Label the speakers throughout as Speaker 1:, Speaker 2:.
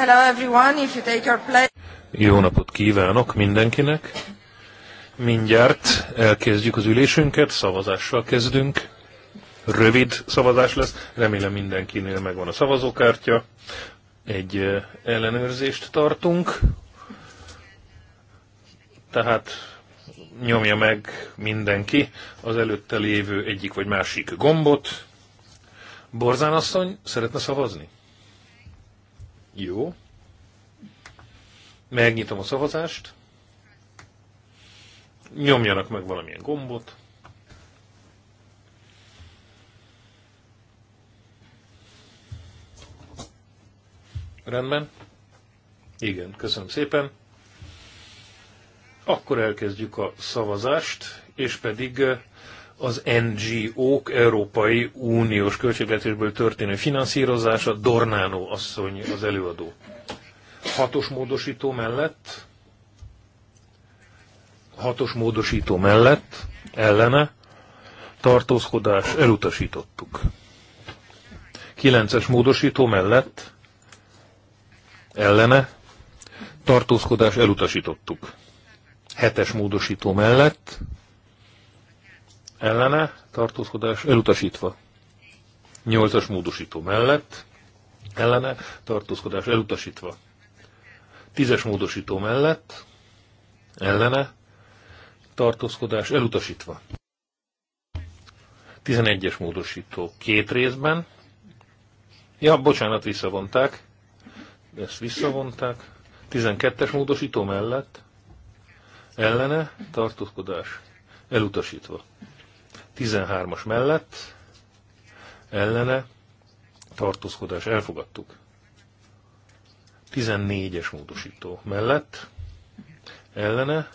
Speaker 1: Hello everyone, if you take your place.
Speaker 2: Jó napot kívánok mindenkinek! Mindjárt elkezdjük az ülésünket, szavazással kezdünk. Rövid szavazás lesz, remélem mindenkinél megvan a szavazókártya. Egy ellenőrzést tartunk, tehát nyomja meg mindenki az előtte lévő egyik vagy másik gombot. Borzán asszony szeretne szavazni? Jó. Megnyitom a szavazást. Nyomjanak meg valamilyen gombot. Rendben. Igen, köszönöm szépen. Akkor elkezdjük a szavazást, és pedig eh, az NGO-k Európai Uniós költségvetésből történő finanszírozása, Dornánó asszony az előadó. Hatos módosító mellett, hatos módosító mellett, ellene, tartózkodás elutasítottuk. Kilences módosító mellett, ellene, tartózkodás elutasítottuk. Hetes módosító mellett, ellene, tartózkodás elutasítva. nyolcas módosító mellett, ellene, tartózkodás elutasítva. tízes módosító mellett, ellene, tartózkodás elutasítva. tizenegyes módosító két részben. Ja, bocsánat, visszavonták. Ezt visszavonták. Tizenkettes módosító mellett, ellene, tartózkodás elutasítva. 13-as mellett ellene tartózkodás elfogadtuk. 14-es módosító mellett ellene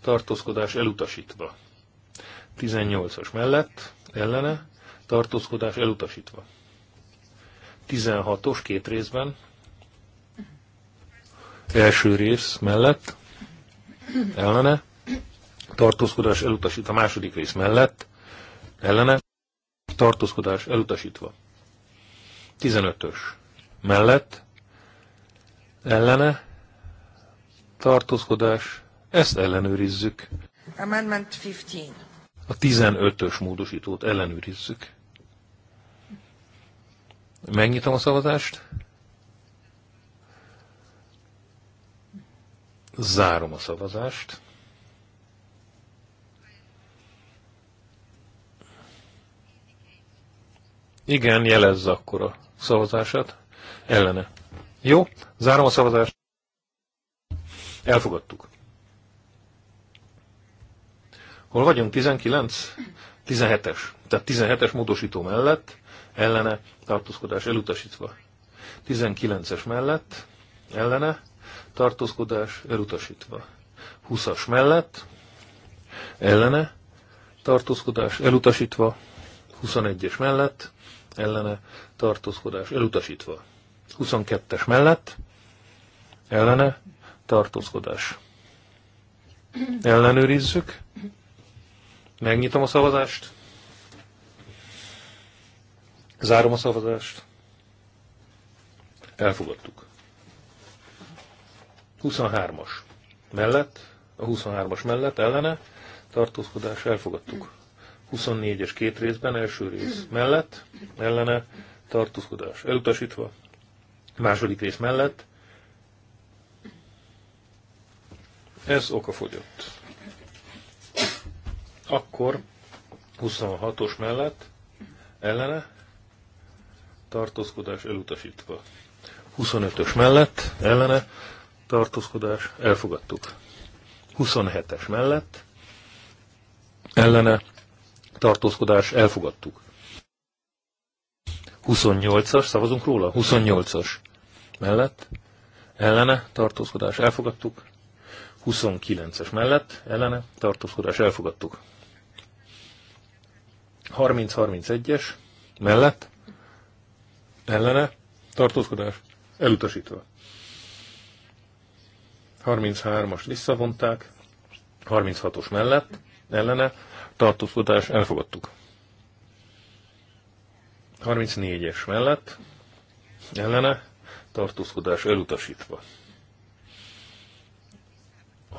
Speaker 2: tartózkodás elutasítva. 18-as mellett ellene tartózkodás elutasítva. 16-os két részben első rész mellett ellene tartózkodás elutasítva. a második rész mellett ellene, tartózkodás elutasítva. 15-ös mellett, ellene, tartózkodás, ezt ellenőrizzük. Amendment 15. A 15-ös módosítót ellenőrizzük. Megnyitom a szavazást. Zárom a szavazást. Igen, jelezze akkor a szavazását. Ellene. Jó, zárom a szavazást. Elfogadtuk. Hol vagyunk? 19? 17-es. Tehát 17-es módosító mellett, ellene, tartózkodás elutasítva. 19-es mellett, ellene, tartózkodás elutasítva. 20-as mellett, ellene, tartózkodás elutasítva. 21-es mellett, ellene tartózkodás elutasítva. 22-es mellett ellene tartózkodás. Ellenőrizzük. Megnyitom a szavazást. Zárom a szavazást. Elfogadtuk. 23-as mellett, a 23-as mellett ellene tartózkodás elfogadtuk. 24-es két részben, első rész mellett, ellene, tartózkodás elutasítva, második rész mellett, ez okafogyott. Akkor 26-os mellett, ellene, tartózkodás elutasítva. 25-ös mellett, ellene, tartózkodás elfogadtuk. 27-es mellett, ellene, tartózkodás elfogadtuk. 28-as, szavazunk róla? 28-as mellett, ellene, tartózkodás elfogadtuk. 29-es mellett, ellene, tartózkodás elfogadtuk. 30-31-es mellett, ellene, tartózkodás elutasítva. 33-as visszavonták, 36-os mellett, ellene, tartózkodás elfogadtuk. 34-es mellett ellene tartózkodás elutasítva.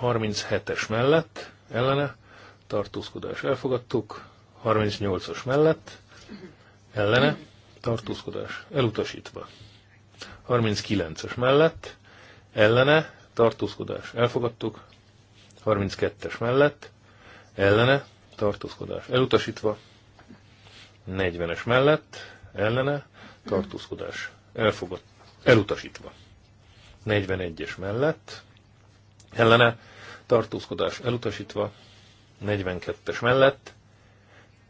Speaker 2: 37-es mellett ellene tartózkodás elfogadtuk. 38-as mellett ellene tartózkodás elutasítva. 39-es mellett ellene tartózkodás elfogadtuk. 32-es mellett ellene tartózkodás elutasítva, 40-es mellett, ellene, tartózkodás elfogad, elutasítva, 41-es mellett, ellene, tartózkodás elutasítva, 42-es mellett,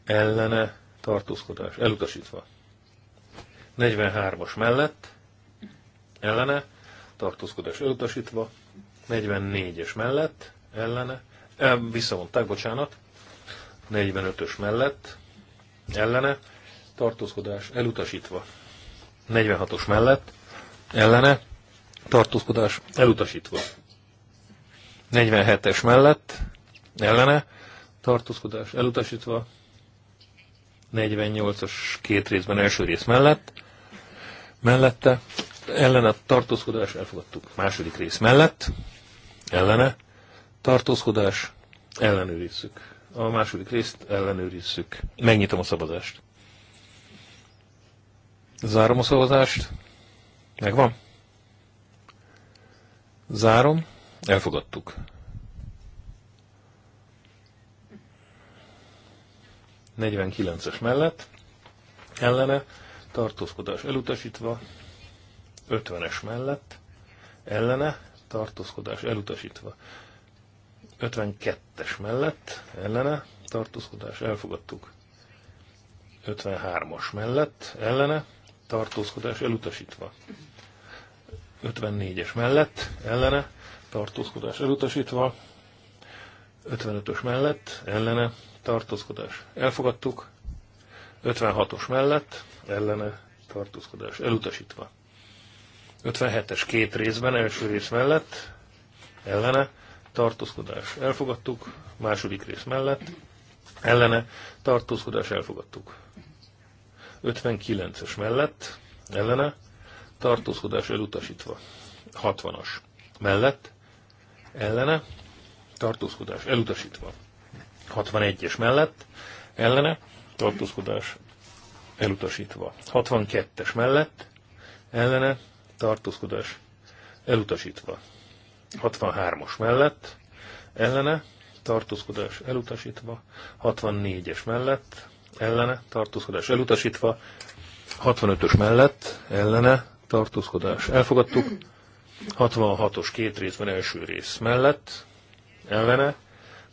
Speaker 2: ellene, tartózkodás elutasítva, 43-as mellett, ellene, tartózkodás elutasítva, 44-es mellett, ellene, eh, visszavonták, bocsánat, 45-ös mellett, ellene, tartózkodás elutasítva. 46-os mellett, ellene, tartózkodás elutasítva. 47-es mellett, ellene, tartózkodás elutasítva. 48-as két részben első rész mellett, mellette, ellene tartózkodás elfogadtuk. Második rész mellett, ellene tartózkodás ellenőrizzük. A második részt ellenőrizzük. Megnyitom a szavazást. Zárom a szavazást. Megvan. Zárom. Elfogadtuk. es mellett. Ellene. Tartózkodás elutasítva. 50-es mellett. Ellene. Tartózkodás elutasítva. 52-es mellett ellene tartózkodás elfogadtuk. 53-as mellett ellene tartózkodás elutasítva. 54-es mellett ellene tartózkodás elutasítva. 55-ös mellett ellene tartózkodás elfogadtuk. 56-os mellett ellene tartózkodás elutasítva. 57-es két részben, első rész mellett ellene tartózkodás elfogadtuk, második rész mellett, ellene, tartózkodás elfogadtuk. 59-es mellett, ellene, tartózkodás elutasítva. 60-as mellett, ellene, tartózkodás elutasítva. 61-es mellett, ellene, tartózkodás elutasítva. 62-es mellett, ellene, tartózkodás elutasítva. 63 os mellett ellene tartózkodás elutasítva, 64-es mellett ellene tartózkodás elutasítva, 65-ös mellett ellene tartózkodás elfogadtuk, 66-os két részben első rész mellett ellene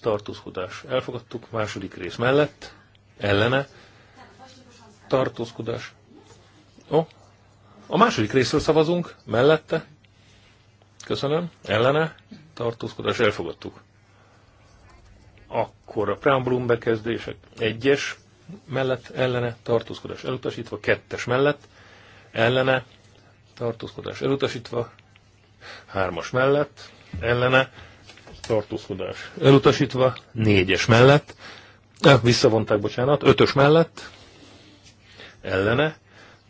Speaker 2: tartózkodás elfogadtuk, második rész mellett ellene tartózkodás. Ó, a második részről szavazunk, mellette Köszönöm. Ellene? Tartózkodás elfogadtuk. Akkor a preambulum bekezdések egyes mellett ellene tartózkodás elutasítva, kettes mellett ellene tartózkodás elutasítva, hármas mellett ellene tartózkodás elutasítva, négyes mellett, eh, visszavonták, bocsánat, ötös mellett ellene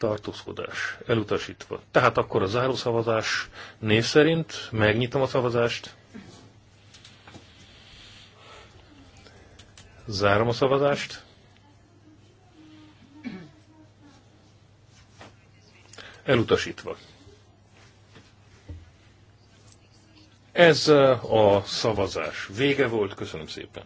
Speaker 2: tartózkodás elutasítva. Tehát akkor a zárószavazás név szerint megnyitom a szavazást, zárom a szavazást, elutasítva. Ez a szavazás vége volt, köszönöm szépen.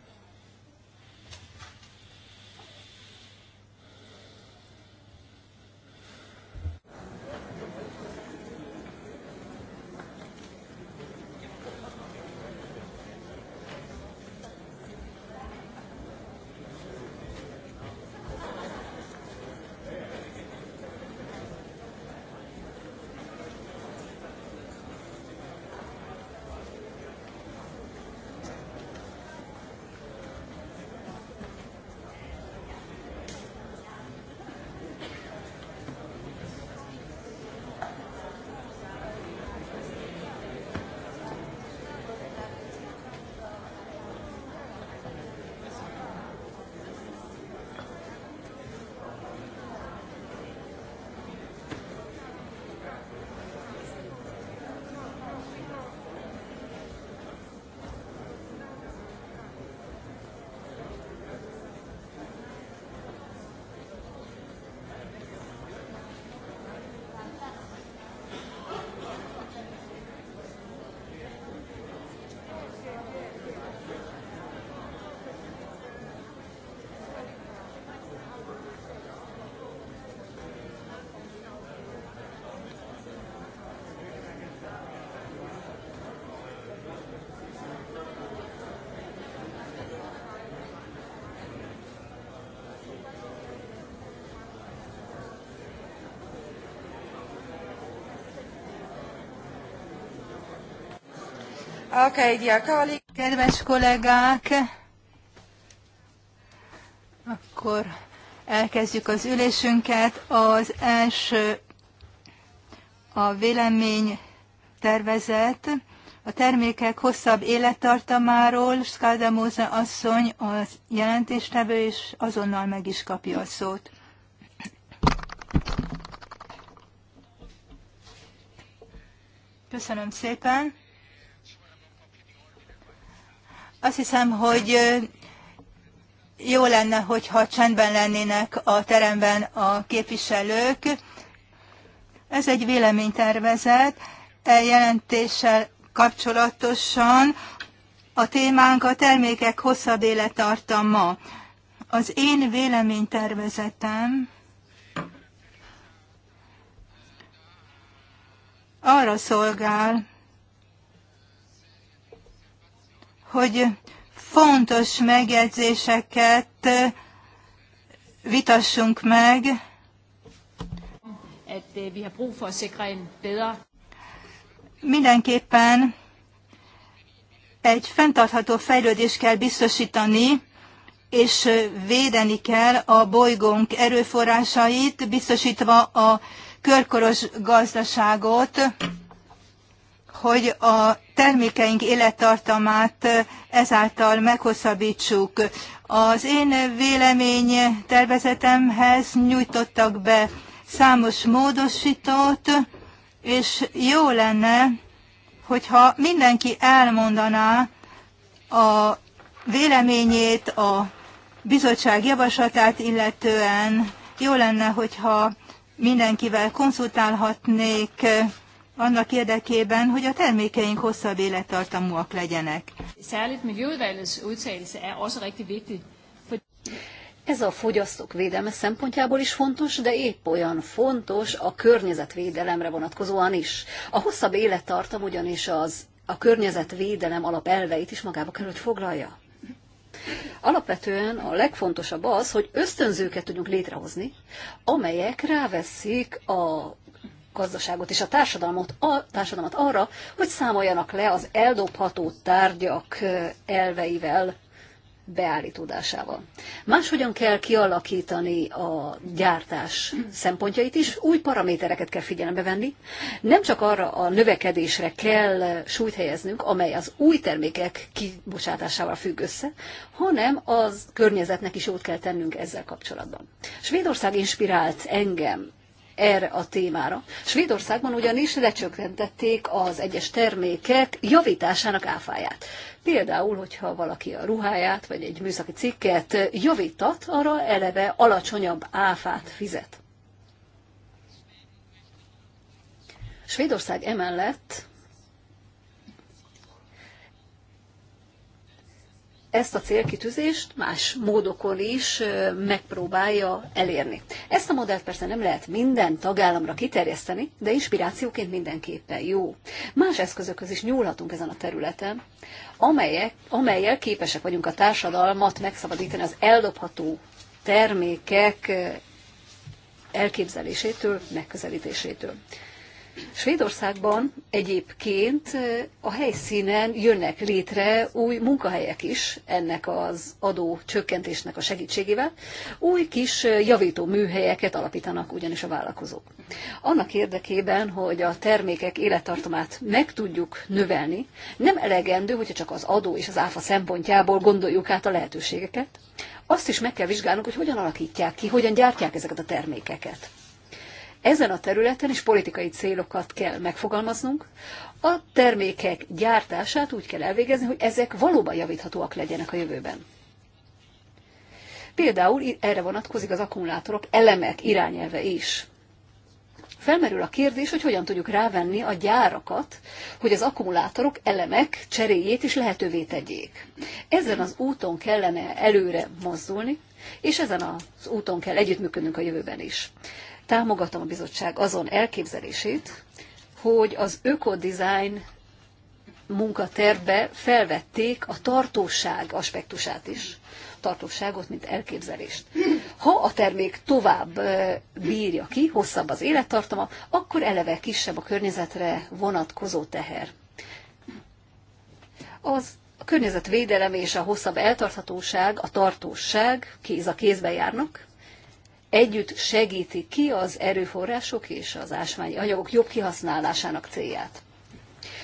Speaker 1: Kedves kollégák, akkor elkezdjük az ülésünket. Az első a vélemény tervezet a termékek hosszabb élettartamáról. Skaldemóza asszony az jelentéstevő, és azonnal meg is kapja a szót. Köszönöm szépen. Azt hiszem, hogy jó lenne, hogyha csendben lennének a teremben a képviselők. Ez egy véleménytervezet e jelentéssel kapcsolatosan. A témánk a termékek hosszabb élettartama. Az én véleménytervezetem arra szolgál, hogy fontos megjegyzéseket vitassunk meg, øh, Mindenképpen egy fenntartható fejlődést kell biztosítani, és védeni kell a bolygónk erőforrásait, biztosítva a körkoros gazdaságot, hogy a termékeink élettartamát ezáltal meghosszabbítsuk. Az én vélemény tervezetemhez nyújtottak be számos módosítót, és jó lenne, hogyha mindenki elmondaná a véleményét, a bizottság javaslatát illetően, jó lenne, hogyha mindenkivel konzultálhatnék, annak érdekében, hogy a termékeink hosszabb élettartamúak legyenek.
Speaker 3: Er Ez a fogyasztók védelme szempontjából is fontos, de épp olyan fontos a környezetvédelemre vonatkozóan is. A hosszabb élettartam ugyanis az a környezetvédelem alapelveit is magába került foglalja. Alapvetően a legfontosabb az, hogy ösztönzőket tudjunk létrehozni, amelyek ráveszik a gazdaságot és a társadalmat, a társadalmat arra, hogy számoljanak le az eldobható tárgyak elveivel, beállítódásával. Máshogyan kell kialakítani a gyártás szempontjait is, új paramétereket kell figyelembe venni. Nem csak arra a növekedésre kell súlyt helyeznünk, amely az új termékek kibocsátásával függ össze, hanem az környezetnek is jót kell tennünk ezzel kapcsolatban. Svédország inspirált engem erre a témára. Svédországban ugyanis lecsökkentették az egyes termékek javításának áfáját. Például, hogyha valaki a ruháját vagy egy műszaki cikket javítat, arra eleve alacsonyabb áfát fizet. Svédország emellett ezt a célkitűzést más módokon is megpróbálja elérni. Ezt a modellt persze nem lehet minden tagállamra kiterjeszteni, de inspirációként mindenképpen jó. Más eszközökhöz is nyúlhatunk ezen a területen, amelyek, amelyel képesek vagyunk a társadalmat megszabadítani az eldobható termékek elképzelésétől, megközelítésétől. Svédországban egyébként a helyszínen jönnek létre új munkahelyek is ennek az adó csökkentésnek a segítségével. Új kis javító műhelyeket alapítanak ugyanis a vállalkozók. Annak érdekében, hogy a termékek élettartamát meg tudjuk növelni, nem elegendő, hogyha csak az adó és az áfa szempontjából gondoljuk át a lehetőségeket. Azt is meg kell vizsgálnunk, hogy hogyan alakítják ki, hogyan gyártják ezeket a termékeket ezen a területen is politikai célokat kell megfogalmaznunk. A termékek gyártását úgy kell elvégezni, hogy ezek valóban javíthatóak legyenek a jövőben. Például erre vonatkozik az akkumulátorok elemek irányelve is. Felmerül a kérdés, hogy hogyan tudjuk rávenni a gyárakat, hogy az akkumulátorok elemek cseréjét is lehetővé tegyék. Ezen az úton kellene előre mozdulni, és ezen az úton kell együttműködnünk a jövőben is. Támogatom a bizottság azon elképzelését, hogy az ökodizájn munkatervbe felvették a tartóság aspektusát is, tartóságot, mint elképzelést. Ha a termék tovább bírja ki, hosszabb az élettartama, akkor eleve kisebb a környezetre vonatkozó teher. Az a környezetvédelem és a hosszabb eltarthatóság, a tartóság kéz a kézbe járnak, együtt segíti ki az erőforrások és az ásványi anyagok jobb kihasználásának célját.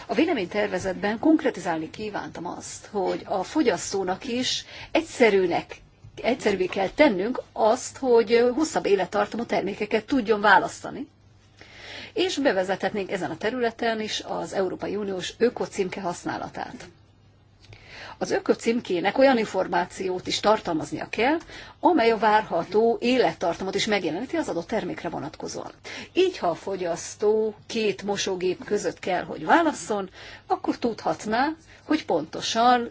Speaker 3: A véleménytervezetben konkretizálni kívántam azt, hogy a fogyasztónak is egyszerűnek egyszerűvé kell tennünk azt, hogy hosszabb élettartamú termékeket tudjon választani. És bevezethetnénk ezen a területen is az Európai Uniós ökocímke használatát az ökocímkének olyan információt is tartalmaznia kell, amely a várható élettartamot is megjeleníti az adott termékre vonatkozóan. Így, ha a fogyasztó két mosógép között kell, hogy válasszon, akkor tudhatná, hogy pontosan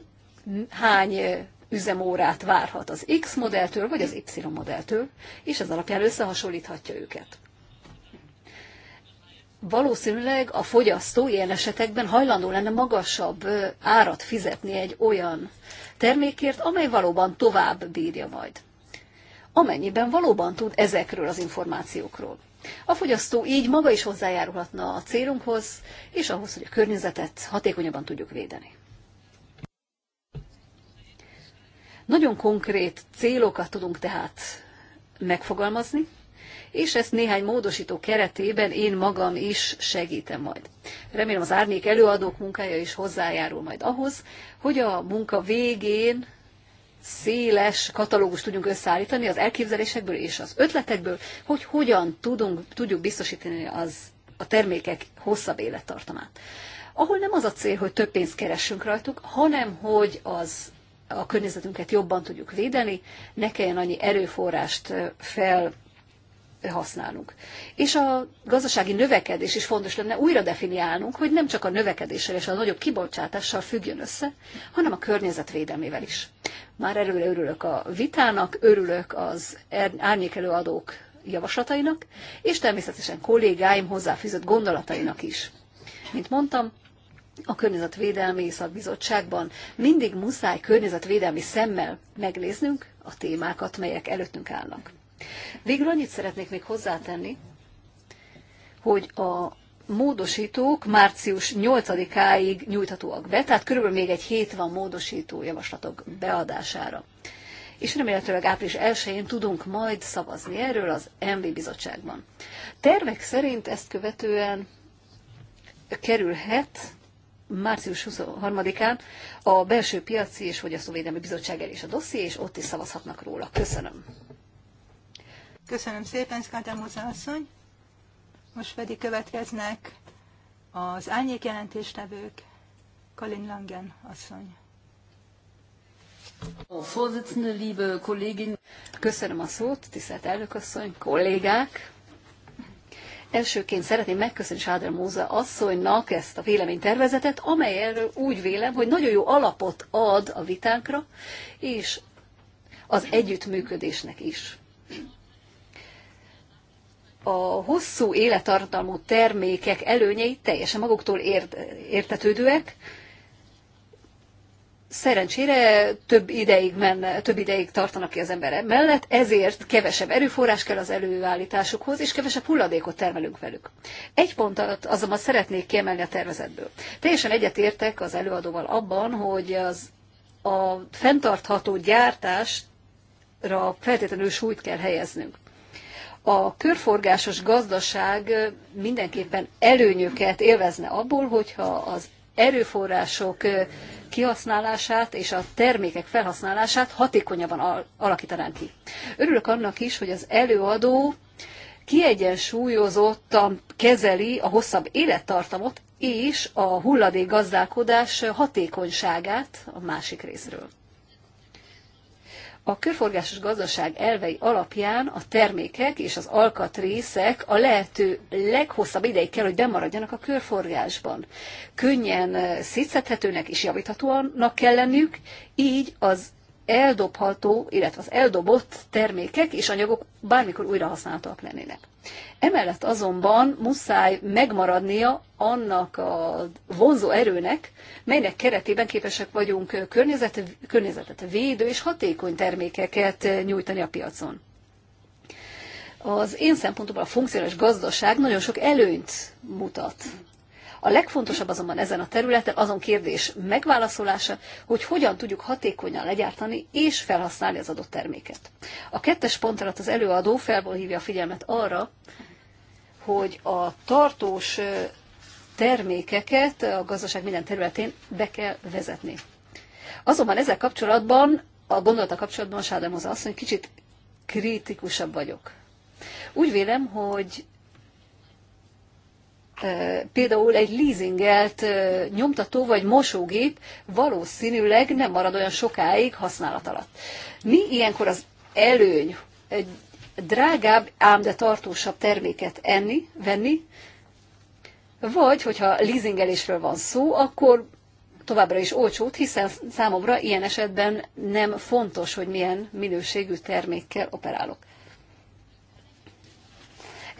Speaker 3: hány üzemórát várhat az X modelltől, vagy az Y modelltől, és ez alapján összehasonlíthatja őket valószínűleg a fogyasztó ilyen esetekben hajlandó lenne magasabb árat fizetni egy olyan termékért, amely valóban tovább bírja majd. Amennyiben valóban tud ezekről az információkról. A fogyasztó így maga is hozzájárulhatna a célunkhoz, és ahhoz, hogy a környezetet hatékonyabban tudjuk védeni. Nagyon konkrét célokat tudunk tehát megfogalmazni, és ezt néhány módosító keretében én magam is segítem majd. Remélem az árnyék előadók munkája is hozzájárul majd ahhoz, hogy a munka végén széles katalógus tudjunk összeállítani az elképzelésekből és az ötletekből, hogy hogyan tudunk, tudjuk biztosítani az, a termékek hosszabb élettartamát. Ahol nem az a cél, hogy több pénzt keressünk rajtuk, hanem hogy az a környezetünket jobban tudjuk védeni, ne kelljen annyi erőforrást fel használunk. És a gazdasági növekedés is fontos lenne újra definiálnunk, hogy nem csak a növekedéssel és a nagyobb kibocsátással függjön össze, hanem a környezetvédelmével is. Már előre örülök a vitának, örülök az er- árnyékelőadók javaslatainak, és természetesen kollégáim hozzáfűzött gondolatainak is. Mint mondtam, a Környezetvédelmi Szakbizottságban mindig muszáj környezetvédelmi szemmel megnéznünk a témákat, melyek előttünk állnak. Végül annyit szeretnék még hozzátenni, hogy a módosítók március 8-áig nyújthatóak be, tehát körülbelül még egy hét van módosító javaslatok beadására. És remélhetőleg április 1-én tudunk majd szavazni erről az MB bizottságban. Tervek szerint ezt követően kerülhet március 23-án a belső piaci és fogyasztóvédelmi bizottság elé is a dosszié, és ott is szavazhatnak róla. Köszönöm.
Speaker 1: Köszönöm szépen, Szkátemóza asszony. Most pedig következnek az árnyék jelentéstevők, Kalin Langen asszony.
Speaker 3: Köszönöm a szót, tisztelt elnökasszony, kollégák! Elsőként szeretném megköszönni Sáder Móza asszonynak ezt a véleménytervezetet, amely erről úgy vélem, hogy nagyon jó alapot ad a vitánkra, és az együttműködésnek is a hosszú élettartamú termékek előnyei teljesen maguktól ért, értetődőek. Szerencsére több ideig, men, több ideig tartanak ki az ember mellett, ezért kevesebb erőforrás kell az előállításukhoz, és kevesebb hulladékot termelünk velük. Egy pontot azonban szeretnék kiemelni a tervezetből. Teljesen egyetértek az előadóval abban, hogy az a fenntartható gyártást feltétlenül súlyt kell helyeznünk. A körforgásos gazdaság mindenképpen előnyöket élvezne abból, hogyha az erőforrások kihasználását és a termékek felhasználását hatékonyabban alakítanánk ki. Örülök annak is, hogy az előadó kiegyensúlyozottan kezeli a hosszabb élettartamot és a hulladék gazdálkodás hatékonyságát a másik részről. A körforgásos gazdaság elvei alapján a termékek és az alkatrészek a lehető leghosszabb ideig kell, hogy bemaradjanak a körforgásban. Könnyen eh, szétszedhetőnek és javíthatóanak kell lenniük, így az eldobható, illetve az eldobott termékek és anyagok bármikor újrahasználhatóak lennének. Emellett azonban muszáj megmaradnia annak a vonzó erőnek, melynek keretében képesek vagyunk környezet, környezetet védő és hatékony termékeket nyújtani a piacon. Az én szempontomból a funkcionális gazdaság nagyon sok előnyt mutat a legfontosabb azonban ezen a területen azon kérdés megválaszolása, hogy hogyan tudjuk hatékonyan legyártani és felhasználni az adott terméket. A kettes pont alatt az előadó felhívja a figyelmet arra, hogy a tartós termékeket a gazdaság minden területén be kell vezetni. Azonban ezzel kapcsolatban, a gondolata kapcsolatban Sádem hozzá hogy kicsit kritikusabb vagyok. Úgy vélem, hogy például egy leasingelt nyomtató vagy mosógép valószínűleg nem marad olyan sokáig használat alatt. Mi ilyenkor az előny egy drágább, ám de tartósabb terméket enni, venni, vagy hogyha leasingelésről van szó, akkor továbbra is olcsót, hiszen számomra ilyen esetben nem fontos, hogy milyen minőségű termékkel operálok.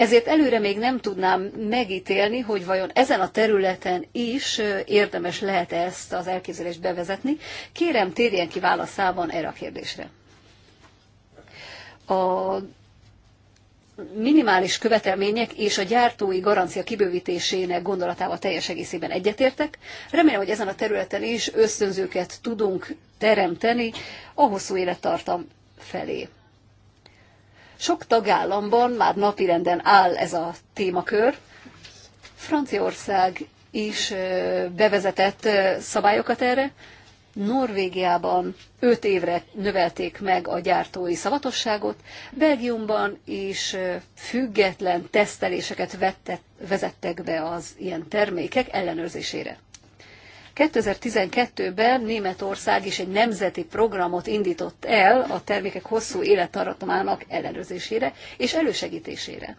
Speaker 3: Ezért előre még nem tudnám megítélni, hogy vajon ezen a területen is érdemes lehet -e ezt az elképzelést bevezetni. Kérem, térjen ki válaszában erre a kérdésre. A minimális követelmények és a gyártói garancia kibővítésének gondolatával teljes egészében egyetértek. Remélem, hogy ezen a területen is ösztönzőket tudunk teremteni a hosszú élettartam felé. Sok tagállamban már napirenden áll ez a témakör. Franciaország is bevezetett szabályokat erre. Norvégiában 5 évre növelték meg a gyártói szavatosságot, Belgiumban is független teszteléseket vettet, vezettek be az ilyen termékek ellenőrzésére. 2012-ben Németország is egy nemzeti programot indított el a termékek hosszú élettartamának ellenőrzésére és elősegítésére.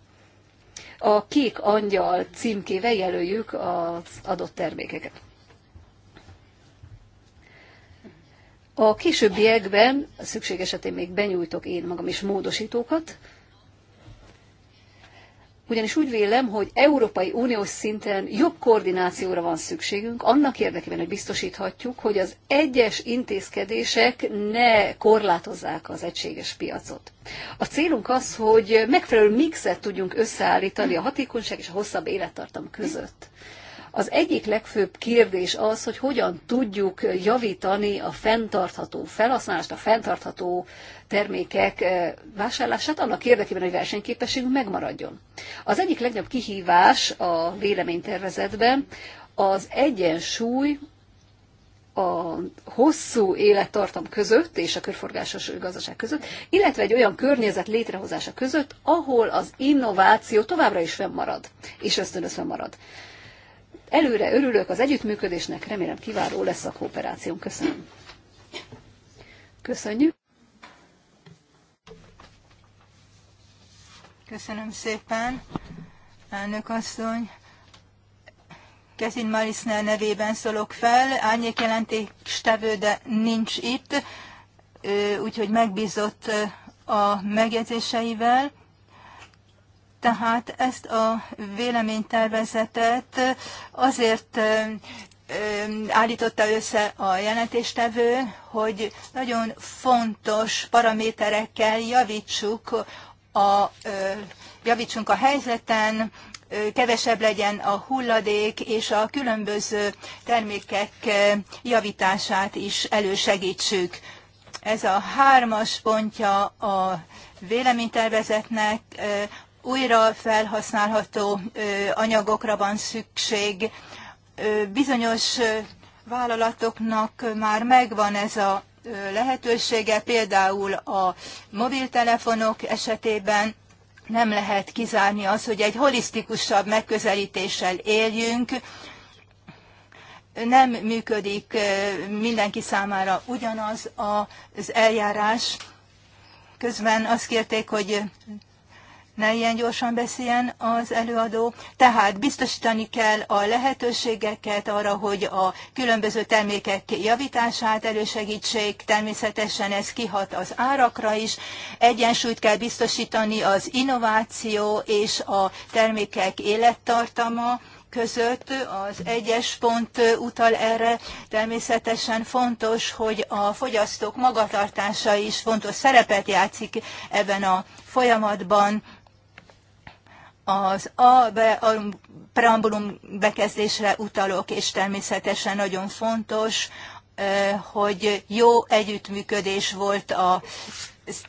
Speaker 3: A Kék Angyal címkével jelöljük az adott termékeket. A későbbiekben, szükség esetén még benyújtok én magam is módosítókat, ugyanis úgy vélem, hogy Európai Uniós szinten jobb koordinációra van szükségünk, annak érdekében, hogy biztosíthatjuk, hogy az egyes intézkedések ne korlátozzák az egységes piacot. A célunk az, hogy megfelelő mixet tudjunk összeállítani a hatékonyság és a hosszabb élettartam között. Az egyik legfőbb kérdés az, hogy hogyan tudjuk javítani a fenntartható felhasználást, a fenntartható termékek eh, vásárlását annak érdekében, hogy versenyképességünk megmaradjon. Az egyik legnagyobb kihívás a véleménytervezetben az egyensúly a hosszú élettartam között és a körforgásos gazdaság között, illetve egy olyan környezet létrehozása között, ahol az innováció továbbra is fennmarad, és ösztönöz fennmarad. marad Előre örülök az együttműködésnek, remélem kiváló lesz a kooperáció. Köszönöm. Köszönjük. Köszönöm szépen,
Speaker 1: elnök asszony. Kezin Marisner nevében szólok fel, árnyék jelentéstevő, de nincs itt, úgyhogy megbízott a megjegyzéseivel. Tehát ezt a véleménytervezetet azért állította össze a jelentéstevő, hogy nagyon fontos paraméterekkel javítsuk a, javítsunk a helyzeten, kevesebb legyen a hulladék, és a különböző termékek javítását is elősegítsük. Ez a hármas pontja a véleménytervezetnek újra felhasználható anyagokra van szükség. Bizonyos vállalatoknak már megvan ez a lehetősége, például a mobiltelefonok esetében nem lehet kizárni az, hogy egy holisztikusabb megközelítéssel éljünk, nem működik mindenki számára ugyanaz az eljárás. Közben azt kérték, hogy ne ilyen gyorsan beszéljen az előadó. Tehát biztosítani kell a lehetőségeket arra, hogy a különböző termékek javítását elősegítsék, természetesen ez kihat az árakra is. Egyensúlyt kell biztosítani az innováció és a termékek élettartama között, az egyes pont utal erre, természetesen fontos, hogy a fogyasztók magatartása is fontos szerepet játszik ebben a folyamatban az A preambulum bekezdésre utalok, és természetesen nagyon fontos, hogy jó együttműködés volt a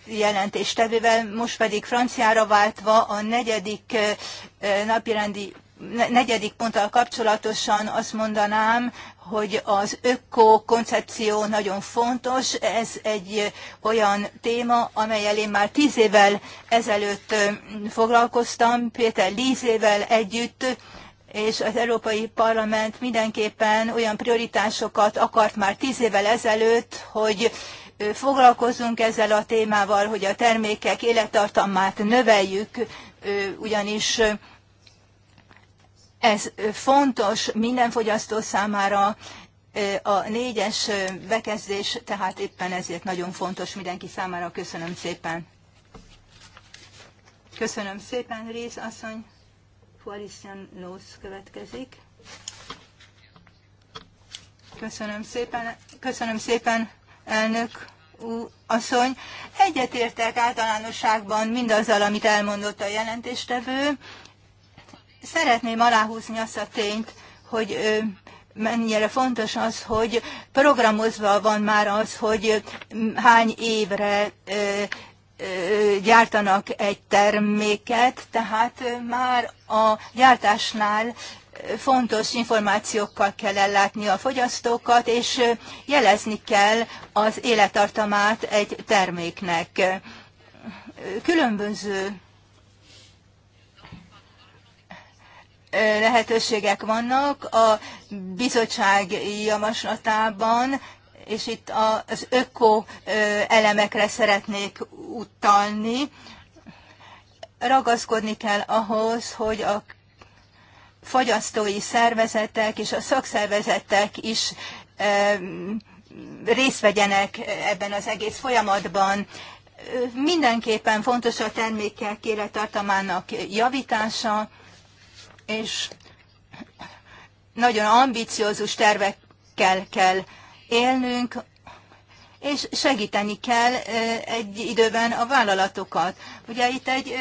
Speaker 1: jelentéstevővel, most pedig franciára váltva a negyedik napirendi negyedik ponttal kapcsolatosan azt mondanám, hogy az öko koncepció nagyon fontos. Ez egy olyan téma, amelyel én már tíz évvel ezelőtt foglalkoztam, Péter Lízével együtt, és az Európai Parlament mindenképpen olyan prioritásokat akart már tíz évvel ezelőtt, hogy foglalkozzunk ezzel a témával, hogy a termékek élettartamát növeljük, ugyanis ez fontos minden fogyasztó számára, a négyes bekezdés, tehát éppen ezért nagyon fontos mindenki számára. Köszönöm szépen. Köszönöm szépen, Réz asszony. Coalition Lósz következik. Köszönöm szépen, köszönöm szépen elnök asszony. Egyetértek általánosságban mindazzal, amit elmondott a jelentéstevő szeretném aláhúzni azt a tényt, hogy mennyire fontos az, hogy programozva van már az, hogy hány évre gyártanak egy terméket, tehát már a gyártásnál fontos információkkal kell ellátni a fogyasztókat, és jelezni kell az élettartamát egy terméknek. Különböző lehetőségek vannak a bizottság javaslatában, és itt az öko elemekre szeretnék utalni. Ragaszkodni kell ahhoz, hogy a fogyasztói szervezetek és a szakszervezetek is részt vegyenek ebben az egész folyamatban. Mindenképpen fontos a termékek élettartamának javítása, és nagyon ambiciózus tervekkel kell élnünk, és segíteni kell egy időben a vállalatokat. Ugye itt egy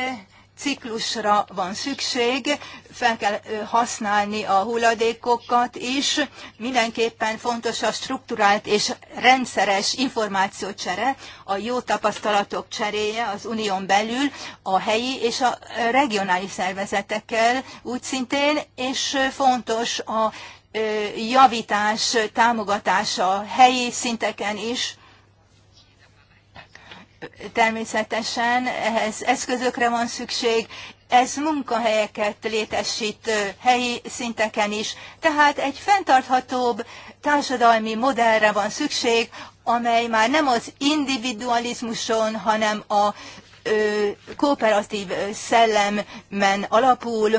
Speaker 1: ciklusra van szükség, fel kell használni a hulladékokat is. Mindenképpen fontos a strukturált és rendszeres információcsere, a jó tapasztalatok cseréje az unión belül, a helyi és a regionális szervezetekkel úgy szintén, és fontos a javítás támogatása helyi szinteken is, természetesen ehhez eszközökre van szükség, ez munkahelyeket létesít helyi szinteken is, tehát egy fenntarthatóbb társadalmi modellre van szükség, amely már nem az individualizmuson, hanem a ö, kooperatív szellemmen alapul.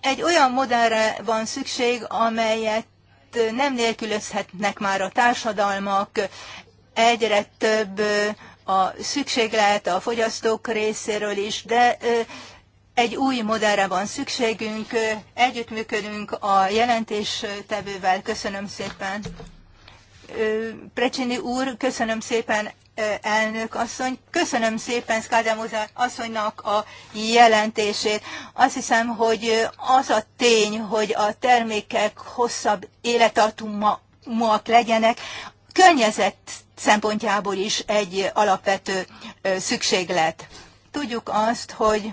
Speaker 1: Egy olyan modellre van szükség, amelyet nem nélkülözhetnek már a társadalmak, egyre több a szükséglet a fogyasztók részéről is, de egy új modellre van szükségünk, együttműködünk a jelentéstevővel. Köszönöm szépen. Precsini úr, köszönöm szépen elnök asszony. Köszönöm szépen Skádemuza asszonynak a jelentését. Azt hiszem, hogy az a tény, hogy a termékek hosszabb élettartumúak legyenek, környezet szempontjából is egy alapvető szükséglet. Tudjuk azt, hogy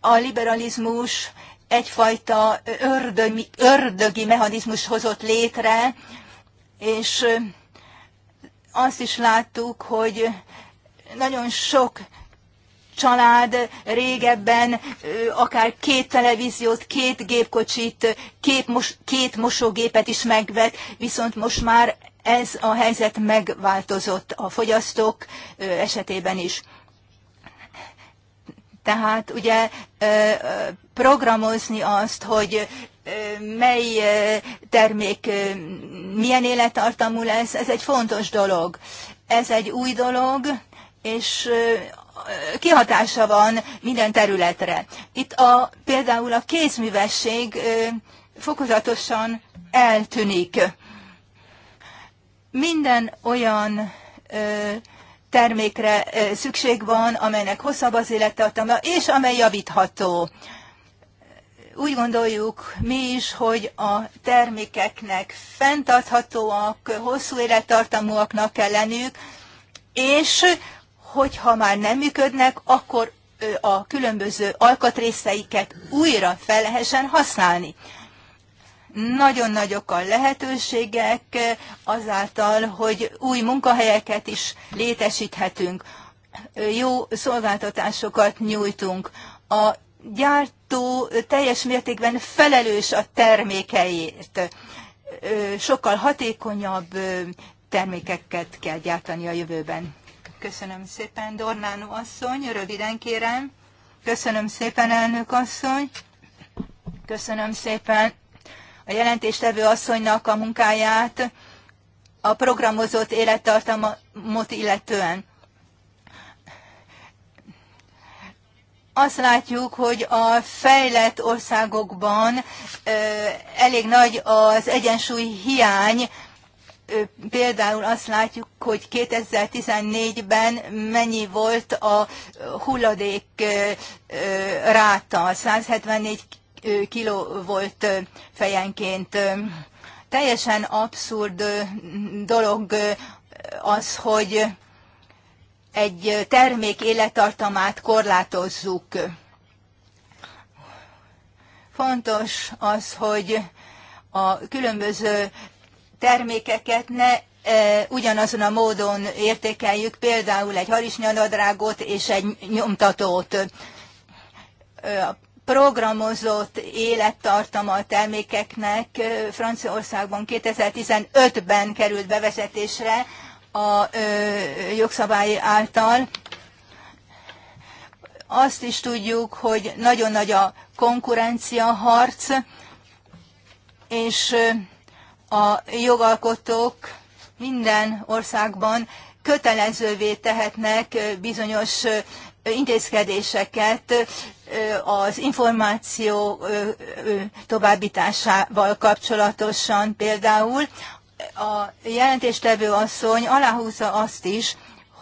Speaker 1: a liberalizmus egyfajta ördögi, ördögi mechanizmus hozott létre, és azt is láttuk, hogy nagyon sok család régebben akár két televíziót, két gépkocsit, két, mos- két mosógépet is megvett, viszont most már ez a helyzet megváltozott a fogyasztók esetében is. Tehát ugye programozni azt, hogy mely termék milyen élettartamú lesz, ez egy fontos dolog. Ez egy új dolog, és kihatása van minden területre. Itt a, például a kézművesség fokozatosan eltűnik. Minden olyan termékre szükség van, amelynek hosszabb az élettartama, és amely javítható úgy gondoljuk mi is, hogy a termékeknek fenntarthatóak, hosszú élettartamúaknak kell lenniük, és hogyha már nem működnek, akkor a különböző alkatrészeiket újra fel lehessen használni. Nagyon nagyok a lehetőségek azáltal, hogy új munkahelyeket is létesíthetünk, jó szolgáltatásokat nyújtunk. A gyártó teljes mértékben felelős a termékeért. Sokkal hatékonyabb termékeket kell gyártani a jövőben. Köszönöm szépen, Dornánu asszony, röviden kérem. Köszönöm szépen, elnök asszony. Köszönöm szépen a jelentéstevő asszonynak a munkáját a programozott élettartamot illetően. azt látjuk, hogy a fejlett országokban elég nagy az egyensúly hiány, például azt látjuk, hogy 2014-ben mennyi volt a hulladék ráta, 174 kiló volt fejenként. Teljesen abszurd dolog az, hogy egy termék élettartamát korlátozzuk. Fontos az, hogy a különböző termékeket ne e, ugyanazon a módon értékeljük, például egy harisnyanadrágot és egy nyomtatót. A programozott élettartama a termékeknek Franciaországban 2015-ben került bevezetésre, a jogszabály által. Azt is tudjuk, hogy nagyon nagy a konkurencia harc, és a jogalkotók minden országban kötelezővé tehetnek bizonyos intézkedéseket az információ továbbításával kapcsolatosan például a jelentéstevő asszony aláhúzza azt is,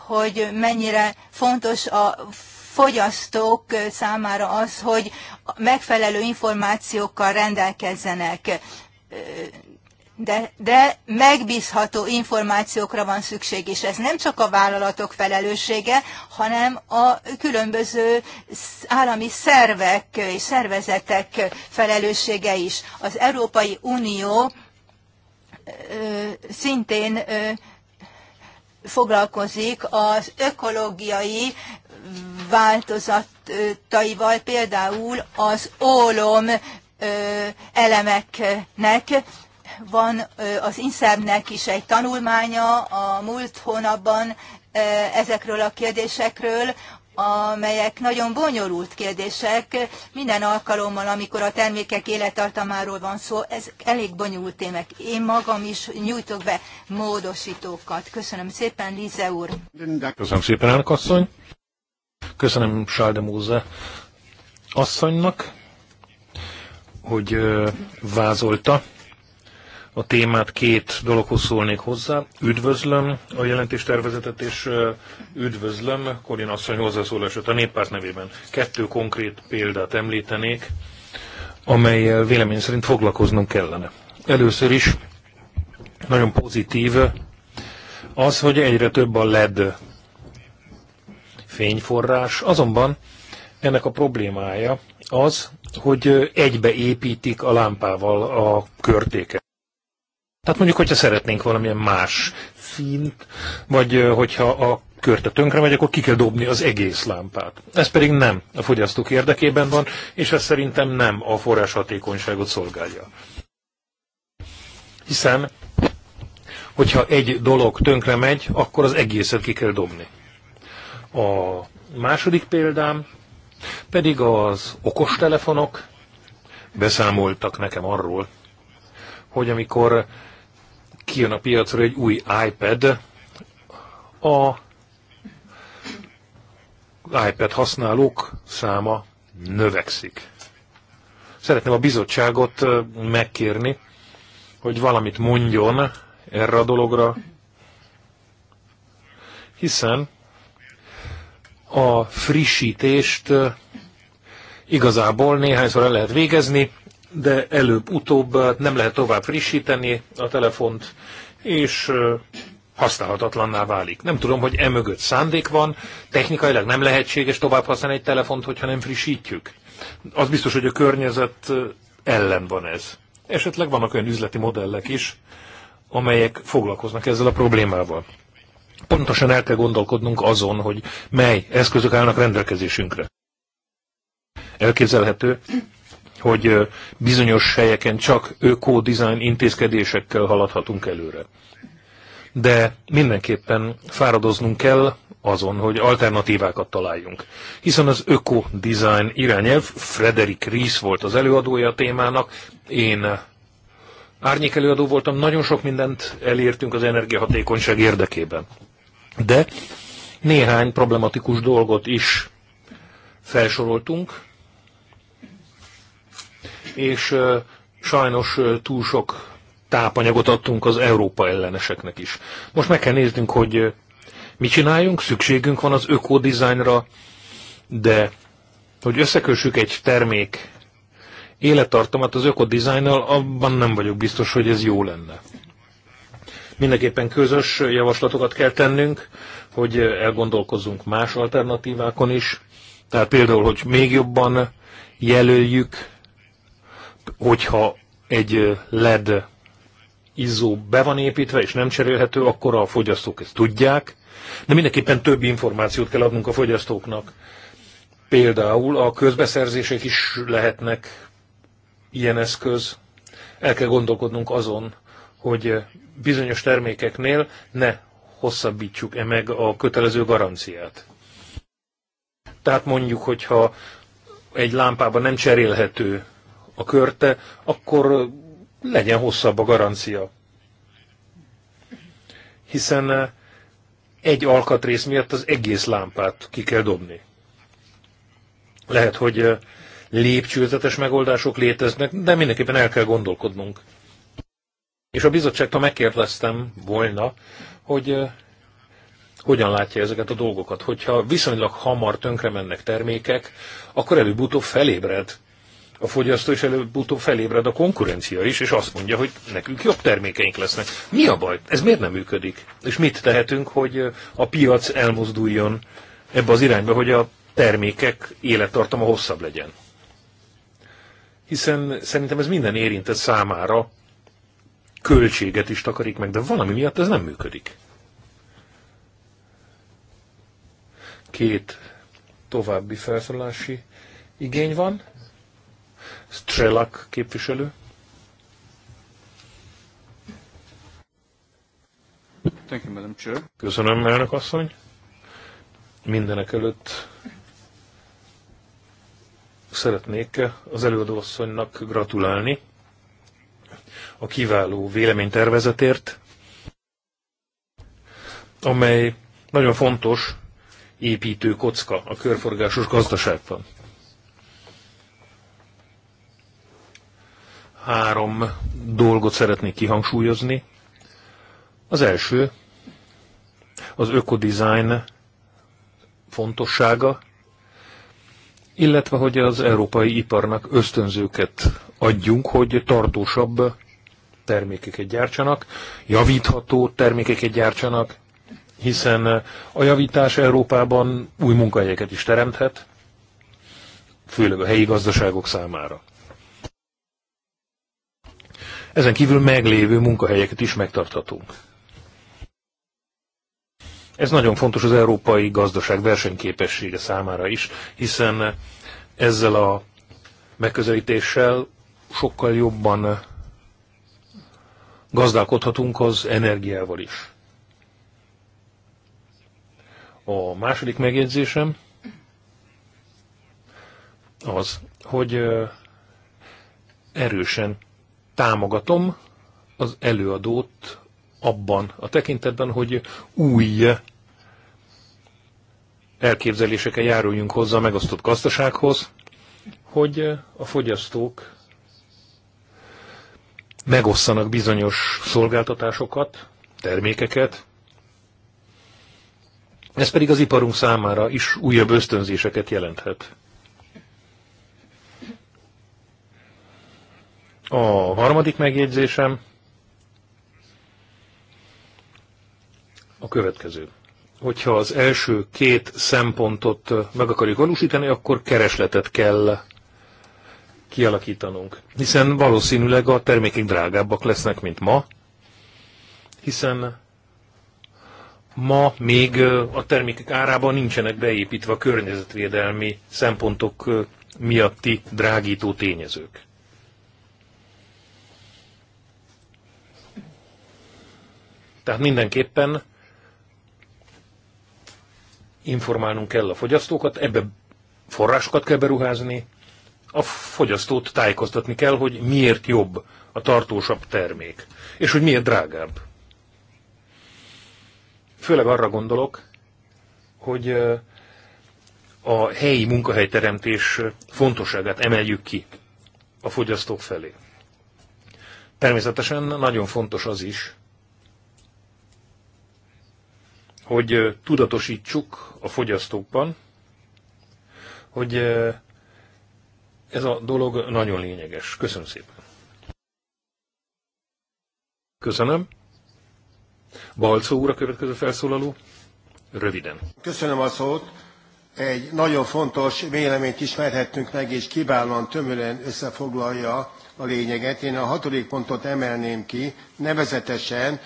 Speaker 1: hogy mennyire fontos a fogyasztók számára az, hogy megfelelő információkkal rendelkezzenek. De, de megbízható információkra van szükség, és ez nem csak a vállalatok felelőssége, hanem a különböző állami szervek és szervezetek felelőssége is. Az Európai Unió szintén foglalkozik az ökológiai változataival, például az ólom elemeknek, van az INSZEB-nek is egy tanulmánya a múlt hónapban ezekről a kérdésekről amelyek nagyon bonyolult kérdések. Minden alkalommal, amikor a termékek élettartamáról van szó, ez elég bonyolult témek. Én magam is nyújtok be módosítókat. Köszönöm szépen, Lize úr.
Speaker 2: Köszönöm szépen, elnök asszony. Köszönöm Sáldemóze asszonynak, hogy vázolta a témát. Két dologhoz szólnék hozzá. Üdvözlöm a jelentéstervezetet, és üdvözlöm Korin asszony hozzászólását a néppárt nevében. Kettő konkrét példát említenék, amelyel vélemény szerint foglalkoznunk kellene. Először is nagyon pozitív az, hogy egyre több a LED fényforrás, azonban ennek a problémája az, hogy egybeépítik a lámpával a körtéket. Tehát mondjuk, hogyha szeretnénk valamilyen más színt, vagy hogyha a körte tönkre megy, akkor ki kell dobni az egész lámpát. Ez pedig nem a fogyasztók érdekében van, és ez szerintem nem a forrás hatékonyságot szolgálja. Hiszen, hogyha egy dolog tönkre megy, akkor az egészet ki kell dobni. A második példám pedig az okostelefonok beszámoltak nekem arról, hogy amikor kijön a piacra egy új iPad, a iPad használók száma növekszik. Szeretném a bizottságot megkérni, hogy valamit mondjon erre a dologra, hiszen a frissítést igazából néhányszor el lehet végezni, de előbb-utóbb hát nem lehet tovább frissíteni a telefont, és használhatatlanná válik. Nem tudom, hogy emögött szándék van, technikailag nem lehetséges tovább használni egy telefont, hogyha nem frissítjük. Az biztos, hogy a környezet ellen van ez. Esetleg vannak olyan üzleti modellek is, amelyek foglalkoznak ezzel a problémával. Pontosan el kell gondolkodnunk azon, hogy mely eszközök állnak rendelkezésünkre. Elképzelhető, hogy bizonyos helyeken csak öko-design intézkedésekkel haladhatunk előre. De mindenképpen fáradoznunk kell azon, hogy alternatívákat találjunk. Hiszen az öko-design irányelv, Frederick Ries volt az előadója a témának, én árnyék előadó voltam, nagyon sok mindent elértünk az energiahatékonyság érdekében. De néhány problematikus dolgot is felsoroltunk, és sajnos túl sok tápanyagot adtunk az Európa elleneseknek is. Most meg kell néznünk, hogy mit csináljunk, szükségünk van az ökodizájnra, de hogy összekössük egy termék élettartamat az ökodizájnnal, abban nem vagyok biztos, hogy ez jó lenne. Mindenképpen közös javaslatokat kell tennünk, hogy elgondolkozzunk más alternatívákon is. Tehát például, hogy még jobban jelöljük hogyha egy LED izzó be van építve és nem cserélhető, akkor a fogyasztók ezt tudják, de mindenképpen több információt kell adnunk a fogyasztóknak. Például a közbeszerzések is lehetnek ilyen eszköz. El kell gondolkodnunk azon, hogy bizonyos termékeknél ne hosszabbítsuk e meg a kötelező garanciát. Tehát mondjuk, hogyha egy lámpában nem cserélhető a körte, akkor legyen hosszabb a garancia. Hiszen eh, egy alkatrész miatt az egész lámpát ki kell dobni. Lehet, hogy eh, lépcsőzetes megoldások léteznek, de mindenképpen el kell gondolkodnunk. És a bizottságtól megkérdeztem volna, hogy eh, hogyan látja ezeket a dolgokat. Hogyha viszonylag hamar tönkre mennek termékek, akkor előbb-utóbb felébred a fogyasztó, is előbb-utóbb felébred a konkurencia is, és azt mondja, hogy nekünk jobb termékeink lesznek. Mi a baj? Ez miért nem működik? És mit tehetünk, hogy a piac elmozduljon ebbe az irányba, hogy a termékek élettartama hosszabb legyen? Hiszen szerintem ez minden érintett számára költséget is takarik meg, de valami miatt ez nem működik. Két további felszólási igény van. Strelak képviselő. Köszönöm, elnök asszony. Mindenek előtt szeretnék az előadóasszonynak gratulálni a kiváló véleménytervezetért, amely nagyon fontos építő kocka a körforgásos gazdaságban. Három dolgot szeretnék kihangsúlyozni. Az első, az ökodizájn fontossága, illetve hogy az európai iparnak ösztönzőket adjunk, hogy tartósabb termékeket gyártsanak, javítható termékeket gyártsanak, hiszen a javítás Európában új munkahelyeket is teremthet, főleg a helyi gazdaságok számára. Ezen kívül meglévő munkahelyeket is megtarthatunk. Ez nagyon fontos az európai gazdaság versenyképessége számára is, hiszen ezzel a megközelítéssel sokkal jobban gazdálkodhatunk az energiával is. A második megjegyzésem az, hogy erősen támogatom az előadót abban a tekintetben, hogy új elképzelésekkel járuljunk hozzá a megosztott gazdasághoz, hogy a fogyasztók megosszanak bizonyos szolgáltatásokat, termékeket, ez pedig az iparunk számára is újabb ösztönzéseket jelenthet. A harmadik megjegyzésem a következő. Hogyha az első két szempontot meg akarjuk valósítani, akkor keresletet kell kialakítanunk. Hiszen valószínűleg a termékek drágábbak lesznek, mint ma, hiszen ma még a termékek árában nincsenek beépítve a környezetvédelmi szempontok miatti drágító tényezők. Tehát mindenképpen informálnunk kell a fogyasztókat, ebbe forrásokat kell beruházni, a fogyasztót tájékoztatni kell, hogy miért jobb a tartósabb termék, és hogy miért drágább. Főleg arra gondolok, hogy a helyi munkahelyteremtés fontosságát emeljük ki a fogyasztók felé. Természetesen nagyon fontos az is, hogy tudatosítsuk a fogyasztókban, hogy ez a dolog nagyon lényeges. Köszönöm szépen. Köszönöm.
Speaker 4: Balcó úr a következő
Speaker 2: felszólaló. Röviden.
Speaker 4: Köszönöm a szót. Egy nagyon fontos véleményt ismerhettünk meg, és kiválóan tömören összefoglalja a lényeget. Én a hatodik pontot emelném ki, nevezetesen,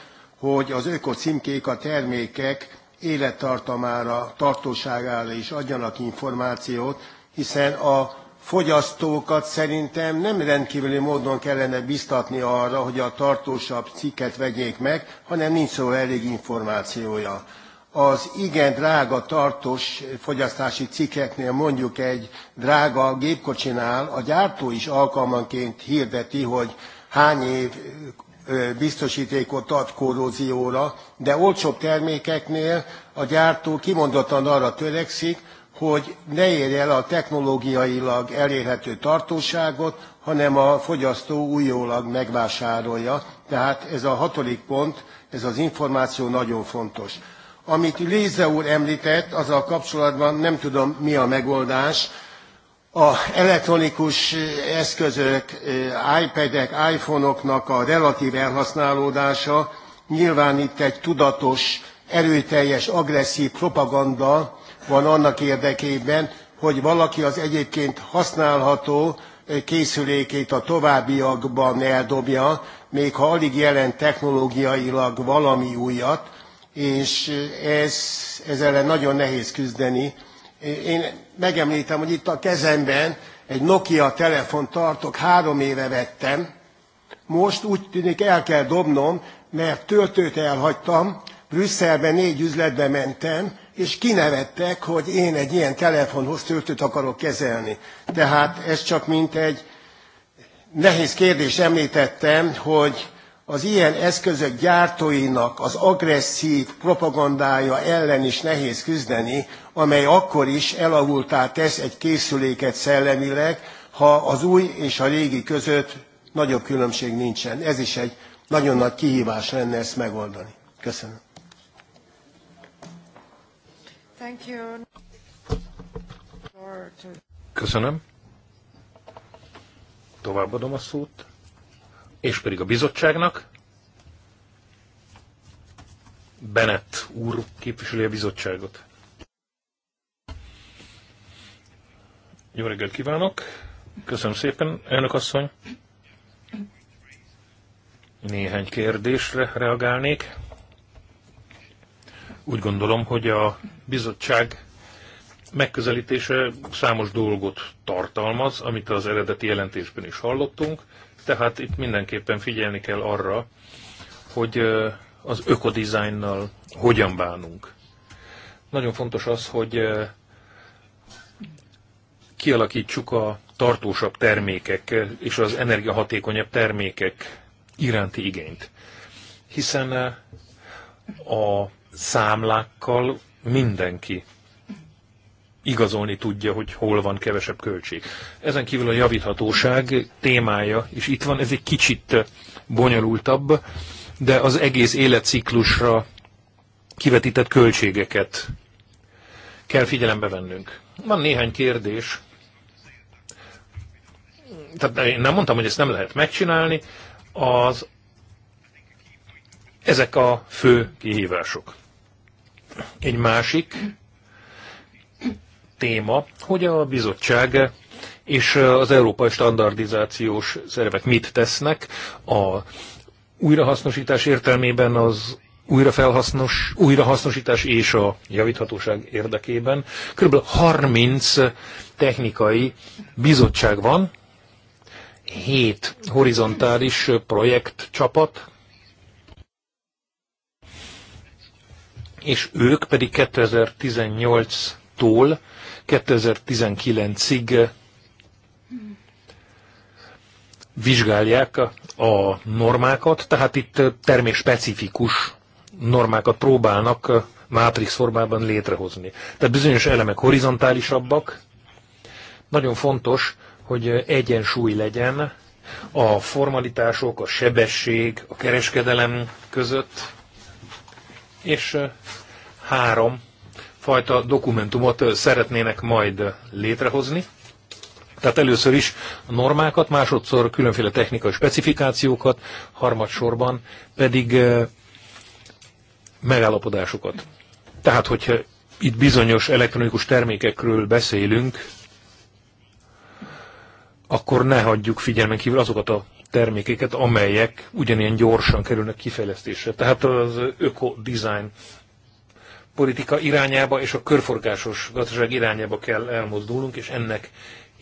Speaker 4: hogy az ökocímkék a termékek élettartamára, tartóságára is adjanak információt, hiszen a fogyasztókat szerintem nem rendkívüli módon kellene biztatni arra, hogy a tartósabb cikket vegyék meg, hanem nincs szó elég információja. Az igen drága tartós fogyasztási cikkeknél mondjuk egy drága gépkocsinál a gyártó is alkalmanként hirdeti, hogy hány év biztosítékot ad korrózióra, de olcsóbb termékeknél a gyártó kimondottan arra törekszik, hogy ne érje el a technológiailag elérhető tartóságot, hanem a fogyasztó újólag megvásárolja. Tehát ez a hatodik pont, ez az információ nagyon fontos. Amit Léze úr említett, azzal kapcsolatban nem tudom, mi a megoldás, a elektronikus eh, eszközök, eh, iPad-ek, iPhone-oknak a relatív elhasználódása nyilván itt egy tudatos, erőteljes, agresszív propaganda van annak érdekében, hogy valaki az egyébként használható eh, készülékét a továbbiakban eldobja, még ha alig jelent technológiailag valami újat, és ez, ez ellen nagyon nehéz küzdeni, én megemlítem, hogy itt a kezemben egy Nokia telefon tartok, három éve vettem. Most úgy tűnik el kell dobnom, mert töltőt elhagytam, Brüsszelben négy üzletbe mentem, és kinevettek, hogy én egy ilyen telefonhoz töltőt akarok kezelni. Tehát ez csak mint egy nehéz kérdés említettem, hogy az ilyen eszközök gyártóinak az agresszív propagandája ellen is nehéz küzdeni, amely akkor is elavultá tesz egy készüléket szellemileg, ha az új és a régi között nagyobb különbség nincsen. Ez is egy nagyon nagy kihívás lenne ezt megoldani. Köszönöm. Köszönöm.
Speaker 2: Továbbadom a szót és pedig a bizottságnak. Bennett úr képviseli a bizottságot. Jó reggelt kívánok! Köszönöm szépen, elnök asszony! Néhány kérdésre reagálnék. Úgy gondolom, hogy a bizottság megközelítése számos dolgot tartalmaz, amit az eredeti jelentésben is hallottunk, tehát itt mindenképpen figyelni kell arra, hogy az ökodizájnnal hogyan bánunk. Nagyon fontos az, hogy kialakítsuk a tartósabb termékek és az energiahatékonyabb termékek iránti igényt. Hiszen a számlákkal mindenki igazolni tudja, hogy hol van kevesebb költség. Ezen kívül a javíthatóság témája is itt van, ez egy kicsit bonyolultabb, de az egész életciklusra kivetített költségeket kell figyelembe vennünk. Van néhány kérdés. Tehát én nem mondtam, hogy ezt nem lehet megcsinálni. Az, ezek a fő kihívások. Egy másik téma, hogy a bizottság és az európai standardizációs szervek mit tesznek a újrahasznosítás értelmében az újrafelhasznos, újrahasznosítás és a javíthatóság érdekében. Körülbelül 30 technikai bizottság van, 7 horizontális projektcsapat, és ők pedig 2018-tól 2019-ig vizsgálják a normákat, tehát itt specifikus normákat próbálnak mátrix formában létrehozni. Tehát bizonyos elemek horizontálisabbak. Nagyon fontos, hogy egyensúly legyen a formalitások, a sebesség, a kereskedelem között, és három fajta dokumentumot szeretnének majd létrehozni. Tehát először is a normákat, másodszor különféle technikai specifikációkat, harmadsorban pedig megállapodásokat. Tehát, hogyha itt bizonyos elektronikus termékekről beszélünk, akkor ne hagyjuk figyelmen kívül azokat a termékeket, amelyek ugyanilyen gyorsan kerülnek kifejlesztésre. Tehát az öko-design politika irányába és a körforgásos gazdaság irányába kell elmozdulnunk, és ennek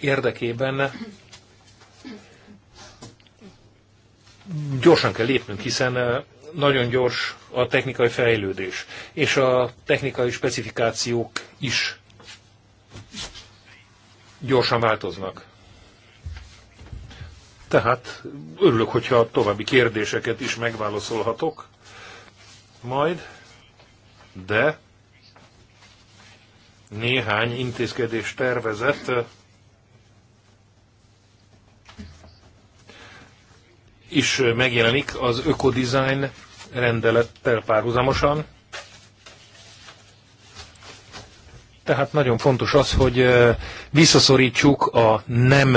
Speaker 2: érdekében gyorsan kell lépnünk, hiszen eh, nagyon gyors a technikai fejlődés, és a technikai specifikációk is gyorsan változnak. Tehát örülök, hogyha további kérdéseket is megválaszolhatok majd de néhány intézkedés tervezett is megjelenik az ökodizájn rendelettel párhuzamosan. Tehát nagyon fontos az, hogy eh, visszaszorítsuk a nem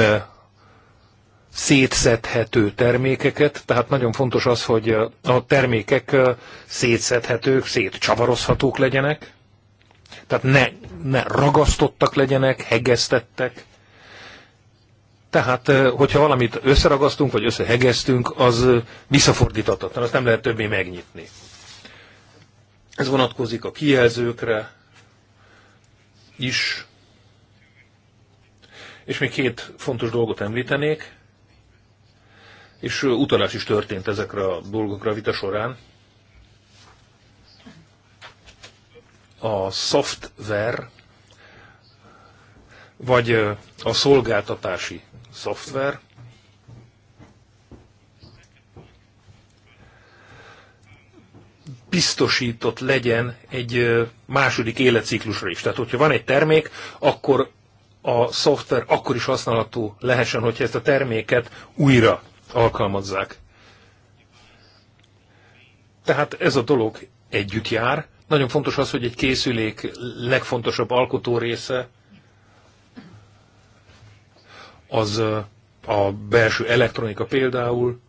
Speaker 2: szétszedhető termékeket, tehát nagyon fontos az, hogy a termékek szétszedhetők, szétcsavarozhatók legyenek, tehát ne, ne ragasztottak legyenek, hegesztettek. Tehát, hogyha valamit összeragasztunk, vagy összehegeztünk, az visszafordíthatatlan, azt nem lehet többé megnyitni. Ez vonatkozik a kijelzőkre is. És még két fontos dolgot említenék és utalás is történt ezekre a dolgokra a vita során. A szoftver, vagy a szolgáltatási szoftver, biztosított legyen egy második életciklusra is. Tehát, hogyha van egy termék, akkor a szoftver akkor is használható lehessen, hogyha ezt a terméket újra alkalmazzák. Tehát ez a dolog együtt jár. Nagyon fontos az, hogy egy készülék legfontosabb alkotó része az a belső elektronika például,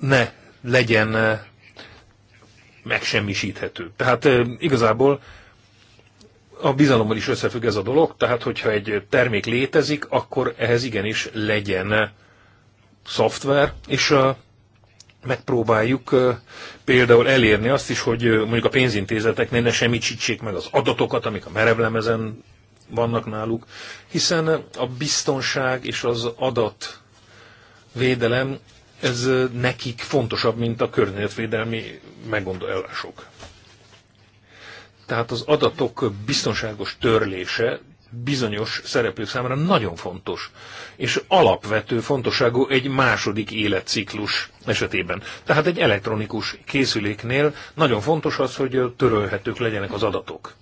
Speaker 2: ne legyen megsemmisíthető. Tehát igazából a bizalommal is összefügg ez a dolog, tehát hogyha egy termék létezik, akkor ehhez igenis legyen eh, szoftver, és eh, megpróbáljuk eh, például elérni azt is, hogy mondjuk a pénzintézeteknél ne semmisítsék meg az adatokat, amik a merevlemezen vannak náluk, hiszen a biztonság és az adat védelem, ez nekik fontosabb, mint a környezetvédelmi meggondolások. Tehát az adatok biztonságos törlése bizonyos szereplők számára nagyon fontos, és alapvető fontosságú egy második életciklus esetében. Tehát egy elektronikus készüléknél nagyon fontos az, hogy törölhetők legyenek az adatok.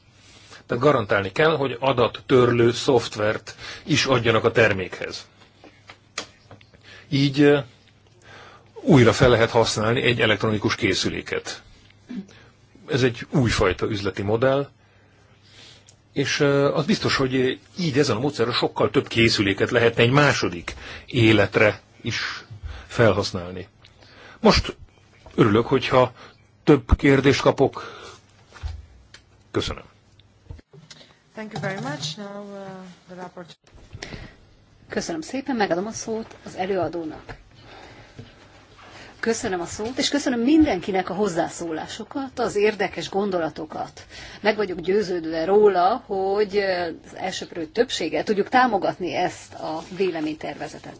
Speaker 2: Tehát garantálni kell, hogy adat törlő szoftvert is adjanak a termékhez. Így újra fel lehet használni egy elektronikus készüléket ez egy újfajta üzleti modell, és az biztos, hogy így ezen a módszerrel sokkal több készüléket lehetne egy második életre is felhasználni. Most örülök, hogyha több kérdést kapok. Köszönöm. Thank you very much.
Speaker 3: Now, uh, the Köszönöm szépen, megadom a szót az előadónak. Köszönöm a szót, és köszönöm mindenkinek a hozzászólásokat, az érdekes gondolatokat. Meg vagyok győződve róla, hogy az elsőprő többsége tudjuk támogatni ezt a véleménytervezetet.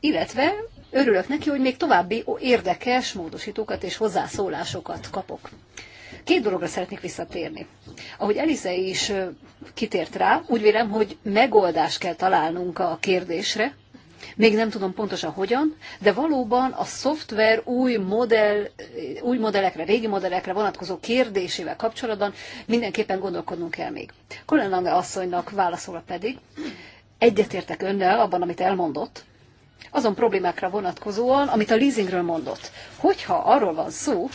Speaker 3: Illetve örülök neki, hogy még további érdekes módosítókat és hozzászólásokat kapok. Két dologra szeretnék visszatérni. Ahogy Elize is kitért rá, úgy vélem, hogy megoldást kell találnunk a kérdésre, még nem tudom pontosan hogyan, de valóban a szoftver új, modell, új modellekre, régi modellekre vonatkozó kérdésével kapcsolatban mindenképpen gondolkodnunk kell még. Colin Lange asszonynak válaszol pedig, egyetértek önnel abban, amit elmondott, azon problémákra vonatkozóan, amit a leasingről mondott. Hogyha arról van szó,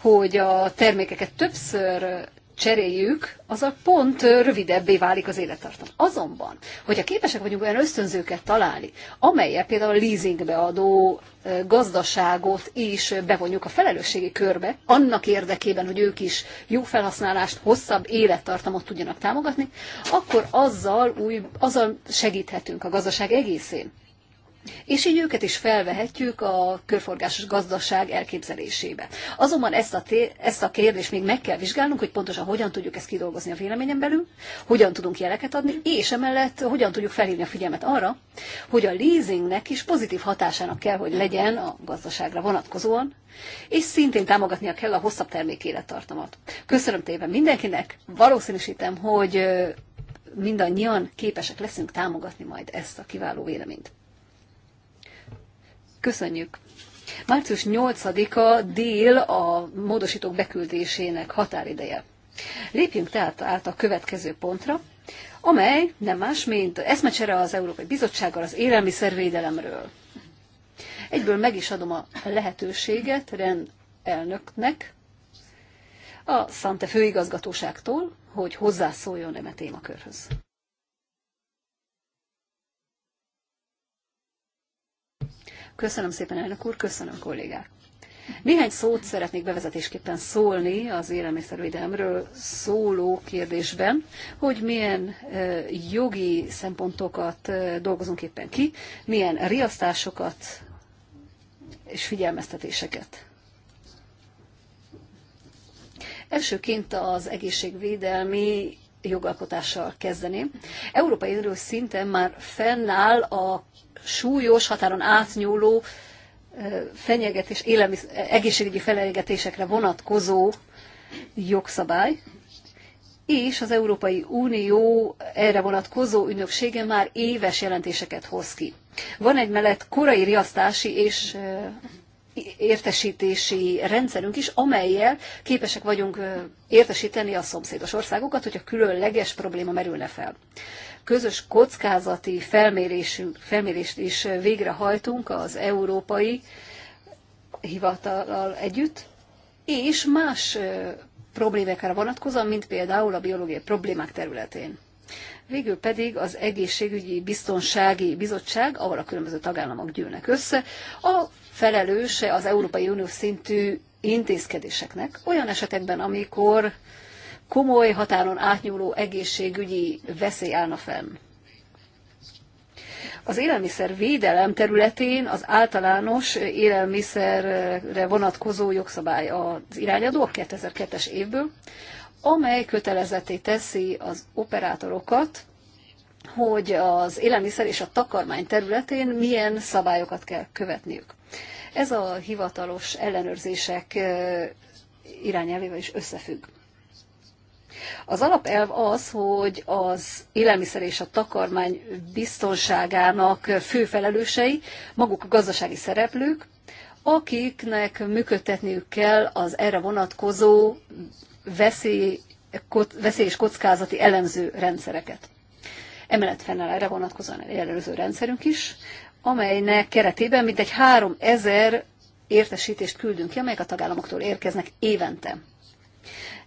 Speaker 3: hogy a termékeket többször cseréljük, az a pont rövidebbé válik az élettartam. Azonban, hogyha képesek vagyunk olyan ösztönzőket találni, amelyek például a leasingbe adó gazdaságot is bevonjuk a felelősségi körbe, annak érdekében, hogy ők is jó felhasználást, hosszabb élettartamot tudjanak támogatni, akkor azzal, új, azzal segíthetünk a gazdaság egészén és így őket is felvehetjük a körforgásos gazdaság elképzelésébe. Azonban ezt a, ezt a kérdést még meg kell vizsgálnunk, hogy pontosan hogyan tudjuk ezt kidolgozni a véleményen belül, hogyan tudunk jeleket adni, és emellett hogyan tudjuk felhívni a figyelmet arra, hogy a leasingnek is pozitív hatásának kell, hogy legyen a gazdaságra vonatkozóan, és szintén támogatnia kell a hosszabb termék élettartamat. Köszönöm tében mindenkinek, valószínűsítem, hogy mindannyian képesek leszünk támogatni majd ezt a kiváló véleményt. Köszönjük! Március 8-a dél a módosítók beküldésének határideje. Lépjünk tehát át a következő pontra, amely nem más, mint eszmecsere az Európai Bizottsággal az élelmiszervédelemről. Egyből meg is adom a lehetőséget Ren elnöknek, a Szante főigazgatóságtól, hogy hozzászóljon eme témakörhöz. Köszönöm szépen, elnök úr, köszönöm kollégák. Néhány szót szeretnék bevezetésképpen szólni az élelmiszervédelemről szóló kérdésben, hogy milyen jogi szempontokat dolgozunk éppen ki, milyen riasztásokat és figyelmeztetéseket. Elsőként az egészségvédelmi jogalkotással kezdeném. Európai Unió szinten már fennáll a súlyos, határon átnyúló fenyegetés, élelmiszer, egészségügyi fenyegetésekre vonatkozó jogszabály, és az Európai Unió erre vonatkozó ügynöksége már éves jelentéseket hoz ki. Van egy mellett korai riasztási és értesítési rendszerünk is, amelyel képesek vagyunk értesíteni a szomszédos országokat, hogyha különleges probléma merülne fel közös kockázati felmérést is végrehajtunk az európai hivatallal együtt, és más problémákra vonatkozóan, mint például a biológiai problémák területén. Végül pedig az Egészségügyi Biztonsági Bizottság, ahol a különböző tagállamok gyűlnek össze, a felelőse az Európai Unió szintű intézkedéseknek, olyan esetekben, amikor komoly határon átnyúló egészségügyi veszély állna fenn. Az élelmiszer védelem területén az általános élelmiszerre vonatkozó jogszabály az irányadó 2002-es évből, amely kötelezeté teszi az operátorokat, hogy az élelmiszer és a takarmány területén milyen szabályokat kell követniük. Ez a hivatalos ellenőrzések irányelvével is összefügg. Az alapelv az, hogy az élelmiszer és a takarmány biztonságának fő felelősei maguk a gazdasági szereplők, akiknek működtetniük kell az erre vonatkozó veszély, veszély és kockázati elemző rendszereket. Emellett fennáll erre vonatkozóan előző rendszerünk is, amelynek keretében mintegy 3000 értesítést küldünk ki, amelyek a tagállamoktól érkeznek évente.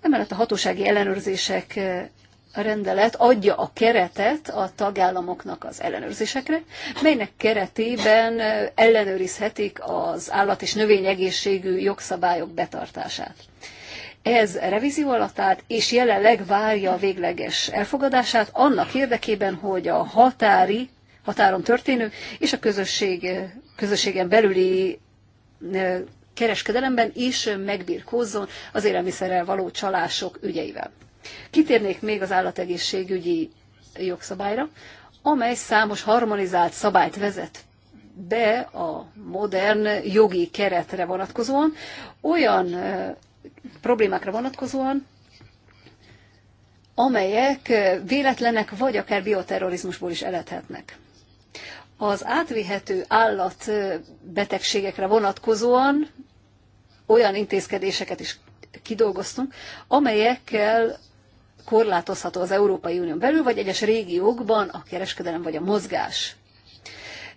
Speaker 3: Emellett a hatósági ellenőrzések eh, a rendelet adja a keretet a tagállamoknak az ellenőrzésekre, melynek keretében eh, ellenőrizhetik az állat- és növényegészségű jogszabályok betartását. Ez revízió alatt állt, és jelenleg várja a végleges elfogadását annak érdekében, hogy a határi, határon történő és a közösség, eh, közösségen belüli kereskedelemben is megbirkózzon az élelmiszerrel való csalások ügyeivel. Kitérnék még az állategészségügyi jogszabályra, amely számos harmonizált szabályt vezet be a modern jogi keretre vonatkozóan, olyan problémákra vonatkozóan, amelyek véletlenek vagy akár bioterrorizmusból is eledhetnek az átvihető állat betegségekre vonatkozóan olyan intézkedéseket is kidolgoztunk, amelyekkel korlátozható az Európai Unión belül, vagy egyes régiókban a kereskedelem vagy a mozgás.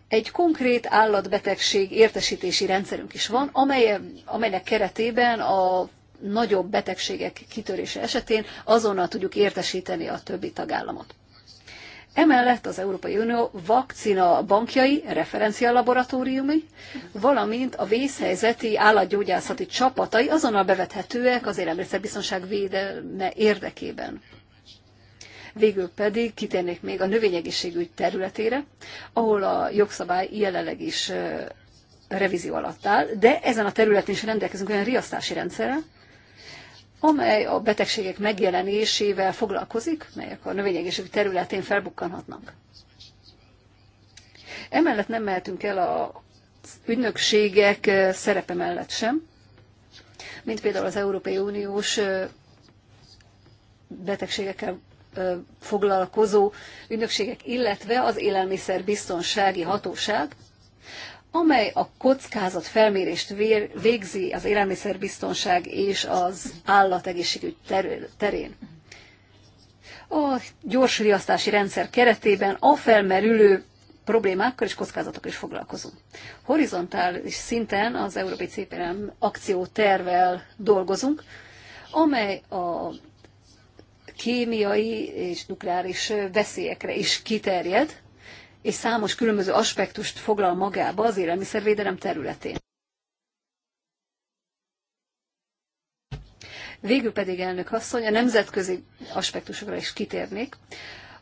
Speaker 3: Egy konkrét állatbetegség értesítési rendszerünk is van, amely, amelynek keretében a nagyobb betegségek kitörése esetén azonnal tudjuk értesíteni a többi tagállamot. Emellett az Európai Unió vakcina bankjai, referencialaboratóriumi, valamint a vészhelyzeti állatgyógyászati csapatai azonnal bevethetőek az élelmiszerbiztonság védelme érdekében. Végül pedig kitérnék még a növényegészségügy területére, ahol a jogszabály jelenleg is revízió alatt áll, de ezen a területen is rendelkezünk olyan riasztási rendszerrel, amely a betegségek megjelenésével foglalkozik, melyek a növényegészségügy területén felbukkanhatnak. Emellett nem mehetünk el a ügynökségek szerepe mellett sem, mint például az Európai Uniós betegségekkel foglalkozó ügynökségek, illetve az élelmiszerbiztonsági hatóság, amely a kockázat felmérést végzi az élelmiszerbiztonság és az állategészségügy terén. A gyors riasztási rendszer keretében a felmerülő problémákkal és kockázatokkal is foglalkozunk. Horizontális szinten az Európai CPRM akciótervel dolgozunk, amely a kémiai és nukleáris veszélyekre is kiterjed, és számos különböző aspektust foglal magába az élelmiszervédelem területén. Végül pedig elnök asszony, a nemzetközi aspektusokra is kitérnék.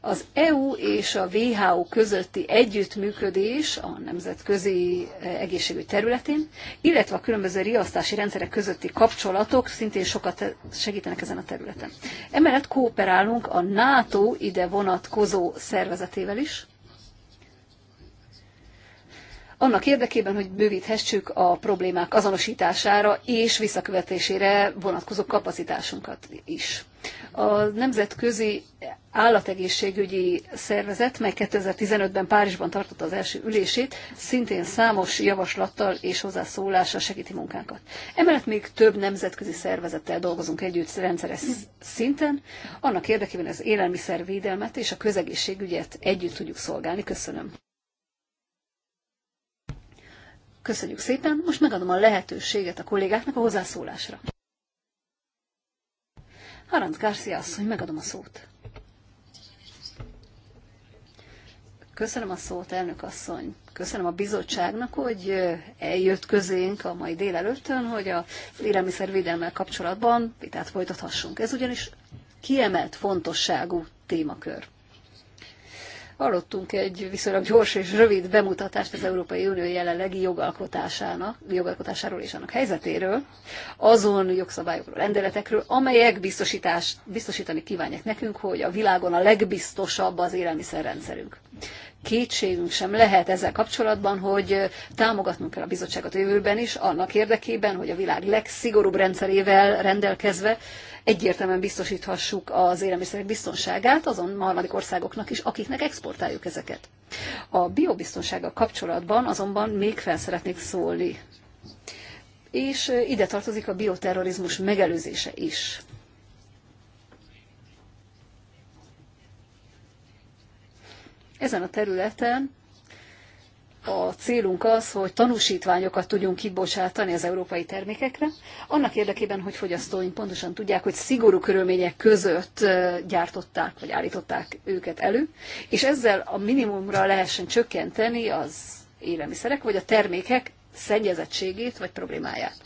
Speaker 3: Az EU és a WHO közötti együttműködés a nemzetközi eh, egészségügy területén, illetve a különböző riasztási rendszerek közötti kapcsolatok szintén sokat segítenek ezen a területen. Emellett kooperálunk a NATO ide vonatkozó szervezetével is, annak érdekében, hogy bővíthessük a problémák azonosítására és visszakövetésére vonatkozó kapacitásunkat is. A Nemzetközi Állategészségügyi Szervezet, mely 2015-ben Párizsban tartotta az első ülését, szintén számos javaslattal és hozzászólással segíti munkánkat. Emellett még több nemzetközi szervezettel dolgozunk együtt rendszeres szinten, annak érdekében az élelmiszervédelmet és a közegészségügyet együtt tudjuk szolgálni. Köszönöm. Köszönjük szépen, most megadom a lehetőséget a kollégáknak a hozzászólásra. Harant Garcia asszony, megadom a szót. Köszönöm a szót, elnök asszony. Köszönöm a bizottságnak, hogy eljött közénk a mai délelőttön, hogy a élelmiszervédelmel kapcsolatban vitát folytathassunk. Ez ugyanis kiemelt fontosságú témakör. Hallottunk egy viszonylag gyors és rövid bemutatást az Európai Unió jelenlegi jogalkotásának, jogalkotásáról és annak helyzetéről, azon jogszabályokról, rendeletekről, amelyek biztosítás, biztosítani kívánják nekünk, hogy a világon a legbiztosabb az élelmiszerrendszerünk kétségünk sem lehet ezzel kapcsolatban, hogy támogatnunk kell a bizottságot a jövőben is, annak érdekében, hogy a világ legszigorúbb rendszerével rendelkezve egyértelműen biztosíthassuk az élelmiszerek biztonságát azon harmadik országoknak is, akiknek exportáljuk ezeket. A biobiztonsággal kapcsolatban azonban még fel szeretnék szólni és ide tartozik a bioterrorizmus megelőzése is. Ezen a területen a célunk az, hogy tanúsítványokat tudjunk kibocsátani az európai termékekre, annak érdekében, hogy fogyasztóink pontosan tudják, hogy szigorú körülmények között gyártották vagy állították őket elő, és ezzel a minimumra lehessen csökkenteni az élelmiszerek vagy a termékek szennyezettségét vagy problémáját.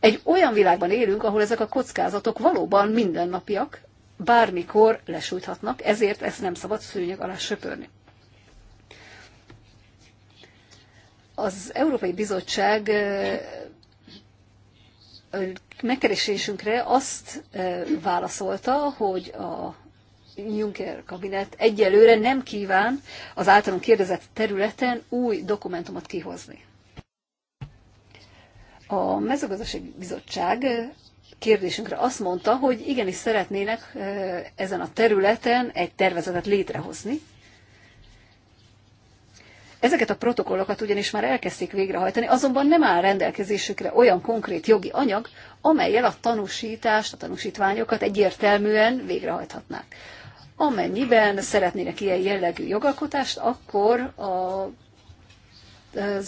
Speaker 3: Egy olyan világban élünk, ahol ezek a kockázatok valóban mindennapiak, bármikor lesújthatnak, ezért ezt nem szabad szőnyeg alá söpörni. az Európai Bizottság megkeresésünkre azt válaszolta, hogy a Juncker kabinet egyelőre nem kíván az általunk kérdezett területen új dokumentumot kihozni. A mezőgazdasági bizottság kérdésünkre azt mondta, hogy igenis szeretnének ezen a területen egy tervezetet létrehozni, Ezeket a protokollokat ugyanis már elkezdték végrehajtani, azonban nem áll rendelkezésükre olyan konkrét jogi anyag, amelyel a tanúsítást, a tanúsítványokat egyértelműen végrehajthatnák. Amennyiben szeretnének ilyen jellegű jogalkotást, akkor a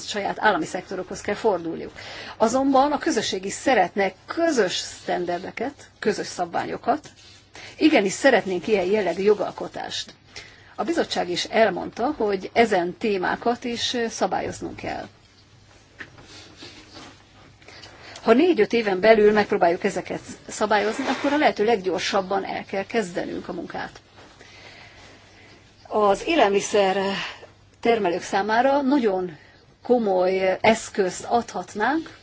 Speaker 3: saját állami szektorokhoz kell fordulniuk. Azonban a közösség is szeretne közös sztenderdeket, közös szabványokat, igenis szeretnénk ilyen jellegű jogalkotást. A bizottság is elmondta, hogy ezen témákat is szabályoznunk kell. Ha négy-öt éven belül megpróbáljuk ezeket szabályozni, akkor a lehető leggyorsabban el kell kezdenünk a munkát. Az élelmiszer termelők számára nagyon komoly eszközt adhatnánk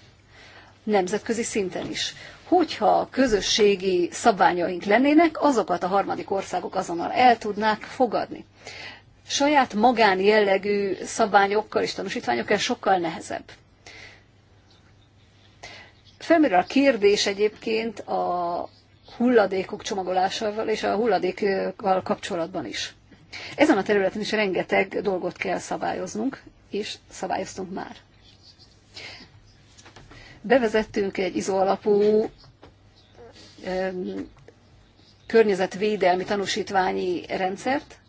Speaker 3: nemzetközi szinten is hogyha közösségi szabványaink lennének, azokat a harmadik országok azonnal el tudnák fogadni. Saját magán jellegű szabványokkal és tanúsítványokkal sokkal nehezebb. Felmerül a kérdés egyébként a hulladékok csomagolásával és a hulladékkal kapcsolatban is. Ezen a területen is rengeteg dolgot kell szabályoznunk, és szabályoztunk már. Bevezettünk egy izóalapú környezetvédelmi tanúsítványi rendszert,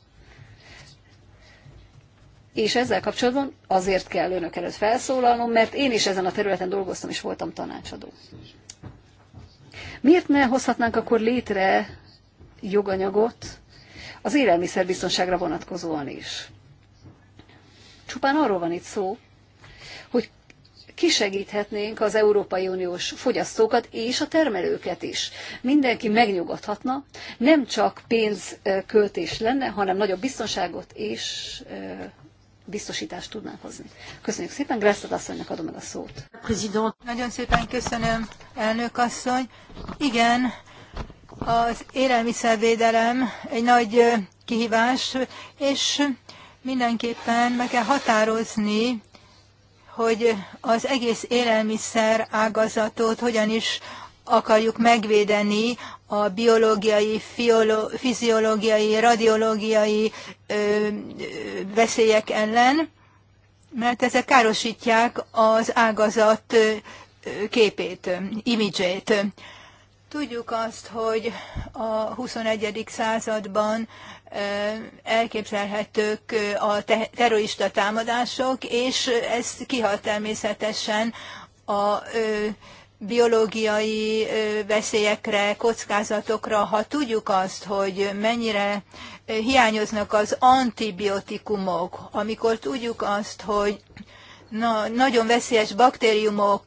Speaker 3: és ezzel kapcsolatban azért kell önök előtt felszólalnom, mert én is ezen a területen dolgoztam, és voltam tanácsadó. Miért ne hozhatnánk akkor létre joganyagot az élelmiszerbiztonságra vonatkozóan is? Csupán arról van itt szó, kisegíthetnénk az Európai Uniós fogyasztókat és a termelőket is. Mindenki megnyugodhatna, nem csak pénzköltés lenne, hanem nagyobb biztonságot és biztosítást tudnánk hozni. Köszönjük szépen, Grászlad asszonynak adom meg a szót. Nagyon szépen köszönöm, elnök
Speaker 1: asszony. Igen, az élelmiszervédelem egy nagy kihívás, és mindenképpen meg kell határozni hogy az egész élelmiszer ágazatot hogyan is akarjuk megvédeni a biológiai, fiolo, fiziológiai, radiológiai ö, ö, veszélyek ellen, mert ezek károsítják az ágazat képét, imidzsét. Tudjuk azt, hogy a 21. században elképzelhetők a terrorista támadások, és ez kihat természetesen a biológiai veszélyekre, kockázatokra, ha tudjuk azt, hogy mennyire hiányoznak az antibiotikumok, amikor tudjuk azt, hogy na, nagyon veszélyes baktériumok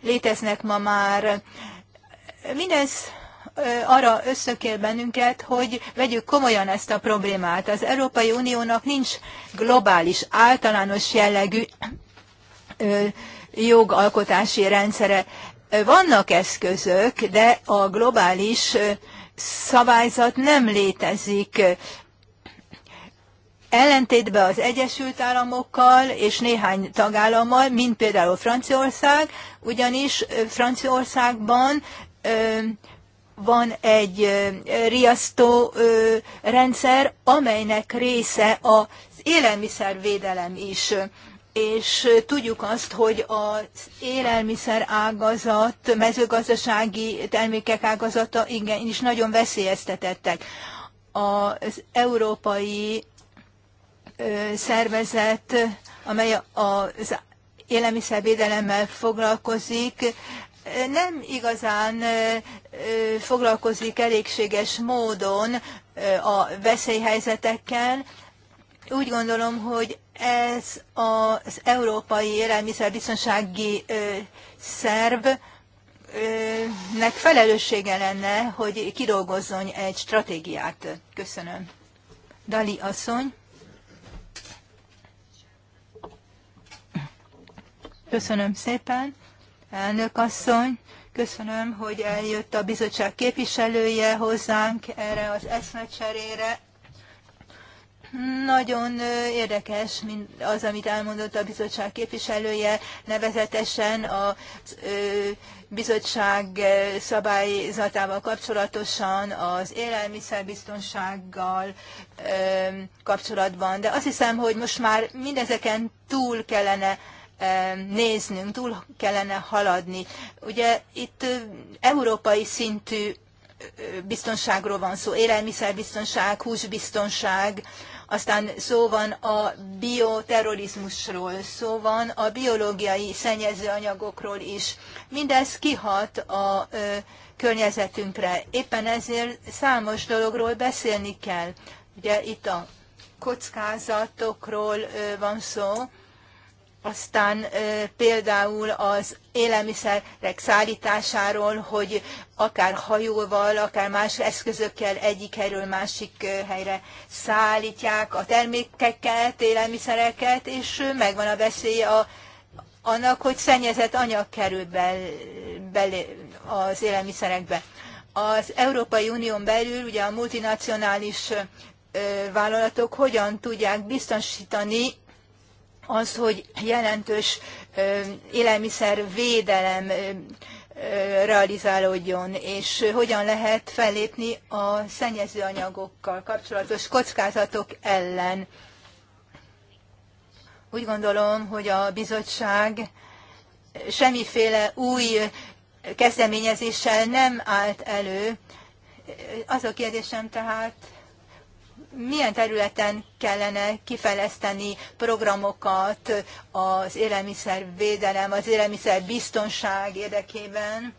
Speaker 1: léteznek ma már, Mindez arra összökél bennünket, hogy vegyük komolyan ezt a problémát. Az Európai Uniónak nincs globális, általános jellegű jogalkotási rendszere. Vannak eszközök, de a globális szabályzat nem létezik. Ellentétben az Egyesült Államokkal és néhány tagállammal, mint például Franciaország, ugyanis Franciaországban van egy riasztó rendszer, amelynek része az élelmiszervédelem is. És tudjuk azt, hogy az élelmiszer ágazat, mezőgazdasági termékek ágazata igen, is nagyon veszélyeztetettek. Az európai szervezet, amely az élelmiszervédelemmel foglalkozik, nem igazán foglalkozik elégséges módon a veszélyhelyzetekkel. Úgy gondolom, hogy ez az Európai Élelmiszerbiztonsági Szerv nek felelőssége lenne, hogy kidolgozzon egy stratégiát. Köszönöm. Dali asszony. Köszönöm szépen. Elnök asszony, köszönöm, hogy eljött a bizottság képviselője hozzánk erre az eszmecserére. Nagyon érdekes az, amit elmondott a bizottság képviselője, nevezetesen a bizottság szabályzatával kapcsolatosan, az élelmiszerbiztonsággal kapcsolatban. De azt hiszem, hogy most már mindezeken túl kellene néznünk, túl kellene haladni. Ugye itt európai szintű biztonságról van szó, élelmiszerbiztonság, húsbiztonság, aztán szó van a bioterrorizmusról, szó van a biológiai szennyezőanyagokról is. Mindez kihat a ö, környezetünkre. Éppen ezért számos dologról beszélni kell. Ugye itt a kockázatokról ö, van szó, aztán például az élelmiszerek szállításáról, hogy akár hajóval, akár más eszközökkel egyik helyről másik helyre szállítják a termékeket, élelmiszereket, és megvan a veszély a, annak, hogy szennyezett anyag kerül bel, bel, az élelmiszerekbe. Az Európai Unión belül ugye a multinacionális vállalatok hogyan tudják biztosítani az, hogy jelentős élelmiszervédelem realizálódjon, és hogyan lehet fellépni a szennyező anyagokkal kapcsolatos kockázatok ellen. Úgy gondolom, hogy a bizottság semmiféle új kezdeményezéssel nem állt elő. Az a kérdésem tehát, milyen területen kellene kifejleszteni programokat az élelmiszervédelem, az élelmiszerbiztonság érdekében.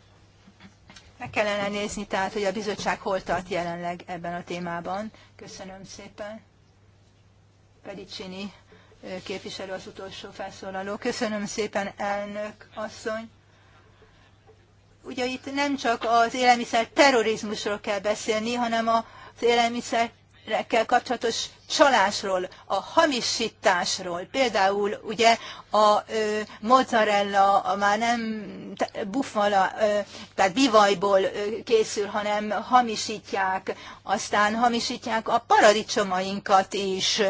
Speaker 1: Meg kellene nézni tehát, hogy a bizottság hol tart jelenleg ebben a témában. Köszönöm szépen. Pedicsini képviselő az utolsó felszólaló. Köszönöm szépen, elnök asszony. Ugye itt nem csak az élelmiszer terrorizmusról kell beszélni, hanem az élelmiszer kell kapcsolatos csalásról, a hamisításról, például ugye a ö, mozzarella a már nem bufala, ö, tehát bivajból ö, készül, hanem hamisítják, aztán hamisítják a paradicsomainkat is.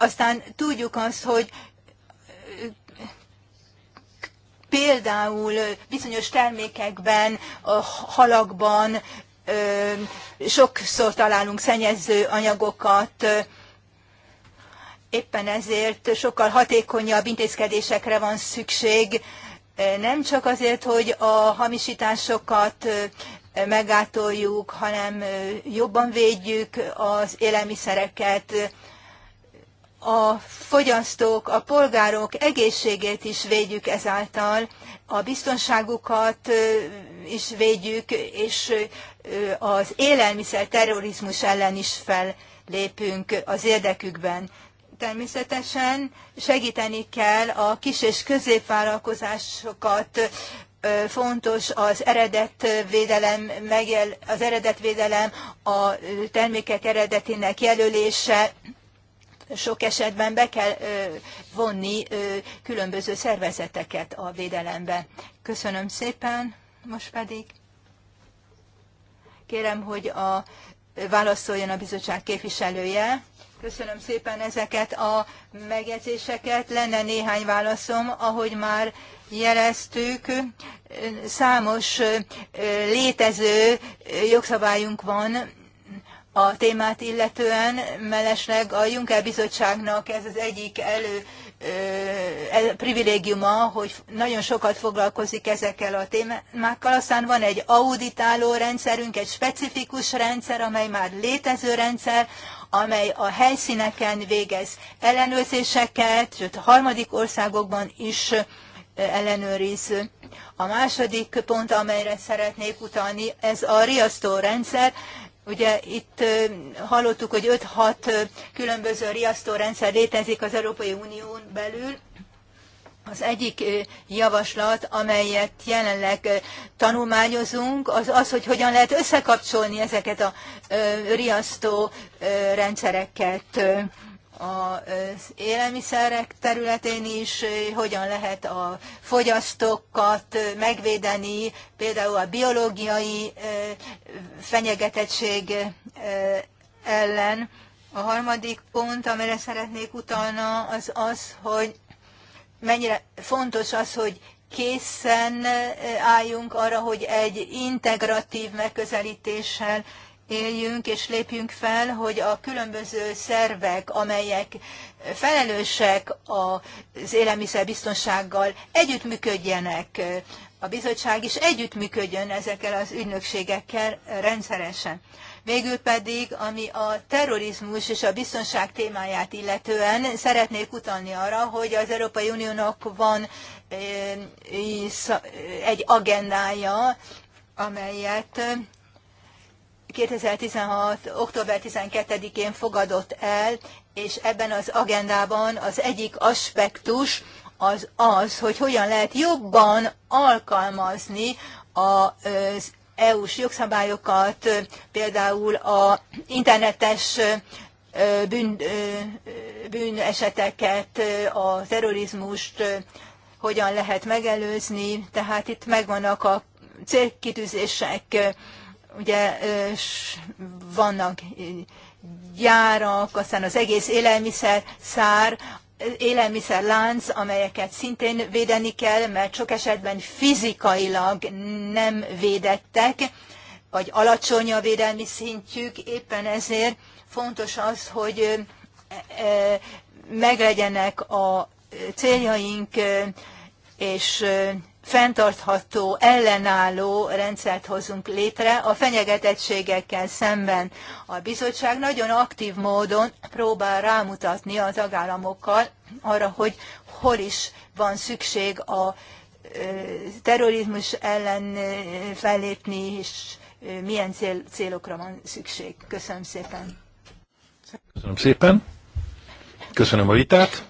Speaker 1: Aztán tudjuk azt, hogy például bizonyos termékekben, a halakban sokszor találunk szennyező anyagokat, éppen ezért sokkal hatékonyabb intézkedésekre van szükség, nem csak azért, hogy a hamisításokat megátoljuk, hanem jobban védjük az élelmiszereket, a fogyasztók, a polgárok egészségét is védjük ezáltal, a biztonságukat is védjük, és az élelmiszer terrorizmus ellen is fellépünk az érdekükben. Természetesen segíteni kell a kis és középvállalkozásokat, fontos az eredetvédelem, megjel, az eredetvédelem, a termékek eredetének jelölése, sok esetben be kell vonni különböző szervezeteket a védelembe. Köszönöm szépen, most pedig kérem, hogy a, válaszoljon a bizottság képviselője. Köszönöm szépen ezeket a megjegyzéseket. Lenne néhány válaszom, ahogy már jeleztük, számos létező jogszabályunk van a témát illetően, mellesleg a Juncker Bizottságnak ez az egyik elő privilégiuma, hogy nagyon sokat foglalkozik ezekkel a témákkal. Aztán van egy auditáló rendszerünk, egy specifikus rendszer, amely már létező rendszer, amely a helyszíneken végez ellenőrzéseket, sőt a harmadik országokban is ellenőriz. A második pont, amelyre szeretnék utalni, ez a riasztó rendszer. Ugye itt hallottuk, hogy 5-6 különböző riasztórendszer létezik az Európai Unión belül. Az egyik javaslat, amelyet jelenleg tanulmányozunk, az az, hogy hogyan lehet összekapcsolni ezeket a riasztó rendszereket az élelmiszerek területén is, hogyan lehet a fogyasztókat megvédeni, például a biológiai fenyegetettség ellen. A harmadik pont, amire szeretnék utalna, az az, hogy mennyire fontos az, hogy készen álljunk arra, hogy egy integratív megközelítéssel éljünk és lépjünk fel, hogy a különböző szervek, amelyek felelősek az élelmiszerbiztonsággal együttműködjenek, a bizottság is együttműködjön ezekkel az ügynökségekkel rendszeresen. Végül pedig, ami a terrorizmus és a biztonság témáját illetően, szeretnék utalni arra, hogy az Európai Uniónak van eh, egy agendája, amelyet 2016. október 12-én fogadott el, és ebben az agendában az egyik aspektus az az, hogy hogyan lehet jobban alkalmazni az EU-s jogszabályokat, például a internetes bűn, bűneseteket, a terrorizmust hogyan lehet megelőzni, tehát itt megvannak a célkitűzések, ugye vannak gyárak, aztán az egész élelmiszer szár, lánc, amelyeket szintén védeni kell, mert sok esetben fizikailag nem védettek, vagy alacsony a védelmi szintjük, éppen ezért fontos az, hogy meglegyenek a céljaink, és fenntartható, ellenálló rendszert hozunk létre a fenyegetettségekkel szemben. A bizottság nagyon aktív módon próbál rámutatni a tagállamokkal arra, hogy hol is van szükség a terrorizmus ellen fellépni, és milyen cél, célokra van szükség. Köszönöm szépen.
Speaker 2: Köszönöm szépen. Köszönöm a vitát.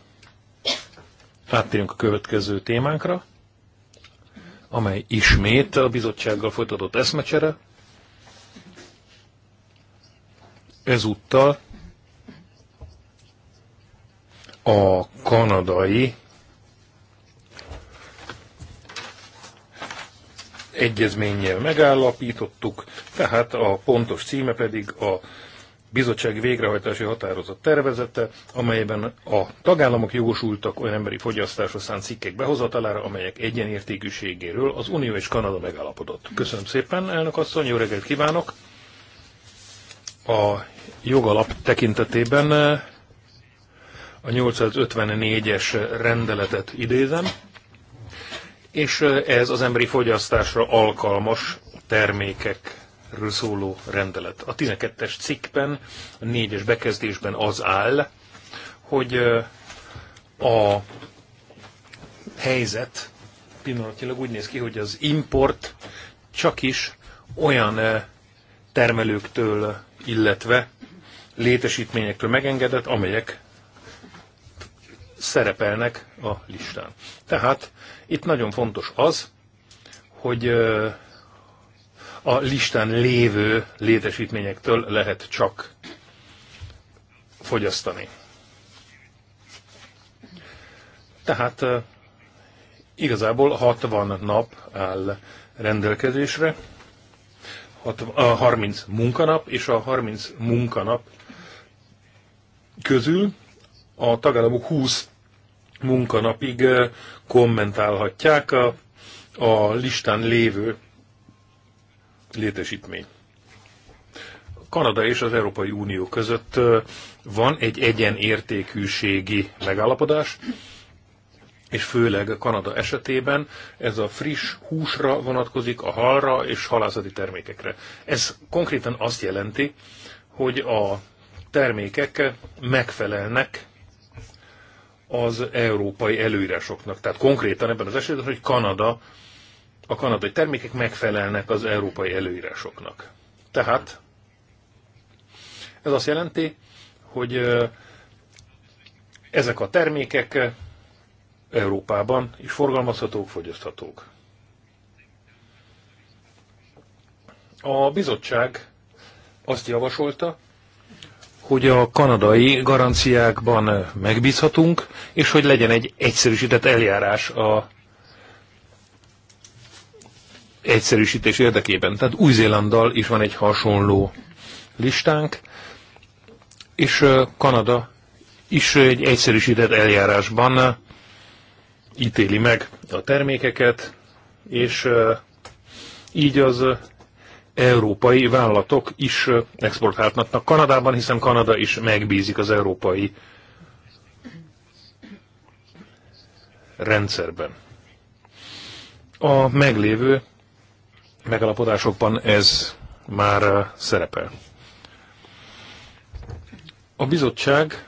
Speaker 2: Áttérünk a következő témánkra amely ismét a bizottsággal folytatott eszmecsere. Ezúttal a kanadai egyezménnyel megállapítottuk, tehát a pontos címe pedig a bizottság végrehajtási határozat tervezete, amelyben a tagállamok jogosultak olyan emberi fogyasztásra szánt cikkek behozatalára, amelyek egyenértékűségéről az Unió és Kanada megállapodott. Köszönöm szépen, elnök asszony, jó reggelt kívánok! A jogalap tekintetében eh, a 854-es rendeletet idézem, és eh, ez az emberi fogyasztásra alkalmas termékek ről szóló rendelet. A 12-es cikkben, a 4-es bekezdésben az áll, hogy a helyzet pillanatilag úgy néz ki, hogy az import csak is olyan termelőktől, illetve létesítményektől megengedett, amelyek szerepelnek a listán. Tehát itt nagyon fontos az, hogy a listán lévő létesítményektől lehet csak fogyasztani. Tehát eh, igazából 60 nap áll rendelkezésre, 30 eh, munkanap, és a 30 munkanap közül a tagállamok 20 munkanapig eh, kommentálhatják a, a listán lévő létesítmény. Kanada és az Európai Unió között van egy egyenértékűségi megállapodás, és főleg Kanada esetében ez a friss húsra vonatkozik, a halra és halászati termékekre. Ez konkrétan azt jelenti, hogy a termékek megfelelnek az európai előírásoknak. Tehát konkrétan ebben az esetben, hogy Kanada a kanadai termékek megfelelnek az európai előírásoknak. Tehát ez azt jelenti, hogy ezek a termékek Európában is forgalmazhatók, fogyaszthatók. A bizottság azt javasolta, hogy a kanadai garanciákban megbízhatunk, és hogy legyen egy egyszerűsített eljárás a egyszerűsítés érdekében. Tehát Új-Zélanddal is van egy hasonló listánk, és Kanada is egy egyszerűsített eljárásban ítéli meg a termékeket, és így az európai vállalatok is exportálhatnak Kanadában, hiszen Kanada is megbízik az európai rendszerben. A meglévő megalapodásokban ez már eh, szerepel. A bizottság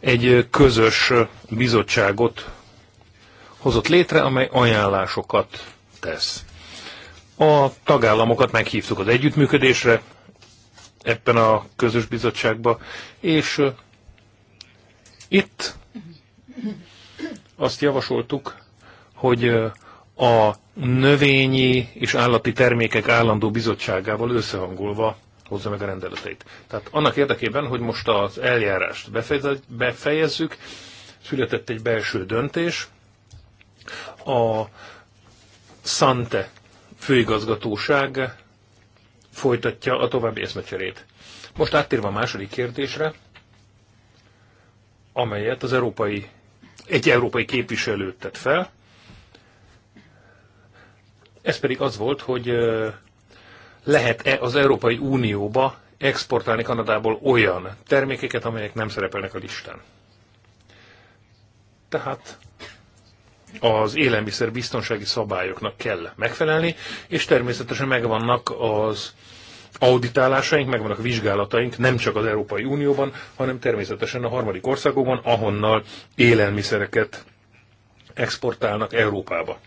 Speaker 2: egy eh, közös eh, bizottságot hozott létre, amely ajánlásokat tesz. A tagállamokat meghívtuk az együttműködésre ebben a közös bizottságban, és itt azt javasoltuk, hogy a növényi és állati termékek állandó bizottságával összehangolva hozza meg a rendeleteit. Tehát annak érdekében, hogy most az eljárást befejezzük, született egy belső döntés. A Sante főigazgatóság folytatja a további eszmecserét. Most áttérve a második kérdésre, amelyet az európai, egy európai képviselő tett fel, ez pedig az volt, hogy lehet-e az Európai Unióba exportálni Kanadából olyan termékeket, amelyek nem szerepelnek a listán. Tehát az élelmiszer biztonsági szabályoknak kell megfelelni, és természetesen megvannak az auditálásaink, megvannak a vizsgálataink nem csak az Európai Unióban, hanem természetesen a harmadik országokban, ahonnal élelmiszereket exportálnak Európába.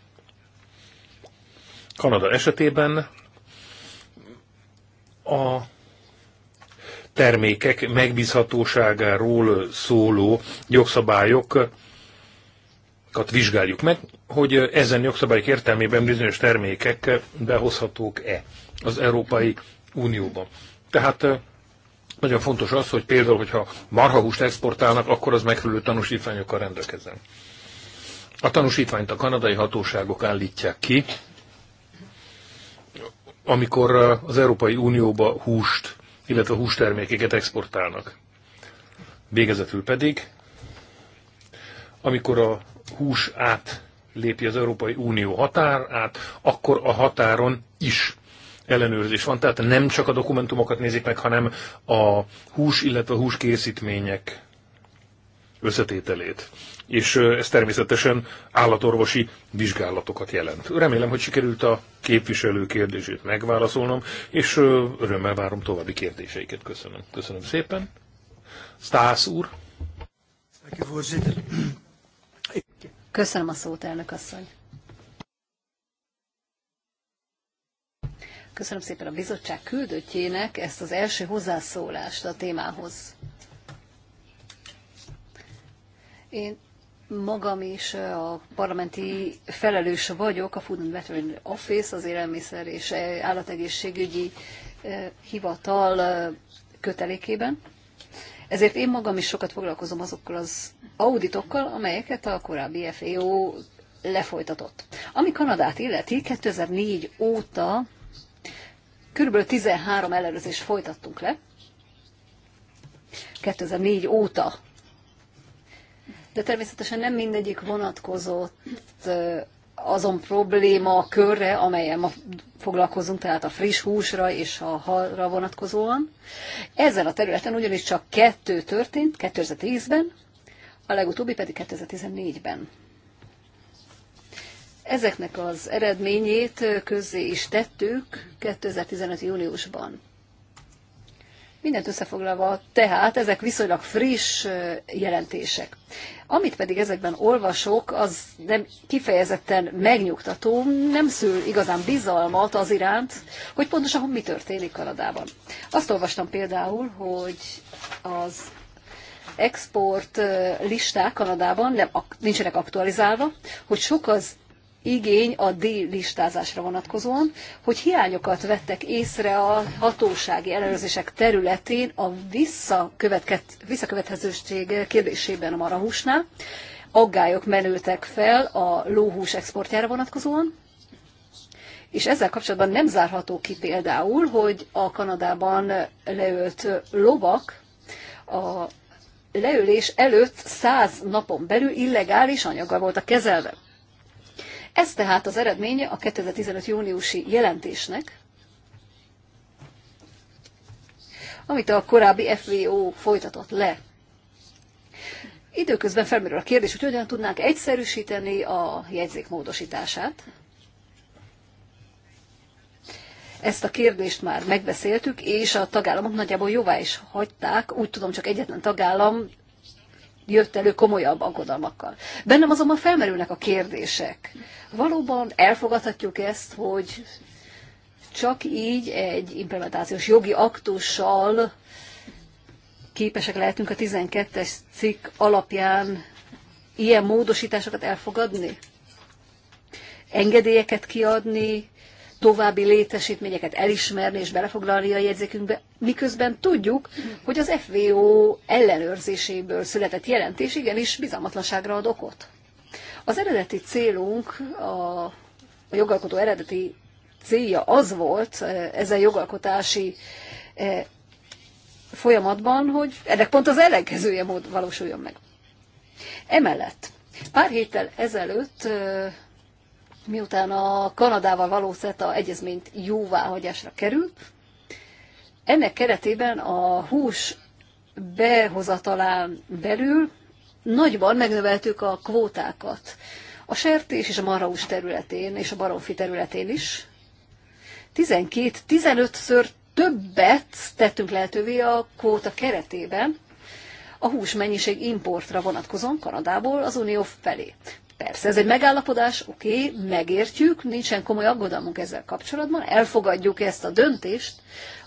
Speaker 2: Kanada esetében a termékek megbízhatóságáról szóló jogszabályokat vizsgáljuk meg, hogy ezen jogszabályok értelmében bizonyos termékek behozhatók-e az Európai Unióba. Tehát nagyon fontos az, hogy például, hogyha marhahúst exportálnak, akkor az megfelelő tanúsítványokkal rendelkezzen. A tanúsítványt a kanadai hatóságok állítják ki, amikor az Európai Unióba húst, illetve hústermékeket exportálnak. Végezetül pedig, amikor a hús át lépi az Európai Unió határát, akkor a határon is ellenőrzés van. Tehát nem csak a dokumentumokat nézik meg, hanem a hús, illetve a húskészítmények összetételét és ez természetesen állatorvosi vizsgálatokat jelent. Remélem, hogy sikerült a képviselő kérdését megválaszolnom, és örömmel várom további kérdéseiket. Köszönöm. Köszönöm szépen. Stász úr.
Speaker 3: Köszönöm a szót, elnök asszony. Köszönöm szépen a bizottság küldöttjének ezt az első hozzászólást a témához. Én magam is a parlamenti felelős vagyok, a Food and Veterinary Office, az élelmiszer és állategészségügyi hivatal kötelékében. Ezért én magam is sokat foglalkozom azokkal az auditokkal, amelyeket a korábbi FAO lefolytatott. Ami Kanadát illeti, 2004 óta kb. 13 ellenőrzést folytattunk le. 2004 óta de természetesen nem mindegyik vonatkozott azon probléma körre, amelyen ma foglalkozunk, tehát a friss húsra és a halra vonatkozóan. Ezzel a területen ugyanis csak kettő történt 2010-ben, a legutóbbi pedig 2014-ben. Ezeknek az eredményét közzé is tettük 2015. júniusban. Mindent összefoglalva, tehát ezek viszonylag friss jelentések. Amit pedig ezekben olvasok, az nem kifejezetten megnyugtató, nem szül igazán bizalmat az iránt, hogy pontosan mi történik Kanadában. Azt olvastam például, hogy az export listák Kanadában nem, nincsenek aktualizálva, hogy sok az igény a D-listázásra vonatkozóan, hogy hiányokat vettek észre a hatósági ellenőrzések területén a visszakövethetőség kérdésében a marahúsnál. Aggályok menültek fel a lóhús exportjára vonatkozóan, és ezzel kapcsolatban nem zárható ki például, hogy a Kanadában leölt lovak a leülés előtt száz napon belül illegális anyaggal voltak kezelve. Ez tehát az eredménye a 2015 júniusi jelentésnek, amit a korábbi FVO folytatott le. Időközben felmerül a kérdés, hogy hogyan tudnánk egyszerűsíteni a jegyzék módosítását. Ezt a kérdést már megbeszéltük, és a tagállamok nagyjából jóvá is hagyták. Úgy tudom, csak egyetlen tagállam jött elő komolyabb aggodalmakkal. Bennem azonban felmerülnek a kérdések. Valóban elfogadhatjuk ezt, hogy csak így egy implementációs jogi aktussal képesek lehetünk a 12-es cikk alapján ilyen módosításokat elfogadni? Engedélyeket kiadni, további létesítményeket elismerni és belefoglalni a jegyzékünkbe, miközben tudjuk, hogy az FVO ellenőrzéséből született jelentés igenis bizalmatlanságra ad okot. Az eredeti célunk, a, a jogalkotó eredeti célja az volt e, ezen jogalkotási e, folyamatban, hogy ennek pont az ellenkezője mód valósuljon meg. Emellett pár héttel ezelőtt e, miután a Kanadával való CETA egyezményt jóváhagyásra került. Ennek keretében a hús behozatalán belül nagyban megnöveltük a kvótákat. A sertés és a marhaús területén, és a baromfi területén is. 12-15-ször többet tettünk lehetővé a kvóta keretében, a hús mennyiség importra vonatkozóan Kanadából az Unió felé. Persze, ez egy megállapodás, oké, okay, megértjük, nincsen komoly aggodalmunk ezzel kapcsolatban, elfogadjuk ezt a döntést,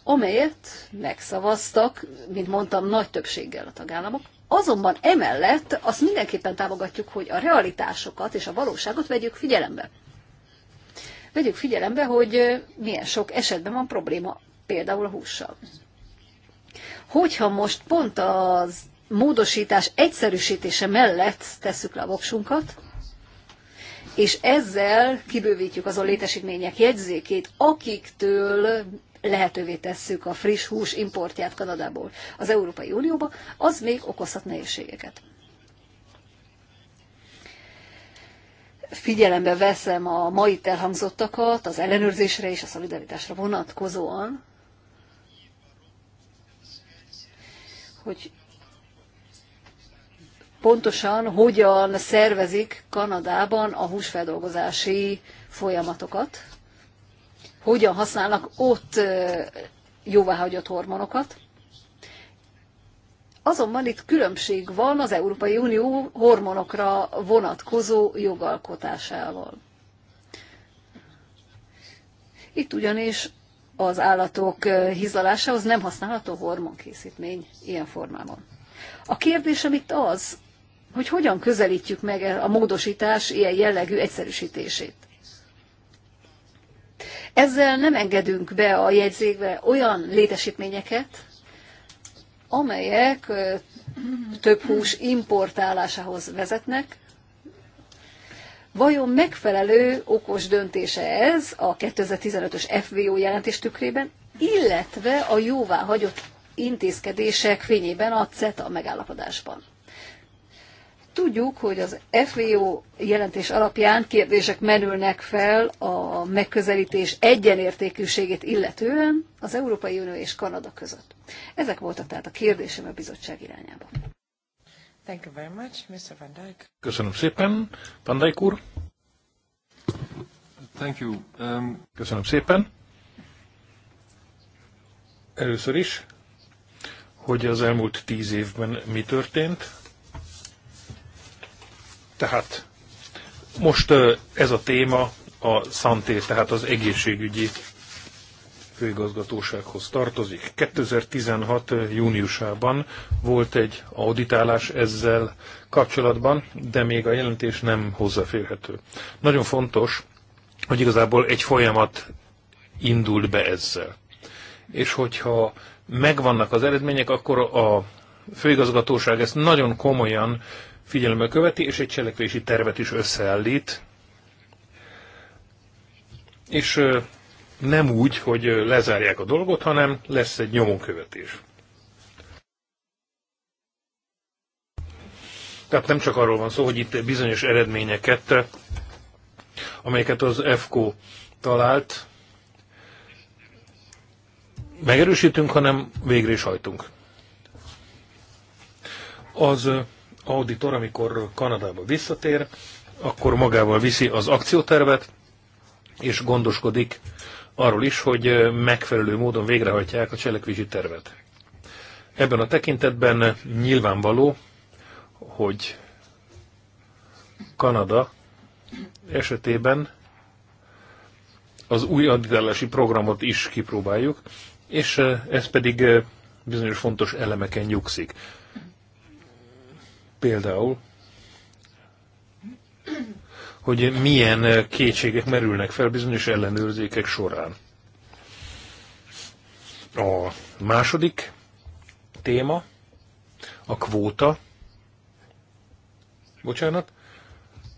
Speaker 3: amelyet megszavaztak, mint mondtam, nagy többséggel a tagállamok. Azonban emellett azt mindenképpen támogatjuk, hogy a realitásokat és a valóságot vegyük figyelembe. Vegyük figyelembe, hogy milyen sok esetben van probléma, például a hússal. Hogyha most pont az módosítás egyszerűsítése mellett tesszük le a voksunkat, és ezzel kibővítjük azon létesítmények jegyzékét, akiktől lehetővé tesszük a friss hús importját Kanadából az Európai Unióba, az még okozhat nehézségeket. Figyelembe veszem a mai elhangzottakat, az ellenőrzésre és a szolidaritásra vonatkozóan, hogy pontosan hogyan szervezik Kanadában a húsfeldolgozási folyamatokat, hogyan használnak ott jóváhagyott hormonokat. Azonban itt különbség van az Európai Unió hormonokra vonatkozó jogalkotásával. Itt ugyanis az állatok hizalásához nem használható hormonkészítmény ilyen formában. A kérdésem itt az, hogy hogyan közelítjük meg a módosítás ilyen jellegű egyszerűsítését. Ezzel nem engedünk be a jegyzékbe olyan létesítményeket, amelyek több hús importálásához vezetnek. Vajon megfelelő okos döntése ez a 2015-ös FVO jelentés tükrében, illetve a jóvá hagyott intézkedések fényében a CETA megállapodásban? Tudjuk, hogy az FVO jelentés alapján kérdések merülnek fel a megközelítés egyenértékűségét illetően az Európai Unió és Kanada között. Ezek voltak tehát a kérdésem a bizottság
Speaker 2: irányába. Thank you very much, Mr. Van Dijk. Köszönöm szépen, Van Dijk úr. Thank you. Um... Köszönöm szépen. Először is, hogy az elmúlt tíz évben mi történt, tehát most ez a téma a Santé, tehát az egészségügyi főigazgatósághoz tartozik. 2016. júniusában volt egy auditálás ezzel kapcsolatban, de még a jelentés nem hozzáférhető. Nagyon fontos, hogy igazából egy folyamat indult be ezzel. És hogyha megvannak az eredmények, akkor a főigazgatóság ezt nagyon komolyan figyelemmel követi, és egy cselekvési tervet is összeállít. És nem úgy, hogy lezárják a dolgot, hanem lesz egy nyomonkövetés. Tehát nem csak arról van szó, hogy itt bizonyos eredményeket, amelyeket az EFKO talált, megerősítünk, hanem végre is hajtunk. Az auditor, amikor Kanadába visszatér, akkor magával viszi az akciótervet, és gondoskodik arról is, hogy megfelelő módon végrehajtják a cselekvési tervet. Ebben a tekintetben nyilvánvaló, hogy Kanada esetében az új auditálási programot is kipróbáljuk, és ez pedig bizonyos fontos elemeken nyugszik. Például, hogy milyen kétségek merülnek fel bizonyos ellenőrzékek során. A második téma a kvóta. Bocsánat.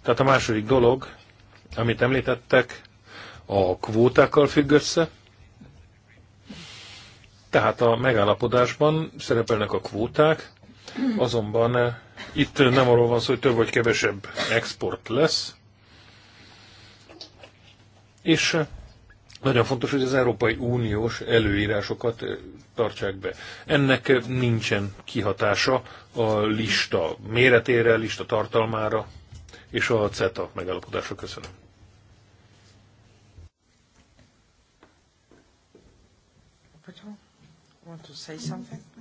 Speaker 2: Tehát a második dolog, amit említettek, a kvótákkal függ össze. Tehát a megállapodásban szerepelnek a kvóták, azonban itt nem arról van szó, hogy több vagy kevesebb export lesz, és nagyon fontos, hogy az Európai Uniós előírásokat tartsák be. Ennek nincsen kihatása a lista méretére, lista tartalmára és a CETA megállapodásra. Köszönöm.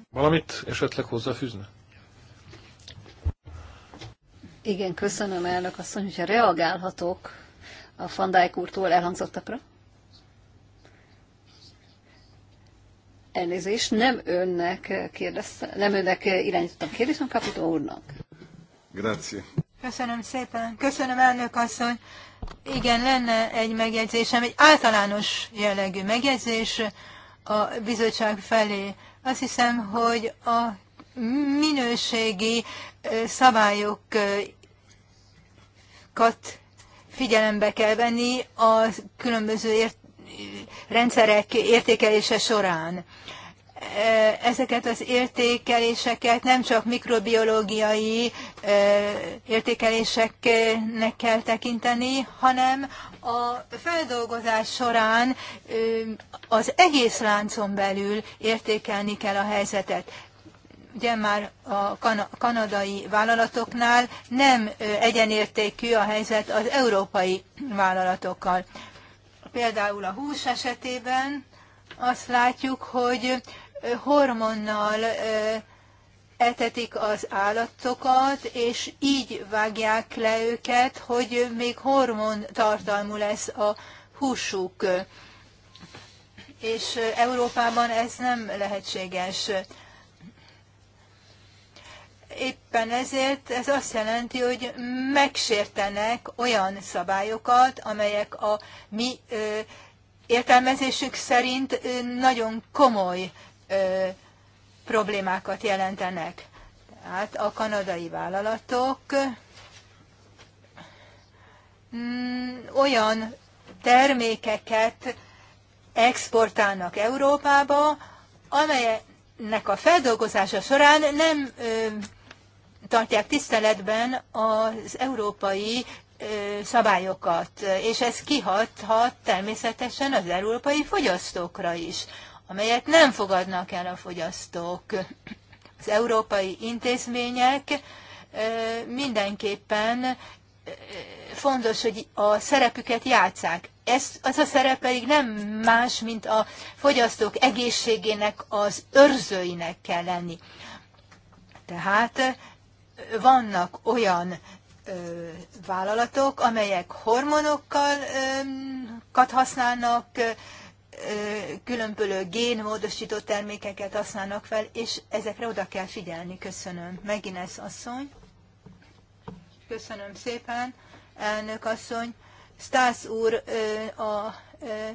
Speaker 2: Valamit esetleg hozzáfűzne?
Speaker 3: Igen, köszönöm elnök asszony, hogyha reagálhatok a Fandijk úrtól elhangzottakra. Elnézést, nem önnek kérdezte, nem önnek irányítottam kérdést, hanem Kapitó úrnak.
Speaker 4: Grazie.
Speaker 1: Köszönöm szépen. Köszönöm, elnök asszony. Igen, lenne egy megjegyzésem, egy általános jellegű megjegyzés a bizottság felé. Azt hiszem, hogy a minőségi szabályokat figyelembe kell venni a különböző ért rendszerek értékelése során. Ezeket az értékeléseket nem csak mikrobiológiai értékeléseknek kell tekinteni, hanem a feldolgozás során az egész láncon belül értékelni kell a helyzetet ugye már a kanadai vállalatoknál nem egyenértékű a helyzet az európai vállalatokkal. Például a hús esetében azt látjuk, hogy hormonnal etetik az állatokat, és így vágják le őket, hogy még hormon tartalmú lesz a húsuk. És Európában ez nem lehetséges. Éppen ezért ez azt jelenti, hogy megsértenek olyan szabályokat, amelyek a mi ö, értelmezésük szerint ö, nagyon komoly ö, problémákat jelentenek. Tehát a kanadai vállalatok mm, olyan termékeket exportálnak Európába, amelyeknek a feldolgozása során nem ö, tartják tiszteletben az európai szabályokat, és ez kihathat természetesen az európai fogyasztókra is, amelyet nem fogadnak el a fogyasztók. Az európai intézmények mindenképpen fontos, hogy a szerepüket játszák. Ez, az a szerep pedig nem más, mint a fogyasztók egészségének az őrzőinek kell lenni. Tehát vannak olyan vállalatok, amelyek hormonokkal kat használnak, különböző génmódosító termékeket használnak fel, és ezekre oda kell figyelni. Köszönöm. Megint ez asszony. Köszönöm szépen, elnök asszony. Stász úr a, ö,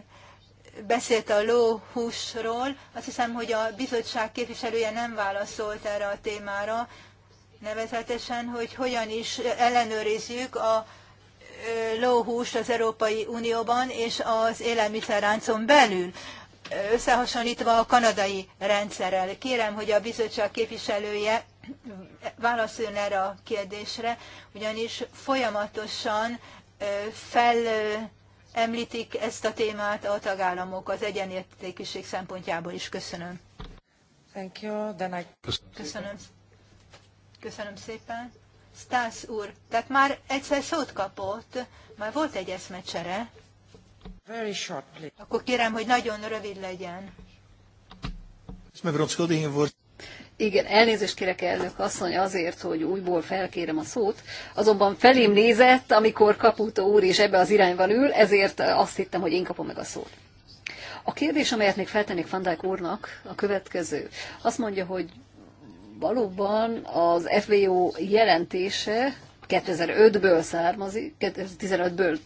Speaker 1: beszélt a lóhúsról. Azt hiszem, hogy a bizottság képviselője nem válaszolt erre a témára nevezetesen, hogy hogyan is ellenőrizzük a lóhúst az Európai Unióban és az élelmiszerráncon belül összehasonlítva a kanadai rendszerrel. Kérem, hogy a bizottság képviselője válaszoljon erre a kérdésre, ugyanis folyamatosan felemlítik ezt a témát a tagállamok az egyenértékűség szempontjából is. Köszönöm. Thank you. Then I... Köszönöm. Köszönöm. Köszönöm szépen. Stász úr, tehát már egyszer szót kapott, már volt egy eszmecsere. Very short, Akkor kérem, hogy nagyon rövid
Speaker 3: legyen. Igen, elnézést kérek elnök asszony azért, hogy újból felkérem a szót, azonban felém nézett, amikor Kaputo úr is ebbe az irányban ül, ezért azt hittem, hogy én kapom meg a szót. A kérdés, amelyet még feltennék Fandák úrnak, a következő. Azt mondja, hogy valóban az FBO jelentése 2005-ből származik, 2015-ből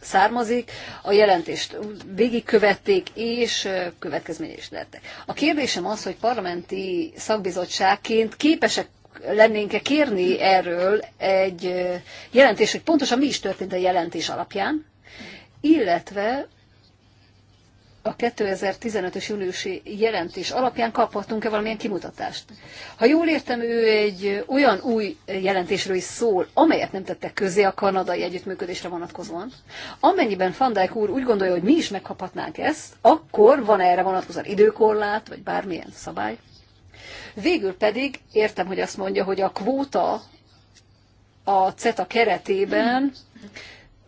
Speaker 3: származik, a jelentést végigkövették, és következménye is lettek. A kérdésem az, hogy parlamenti szakbizottságként képesek lennénk-e kérni erről egy jelentést, hogy pontosan mi is történt a jelentés alapján, illetve a 2015-ös júliusi jelentés alapján kaphatunk-e valamilyen kimutatást? Ha jól értem, ő egy olyan új jelentésről is szól, amelyet nem tettek közé a kanadai együttműködésre vonatkozóan. Amennyiben Fandijk úr úgy gondolja, hogy mi is megkaphatnánk ezt, akkor van -e erre vonatkozóan időkorlát, vagy bármilyen szabály? Végül pedig értem, hogy azt mondja, hogy a kvóta a CETA keretében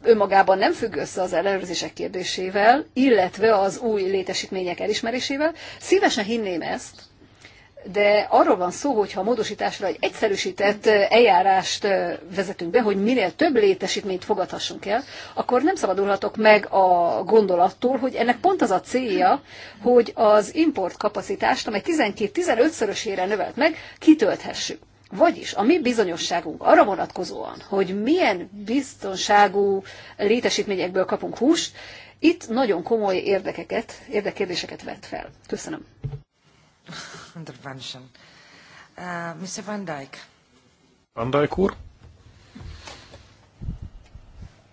Speaker 3: önmagában nem függ össze az ellenőrzések kérdésével, illetve az új létesítmények elismerésével. Szívesen hinném ezt, de arról van szó, hogy ha a módosításra egy egyszerűsített eljárást vezetünk be, hogy minél több létesítményt fogadhassunk el, akkor nem szabadulhatok meg a gondolattól, hogy ennek pont az a célja, hogy az importkapacitást, amely 12-15-szörösére növelt meg, kitölthessük. Vagyis a mi bizonyosságunk arra vonatkozóan, hogy milyen biztonságú létesítményekből kapunk húst, itt nagyon komoly érdekeket, érdekkérdéseket vett fel. Köszönöm.
Speaker 2: Intervention.
Speaker 3: Uh, Mr.
Speaker 4: Van Dijk.
Speaker 2: Van Dijk úr.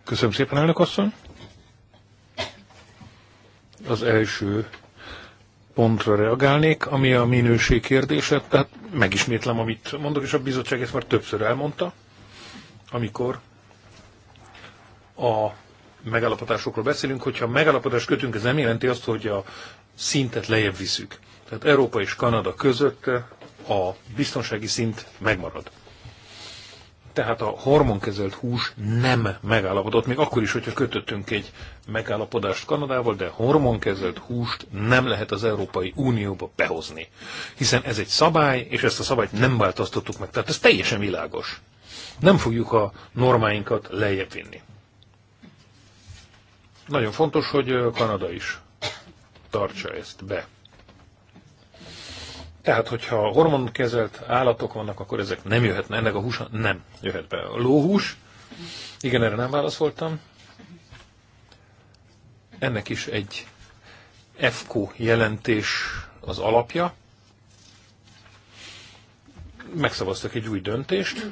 Speaker 2: Köszönöm szépen, elnök asszony. Az első pontra reagálnék, ami a minőség kérdése, tehát megismétlem, amit mondok, és a bizottság ezt már többször elmondta, amikor a megállapodásokról beszélünk, hogyha megállapodást kötünk, ez nem jelenti azt, hogy a szintet lejjebb viszük. Tehát Európa és Kanada között a biztonsági szint megmarad. Tehát a hormonkezelt hús nem megállapodott, még akkor is, hogyha kötöttünk egy megállapodást Kanadával, de hormonkezelt húst nem lehet az Európai Unióba behozni. Hiszen ez egy szabály, és ezt a szabályt nem változtattuk meg. Tehát ez teljesen világos. Nem fogjuk a normáinkat lejjebb vinni. Nagyon fontos, hogy Kanada is tartsa ezt be. Tehát, hogyha hormonkezelt állatok vannak, akkor ezek nem jöhetnek, ennek a húsa nem jöhet be. A lóhús, igen, erre nem válaszoltam. Ennek is egy EFKO jelentés az alapja. Megszavaztak egy új döntést,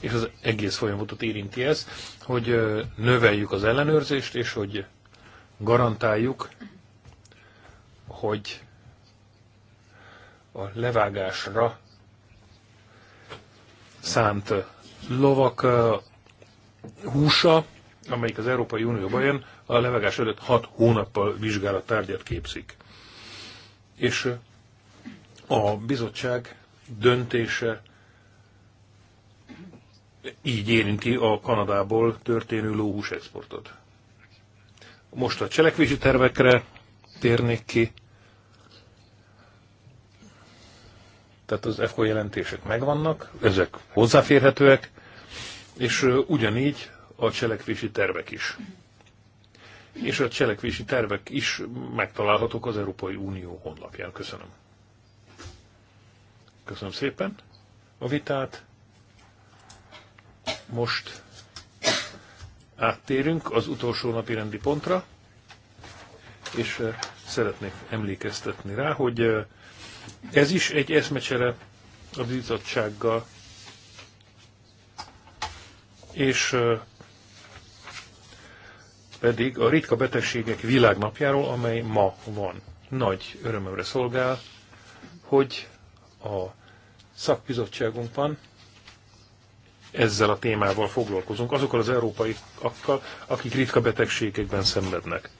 Speaker 2: és az egész folyamatot érinti ez, hogy növeljük az ellenőrzést, és hogy garantáljuk, hogy a levágásra szánt lovak húsa, amelyik az Európai Unióban jön, a levágás előtt 6 hónappal vizsgálat tárgyat képzik. És a bizottság döntése így érinti a Kanadából történő lóhús exportot. Most a cselekvési tervekre térnék ki. Tehát az EFKO jelentések megvannak, ezek hozzáférhetőek, és ugyanígy a cselekvési tervek is. És a cselekvési tervek is megtalálhatók az Európai Unió honlapján. Köszönöm. Köszönöm szépen a vitát. Most áttérünk az utolsó napi rendi pontra, és szeretnék emlékeztetni rá, hogy ez is egy eszmecsere a bizottsággal. És pedig a ritka betegségek világnapjáról, amely ma van. Nagy örömömre szolgál, hogy a szakbizottságunkban ezzel a témával foglalkozunk, azokkal az európaiakkal, akik ritka betegségekben szenvednek.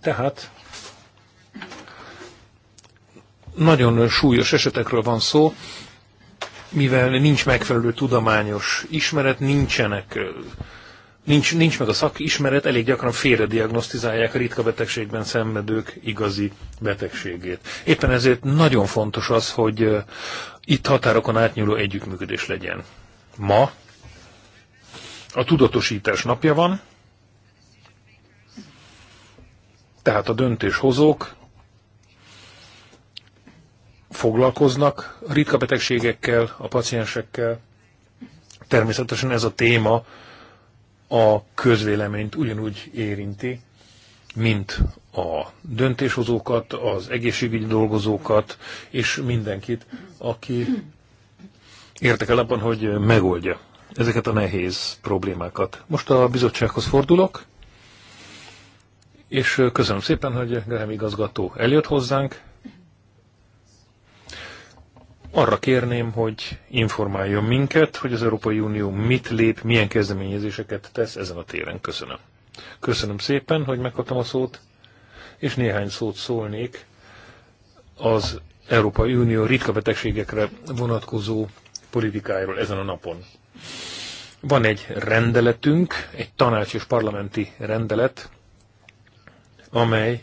Speaker 2: Tehát nagyon súlyos esetekről van szó, mivel nincs megfelelő tudományos ismeret, nincsenek, nincs, nincs meg a szakismeret, elég gyakran félrediagnosztizálják a ritka betegségben szenvedők igazi betegségét. Éppen ezért nagyon fontos az, hogy itt határokon átnyúló együttműködés legyen. Ma a tudatosítás napja van, tehát a döntéshozók foglalkoznak ritka betegségekkel, a paciensekkel. Természetesen ez a téma a közvéleményt ugyanúgy érinti, mint a döntéshozókat, az egészségügyi dolgozókat, és mindenkit, aki érdekel abban, hogy megoldja ezeket a nehéz problémákat. Most a bizottsághoz fordulok, és köszönöm szépen, hogy Graham igazgató eljött hozzánk, arra kérném, hogy informáljon minket, hogy az Európai Unió mit lép, milyen kezdeményezéseket tesz ezen a téren. Köszönöm. Köszönöm szépen, hogy megkaptam a szót, és néhány szót szólnék az Európai Unió ritka betegségekre vonatkozó politikáiról ezen a napon. Van egy rendeletünk, egy tanács és parlamenti rendelet, amely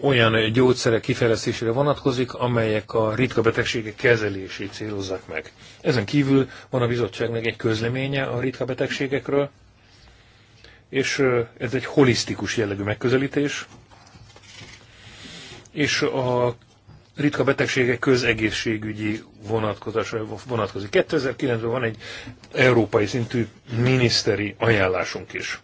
Speaker 2: olyan gyógyszerek kifejlesztésére vonatkozik, amelyek a ritka betegségek kezelését célozzák meg. Ezen kívül van a bizottságnak egy közleménye a ritka betegségekről, és ez egy holisztikus jellegű megközelítés, és a ritka betegségek közegészségügyi vonatkozásra vonatkozik. 2009-ben van egy európai szintű miniszteri ajánlásunk is,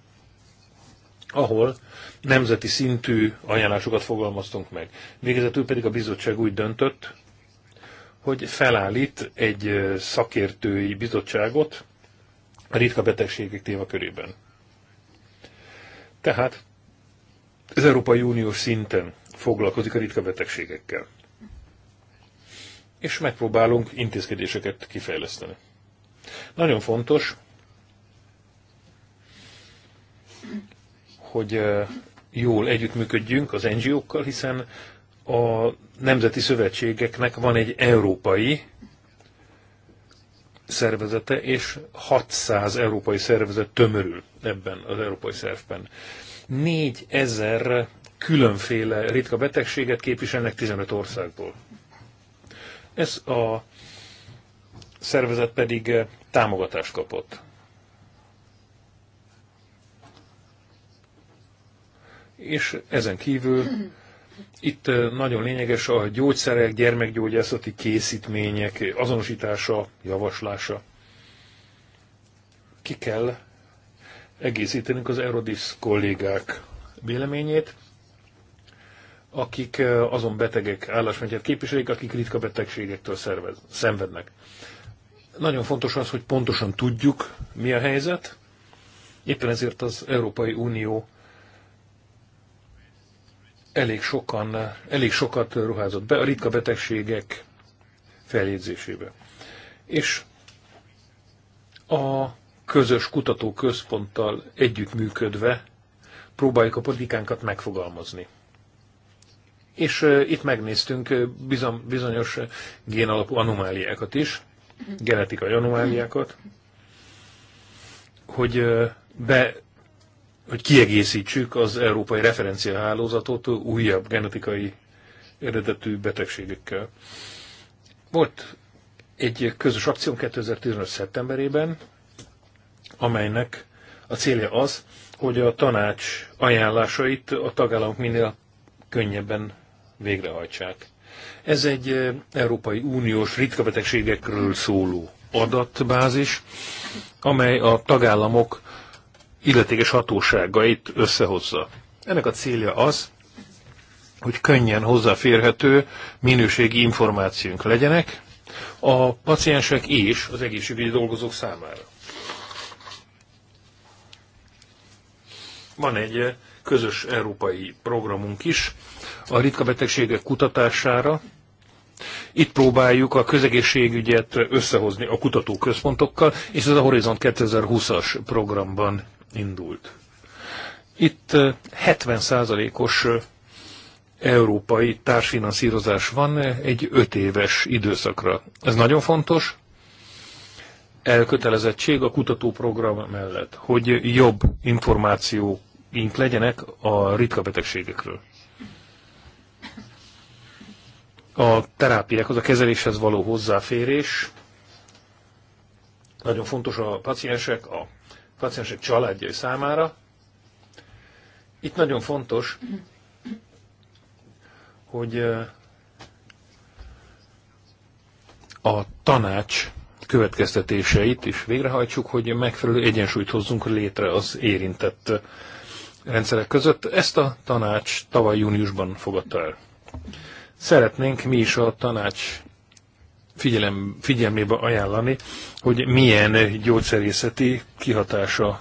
Speaker 2: ahol nemzeti szintű ajánlásokat fogalmaztunk meg. Végezetül pedig a bizottság úgy döntött, hogy felállít egy szakértői bizottságot a ritka betegségek témakörében. Tehát az Európai Uniós szinten foglalkozik a ritka betegségekkel. És megpróbálunk intézkedéseket kifejleszteni. Nagyon fontos, hogy jól együttműködjünk az NGO-kkal, hiszen a nemzeti szövetségeknek van egy európai szervezete, és 600 európai szervezet tömörül ebben az európai szervben. 4000 különféle ritka betegséget képviselnek 15 országból. Ez a szervezet pedig támogatást kapott. És ezen kívül itt nagyon lényeges a gyógyszerek, gyermekgyógyászati készítmények azonosítása, javaslása. Ki kell egészítenünk az Eurodis kollégák véleményét, akik azon betegek állásmentját képviselik, akik ritka betegségektől szervez, szenvednek. Nagyon fontos az, hogy pontosan tudjuk, mi a helyzet. Éppen ezért az Európai Unió elég, sokan, elég sokat ruházott be a ritka betegségek feljegyzésébe. És a közös kutatóközponttal együttműködve próbáljuk a politikánkat megfogalmazni. És itt megnéztünk bizonyos génalapú anomáliákat is, genetikai anomáliákat, hogy be hogy kiegészítsük az európai referenciahálózatot újabb genetikai eredetű betegségekkel. Volt egy közös akció 2015. szeptemberében, amelynek a célja az, hogy a tanács ajánlásait a tagállamok minél könnyebben végrehajtsák. Ez egy eh, Európai Uniós ritka betegségekről szóló adatbázis, amely a tagállamok illetékes hatóságait összehozza. Ennek a célja az, hogy könnyen hozzáférhető minőségi információnk legyenek a paciensek és az egészségügyi dolgozók számára. Van egy közös európai programunk is a ritka betegségek kutatására. Itt próbáljuk a közegészségügyet összehozni a kutatóközpontokkal, és ez a Horizont 2020-as programban indult. Itt 70%-os európai társfinanszírozás van egy 5 éves időszakra. Ez nagyon fontos elkötelezettség a kutatóprogram mellett, hogy jobb információink legyenek a ritka betegségekről. A terápiákhoz, a kezeléshez való hozzáférés nagyon fontos a paciensek, a paciensek családjai számára. Itt nagyon fontos, hogy a tanács következtetéseit is végrehajtsuk, hogy megfelelő egyensúlyt hozzunk létre az érintett rendszerek között. Ezt a tanács tavaly júniusban fogadta el. Szeretnénk mi is a tanács figyelem, figyelmébe ajánlani, hogy milyen gyógyszerészeti kihatása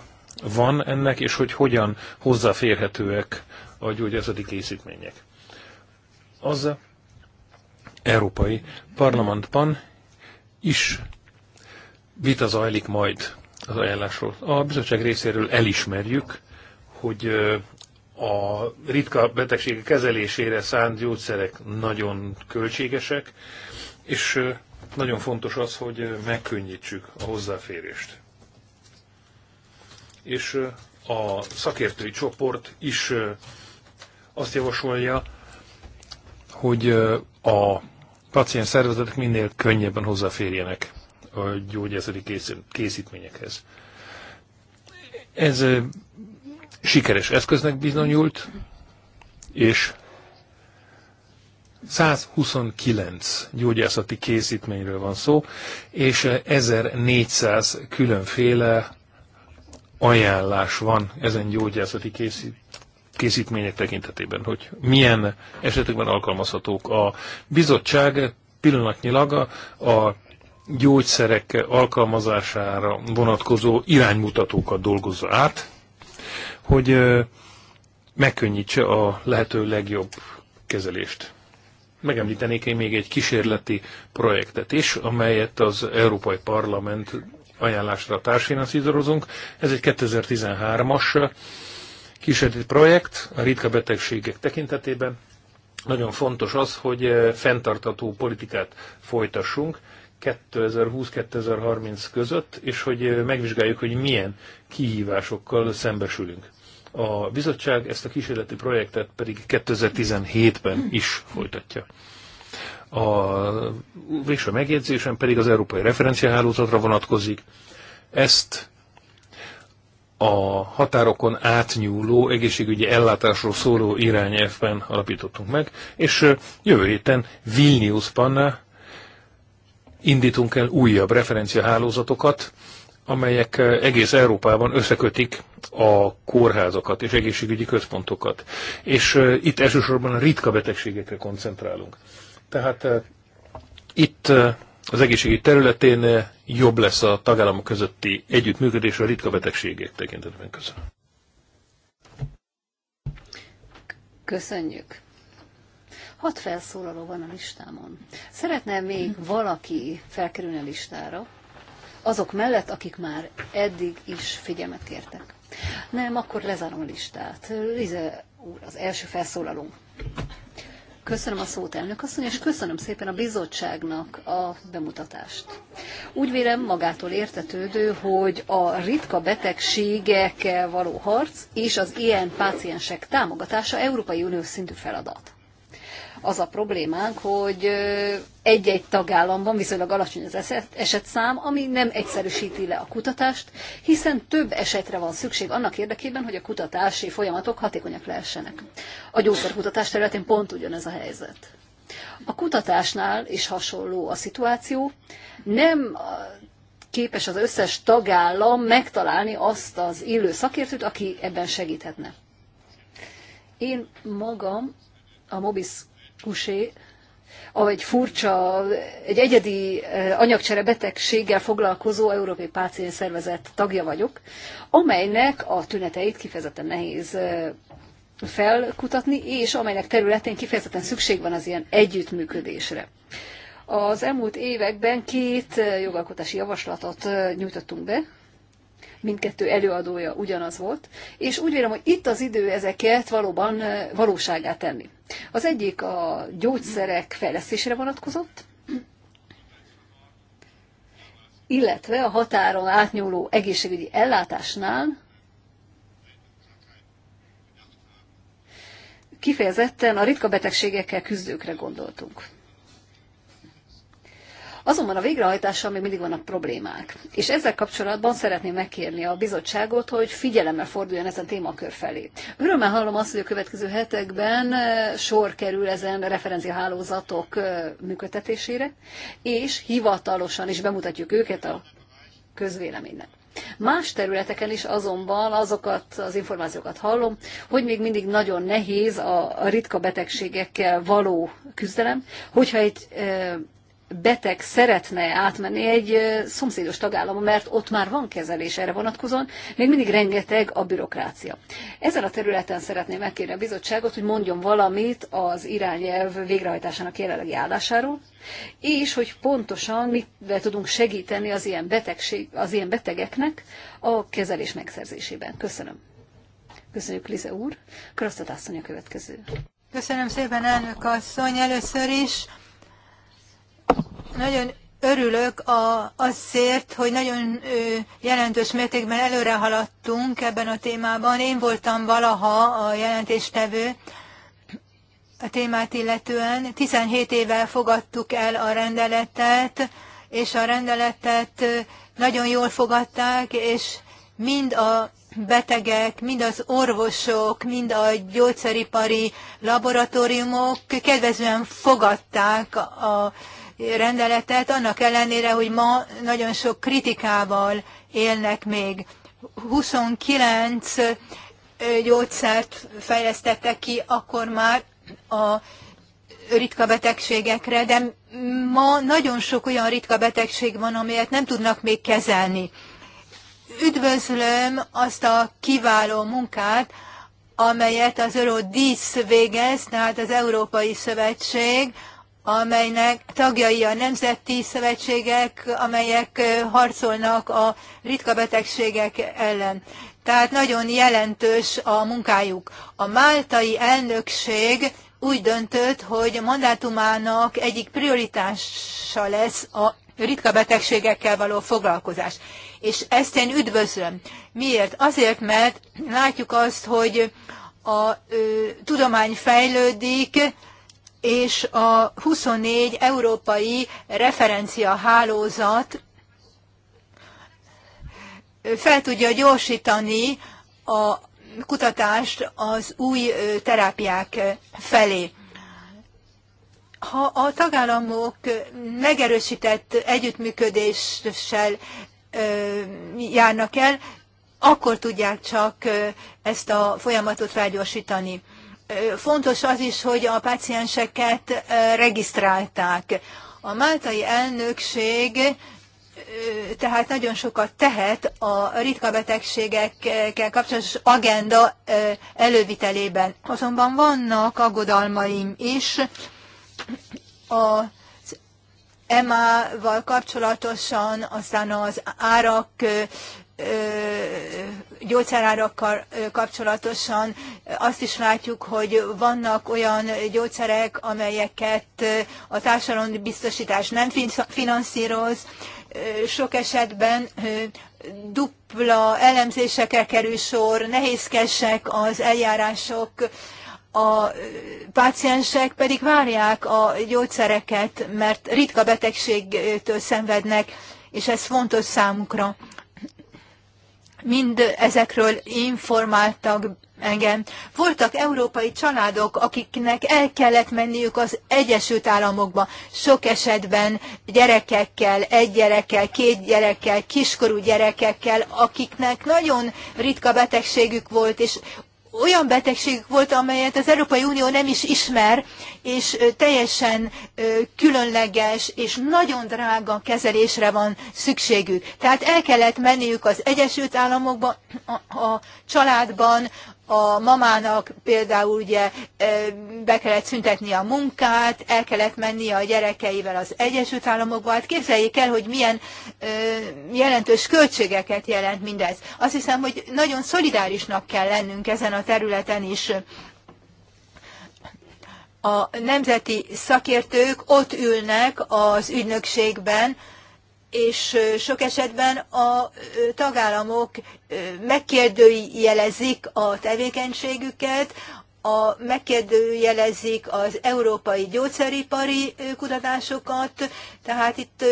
Speaker 2: van ennek, és hogy hogyan hozzáférhetőek a gyógyászati készítmények. Az Európai Parlamentban is vita zajlik majd az ajánlásról. A bizottság részéről elismerjük, hogy a ritka betegségek kezelésére szánt gyógyszerek nagyon költségesek, és nagyon fontos az, hogy megkönnyítsük a hozzáférést. És a szakértői csoport is azt javasolja, hogy a paciens szervezetek minél könnyebben hozzáférjenek a gyógyászati készítményekhez. Ez sikeres eszköznek bizonyult, és 129 gyógyászati készítményről van szó, és 1400 különféle ajánlás van ezen gyógyászati készít, készítmények tekintetében, hogy milyen esetekben alkalmazhatók. A bizottság pillanatnyilag a gyógyszerek alkalmazására vonatkozó iránymutatókat dolgozza át, hogy megkönnyítse a lehető legjobb kezelést megemlítenék én még egy kísérleti projektet is, amelyet az Európai Parlament ajánlásra társfinanszírozunk. Ez egy 2013-as kísérleti projekt a ritka betegségek tekintetében. Nagyon fontos az, hogy eh, fenntartató politikát folytassunk 2020-2030 között, és hogy eh, megvizsgáljuk, hogy milyen kihívásokkal szembesülünk. A bizottság ezt a kísérleti projektet pedig 2017-ben is folytatja. A végső megjegyzésem pedig az Európai Referenciahálózatra vonatkozik. Ezt a határokon átnyúló egészségügyi ellátásról szóló irányelvben alapítottunk meg, és jövő héten Vilniusban indítunk el újabb referenciahálózatokat, amelyek egész Európában összekötik a kórházakat és egészségügyi központokat. És itt elsősorban a ritka betegségekre koncentrálunk. Tehát itt az egészségügyi területén jobb lesz a tagállamok közötti együttműködés a ritka betegségek tekintetben közön.
Speaker 3: Köszönjük. Hat felszólaló van a listámon. Szeretne még valaki felkerülni a listára? azok mellett, akik már eddig is figyelmet kértek. Nem, akkor lezárom a listát. Lize úr, az első felszólaló. Köszönöm a szót, elnök asszony, és köszönöm szépen a bizottságnak a bemutatást. Úgy vélem magától értetődő, hogy a ritka betegségekkel való harc és az ilyen páciensek támogatása Európai Unió szintű feladat az a problémánk, hogy egy-egy tagállamban viszonylag alacsony az esetszám, ami nem egyszerűsíti le a kutatást, hiszen több esetre van szükség annak érdekében, hogy a kutatási folyamatok hatékonyak lehessenek. A gyógyszerkutatás területén pont ugyanez a helyzet. A kutatásnál is hasonló a szituáció. Nem képes az összes tagállam megtalálni azt az illő szakértőt, aki ebben segíthetne. Én magam a Mobis kusé, egy furcsa, egy egyedi eh, anyagcsere betegséggel foglalkozó Európai Pácién Szervezet tagja vagyok, amelynek a tüneteit kifejezetten nehéz eh, felkutatni, és amelynek területén kifejezetten szükség van az ilyen együttműködésre. Az elmúlt években két eh, jogalkotási javaslatot nyújtottunk be, mindkettő előadója ugyanaz volt, és úgy vélem, hogy itt az idő ezeket valóban valóságát tenni. Az egyik a gyógyszerek fejlesztésére vonatkozott, illetve a határon átnyúló egészségügyi ellátásnál kifejezetten a ritka betegségekkel küzdőkre gondoltunk. Azonban a végrehajtással még mindig vannak problémák. És ezzel kapcsolatban szeretném megkérni a bizottságot, hogy figyelemmel forduljon ezen témakör felé. Örömmel hallom azt, hogy a következő hetekben sor kerül ezen referenciahálózatok működtetésére, és hivatalosan is bemutatjuk őket a közvéleménynek. Más területeken is azonban azokat az információkat hallom, hogy még mindig nagyon nehéz a ritka betegségekkel való küzdelem, hogyha egy beteg szeretne átmenni egy szomszédos tagállamba, mert ott már van kezelés erre vonatkozóan, még mindig rengeteg a bürokrácia. Ezen a területen szeretném megkérni a bizottságot, hogy mondjon valamit az irányelv végrehajtásának jelenlegi állásáról, és hogy pontosan mivel tudunk segíteni az ilyen, betegség, az ilyen betegeknek a kezelés megszerzésében. Köszönöm. Köszönjük, Lize úr. Krasztat asszony a következő. Köszönöm szépen, elnök asszony, először is.
Speaker 1: Nagyon örülök a, azért, hogy nagyon ö, jelentős mértékben előre haladtunk ebben a témában. Én voltam valaha a jelentéstevő a témát illetően. 17 éve fogadtuk el a rendeletet, és a rendeletet nagyon jól fogadták, és mind a betegek, mind az orvosok, mind a gyógyszeripari laboratóriumok kedvezően fogadták a, a rendeletet, annak ellenére, hogy ma nagyon sok kritikával élnek még. 29 gyógyszert fejlesztettek ki akkor már a ritka betegségekre, de ma nagyon sok olyan ritka betegség van, amelyet nem tudnak még kezelni. Üdvözlöm azt a kiváló munkát, amelyet az Eurodísz végez, tehát az Európai Szövetség, amelynek tagjai a nemzeti szövetségek, amelyek harcolnak a ritka betegségek ellen. Tehát nagyon jelentős a munkájuk. A máltai elnökség úgy döntött, hogy mandátumának egyik prioritása lesz a ritka betegségekkel való foglalkozás. És ezt én üdvözlöm. Miért? Azért, mert látjuk azt, hogy a ö, tudomány fejlődik, és a 24 európai referenciahálózat fel tudja gyorsítani a kutatást az új terápiák felé. Ha a tagállamok megerősített együttműködéssel járnak el, akkor tudják csak ezt a folyamatot felgyorsítani fontos az is, hogy a pacienseket regisztrálták. A máltai elnökség tehát nagyon sokat tehet a ritka betegségekkel kapcsolatos agenda elővitelében. Azonban vannak aggodalmaim is az EMA-val kapcsolatosan, aztán az árak gyógyszerárakkal kapcsolatosan azt is látjuk, hogy vannak olyan gyógyszerek, amelyeket a társadalmi biztosítás nem finanszíroz, sok esetben dupla elemzésekre kerül sor, nehézkesek az eljárások, a páciensek pedig várják a gyógyszereket, mert ritka betegségtől szenvednek, és ez fontos számukra mind ezekről informáltak engem. Voltak európai családok, akiknek el kellett menniük az Egyesült Államokba, sok esetben gyerekekkel, egy gyerekkel, két gyerekkel, kiskorú gyerekekkel, akiknek nagyon ritka betegségük volt, és olyan betegség volt, amelyet az Európai Unió nem is ismer, és teljesen különleges és nagyon drága kezelésre van szükségük. Tehát el kellett menniük az Egyesült Államokba, a, a családban, a mamának például ugye e, be kellett szüntetni a munkát, el kellett menni a gyerekeivel az Egyesült Államokba. Hát képzeljék el, hogy milyen e, jelentős költségeket jelent mindez. Azt hiszem, hogy nagyon szolidárisnak kell lennünk ezen a területen is a nemzeti szakértők ott ülnek az ügynökségben, és sok esetben a tagállamok megkérdőjelezik a tevékenységüket, a, megkérdőjelezik az európai gyógyszeripari kutatásokat, tehát itt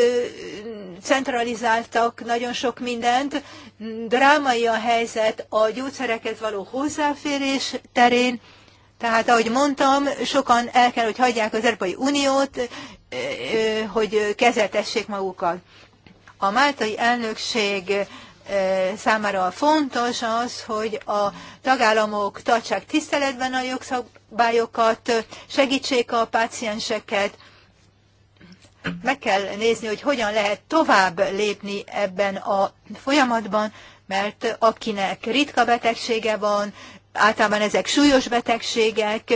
Speaker 1: centralizáltak nagyon sok mindent. Drámai a helyzet a gyógyszerekhez való hozzáférés terén, tehát ahogy mondtam, sokan el kell, hogy hagyják az Európai Uniót, hogy kezeltessék magukat. A máltai elnökség e, számára fontos az, hogy a tagállamok tartsák tiszteletben a jogszabályokat, segítsék a pácienseket, meg kell nézni, hogy hogyan lehet tovább lépni ebben a folyamatban, mert akinek ritka betegsége van, általában ezek súlyos betegségek,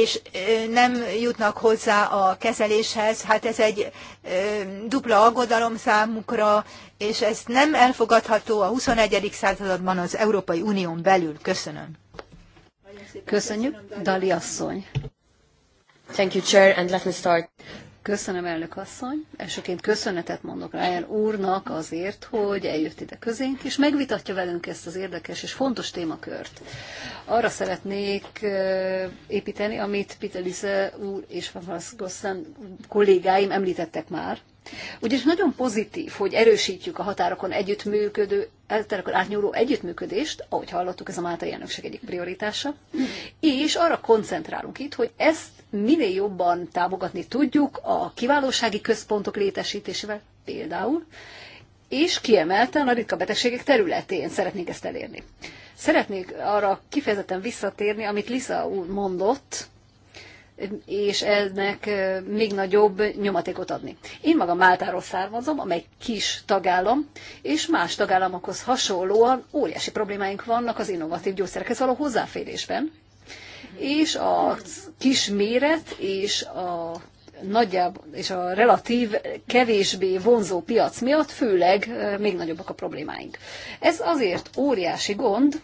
Speaker 1: és nem jutnak hozzá a kezeléshez, hát ez egy dupla aggodalom számukra, és ez nem elfogadható a 21. században az Európai Unión belül. Köszönöm.
Speaker 3: Köszönjük, Dali asszony. Thank you, Chair, and let me start. Köszönöm, elnök asszony. Elsőként köszönetet mondok Ráján úrnak azért, hogy eljött ide közénk, és megvitatja velünk ezt az érdekes és fontos témakört. Arra szeretnék építeni, amit Peter Lise úr és Van Gosszán kollégáim említettek már, ugyanis nagyon pozitív, hogy erősítjük a határokon együttműködő, határokon átnyúló együttműködést, ahogy hallottuk, ez a Máltai elnökség egyik prioritása, és arra koncentrálunk itt, hogy ezt minél jobban támogatni tudjuk a kiválósági központok létesítésével például, és kiemelten a ritka betegségek területén szeretnénk ezt elérni. Szeretnék arra kifejezetten visszatérni, amit Lisa úr mondott, és ennek még nagyobb nyomatékot adni. Én magam Máltáról származom, amely kis tagállam, és más tagállamokhoz hasonlóan óriási problémáink vannak az innovatív gyógyszerekhez való hozzáférésben, és a kis méret és a nagyjább és a relatív kevésbé vonzó piac miatt főleg még nagyobbak a problémáink. Ez azért óriási gond,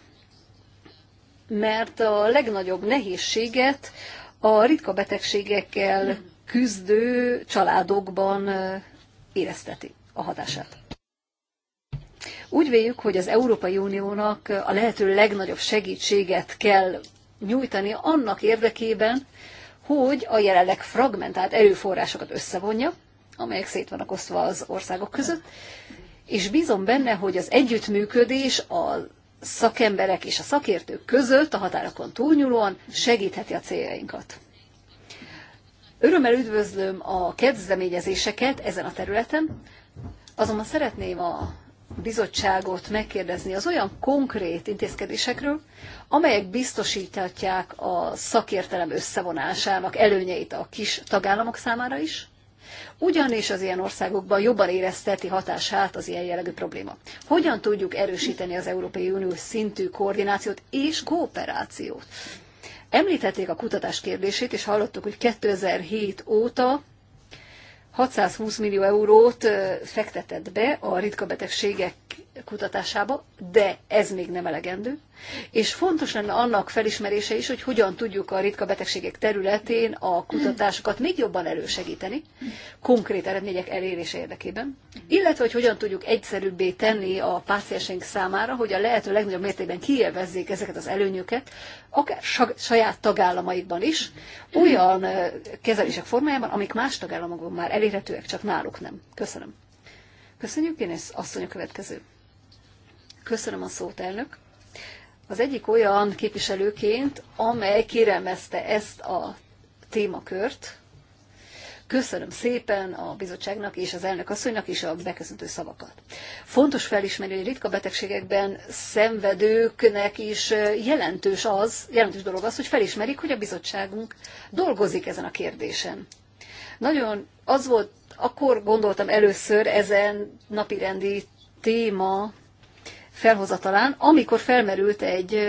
Speaker 3: mert a legnagyobb nehézséget a ritka betegségekkel küzdő családokban érezteti a hatását. Úgy véljük, hogy az Európai Uniónak a lehető legnagyobb segítséget kell nyújtani annak érdekében, hogy a jelenleg fragmentált erőforrásokat összevonja, amelyek szét vannak osztva az országok között, és bízom benne, hogy az együttműködés az szakemberek és a szakértők között a határokon túlnyúlóan segítheti a céljainkat. Örömmel üdvözlöm a kezdeményezéseket ezen a területen, azonban szeretném a bizottságot megkérdezni az olyan konkrét intézkedésekről, amelyek biztosíthatják a szakértelem összevonásának előnyeit a kis tagállamok számára is, ugyanis az ilyen országokban jobban érezteti hatását az ilyen jellegű probléma. Hogyan tudjuk erősíteni az Európai Unió szintű koordinációt és kooperációt? Említették a kutatás kérdését, és hallottuk, hogy 2007 óta 620 millió eurót fektetett be a ritka betegségek kutatásába, de ez még nem elegendő, és fontos lenne annak felismerése is, hogy hogyan tudjuk a ritka betegségek területén a kutatásokat még jobban elősegíteni, konkrét eredmények elérése érdekében, illetve hogy hogyan tudjuk egyszerűbbé tenni a pácienseink számára, hogy a lehető legnagyobb mértékben kielvezzék ezeket az előnyöket, akár saját tagállamaikban is, olyan kezelések formájában, amik más tagállamokban már elérhetőek, csak náluk nem. Köszönöm. Köszönjük, én ezt asszony a következő. Köszönöm a szót, elnök. Az egyik olyan képviselőként, amely kérelmezte ezt a témakört, Köszönöm szépen a bizottságnak és az elnök asszonynak is a beköszöntő szavakat. Fontos felismerni, hogy ritka betegségekben szenvedőknek is jelentős az, jelentős dolog az, hogy felismerik, hogy a bizottságunk dolgozik ezen a kérdésen. Nagyon az volt, akkor gondoltam először ezen napirendi téma felhozatalán, amikor felmerült egy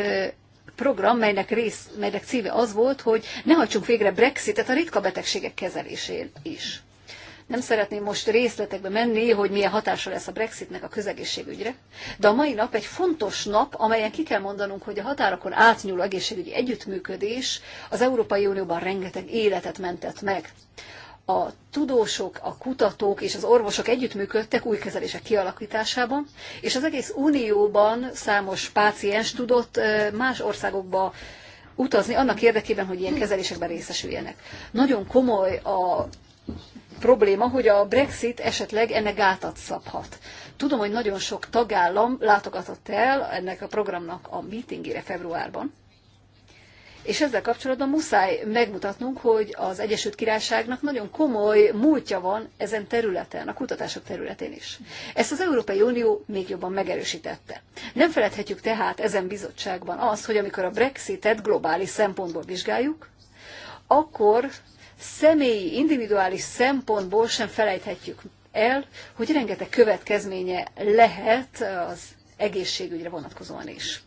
Speaker 3: program, melynek, rész, melynek címe az volt, hogy ne hagyjunk végre Brexitet a ritka betegségek kezelésén is. Nem szeretném most részletekbe menni, hogy milyen hatása lesz a Brexitnek a közegészségügyre, de a mai nap egy fontos nap, amelyen ki kell mondanunk, hogy a határokon átnyúló egészségügyi együttműködés az Európai Unióban rengeteg életet mentett meg a tudósok, a kutatók és az orvosok együttműködtek új kezelések kialakításában, és az egész Unióban számos páciens tudott más országokba utazni annak érdekében, hogy ilyen kezelésekben részesüljenek. Nagyon komoly a probléma, hogy a Brexit esetleg ennek gátat szabhat. Tudom, hogy nagyon sok tagállam látogatott el ennek a programnak a meetingére februárban, és ezzel kapcsolatban muszáj megmutatnunk, hogy az Egyesült Királyságnak nagyon komoly múltja van ezen területen, a kutatások területén is. Ezt az Európai Unió még jobban megerősítette. Nem feledhetjük tehát ezen bizottságban azt, hogy amikor a Brexitet globális szempontból vizsgáljuk, akkor személyi, individuális szempontból sem felejthetjük el, hogy rengeteg következménye lehet az egészségügyre vonatkozóan is.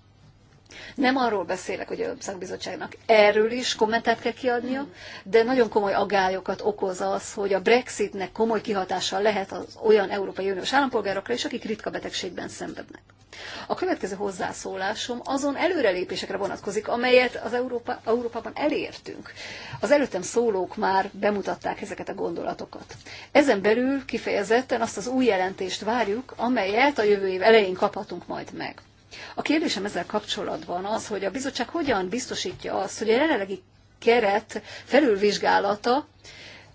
Speaker 3: Nem arról beszélek, hogy a szakbizottságnak erről is kommentet kell kiadnia, de nagyon komoly agályokat okoz az, hogy a Brexitnek komoly kihatással lehet az olyan Európai Uniós állampolgárokra is, akik ritka betegségben szenvednek. A következő hozzászólásom azon előrelépésekre vonatkozik, amelyet az Európa, Európában elértünk. Az előttem szólók már bemutatták ezeket a gondolatokat. Ezen belül kifejezetten azt az új jelentést várjuk, amelyet a jövő év elején kaphatunk majd meg. A kérdésem ezzel kapcsolatban az, hogy a bizottság hogyan biztosítja azt, hogy a jelenlegi keret felülvizsgálata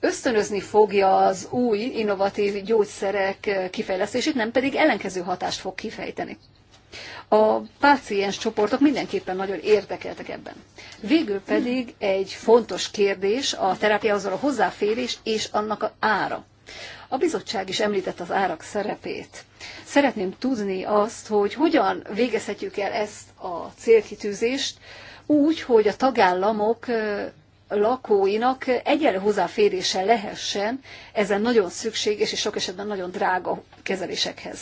Speaker 3: ösztönözni fogja az új innovatív gyógyszerek kifejlesztését, nem pedig ellenkező hatást fog kifejteni. A páciens csoportok mindenképpen nagyon érdekeltek ebben. Végül pedig egy fontos kérdés a terápiához való hozzáférés és annak a ára. A bizottság is említett az árak szerepét. Szeretném tudni azt, hogy hogyan végezhetjük el ezt a célkitűzést úgy, hogy a tagállamok lakóinak egyenlő hozzáférése lehessen ezen nagyon szükséges és sok esetben nagyon drága kezelésekhez.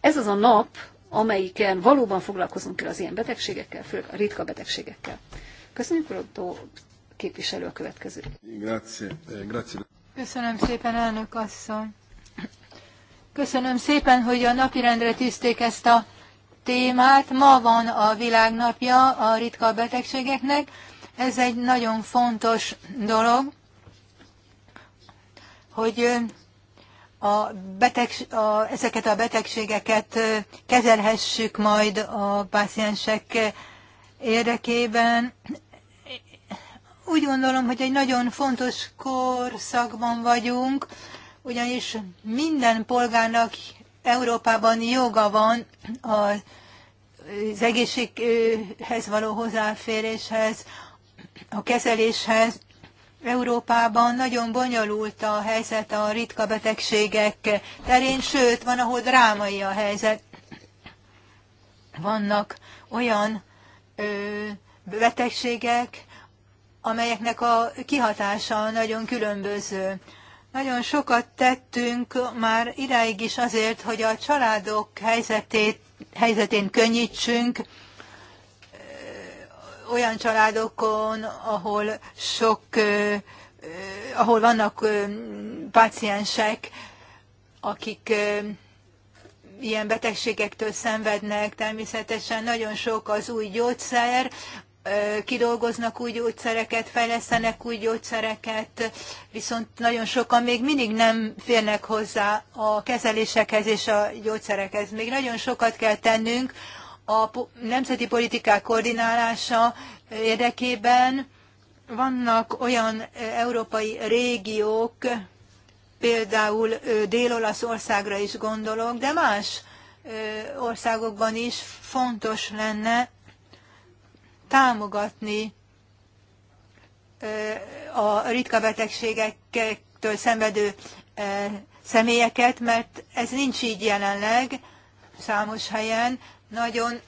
Speaker 3: Ez az a nap, amelyiken valóban foglalkozunk kell az ilyen betegségekkel, főleg a ritka betegségekkel. Köszönjük, Rodó képviselő a következő.
Speaker 4: Grazie. Eh, grazie.
Speaker 3: Köszönöm
Speaker 1: szépen, elnök asszony. Köszönöm szépen, hogy a napirendre tűzték ezt a témát. Ma van a világnapja a ritka betegségeknek. Ez egy nagyon fontos dolog, hogy a beteg, a, ezeket a betegségeket kezelhessük majd a páciensek érdekében. Úgy gondolom, hogy egy nagyon fontos korszakban vagyunk, ugyanis minden polgárnak Európában joga van az egészséghez való hozzáféréshez, a kezeléshez. Európában nagyon bonyolult a helyzet a ritka betegségek terén, sőt, van, ahol drámai a helyzet. Vannak olyan ö, betegségek, amelyeknek a kihatása nagyon különböző. Nagyon sokat tettünk már idáig is azért, hogy a családok helyzetét, helyzetén könnyítsünk, olyan családokon, ahol sok, ahol vannak páciensek, akik ilyen betegségektől szenvednek, természetesen nagyon sok az új gyógyszer, kidolgoznak új gyógyszereket, fejlesztenek új gyógyszereket, viszont nagyon sokan még mindig nem férnek hozzá a kezelésekhez és a gyógyszerekhez. Még nagyon sokat kell tennünk a nemzeti politikák koordinálása érdekében. Vannak olyan európai régiók, például Dél-Olaszországra is gondolok, de más országokban is fontos lenne támogatni a ritka betegségektől szenvedő személyeket, mert ez nincs így jelenleg számos helyen. Nagyon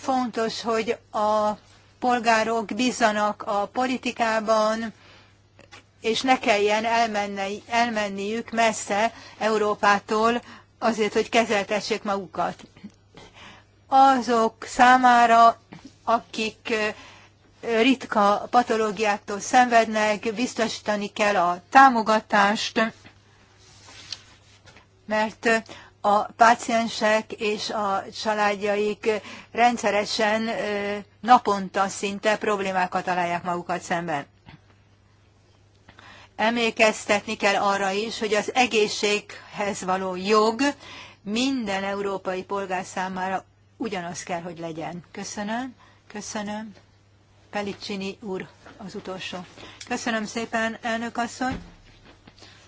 Speaker 1: fontos, hogy a polgárok bízzanak a politikában, és ne kelljen elmenni, elmenniük messze Európától azért, hogy kezeltessék magukat azok számára, akik ritka patológiáktól szenvednek, biztosítani kell a támogatást, mert a páciensek és a családjaik rendszeresen naponta szinte problémákat találják magukat szemben. Emlékeztetni kell arra is, hogy az egészséghez való jog minden európai polgár számára ugyanaz kell, hogy legyen. Köszönöm, köszönöm. Pelicsini úr az utolsó. Köszönöm szépen, elnök asszony.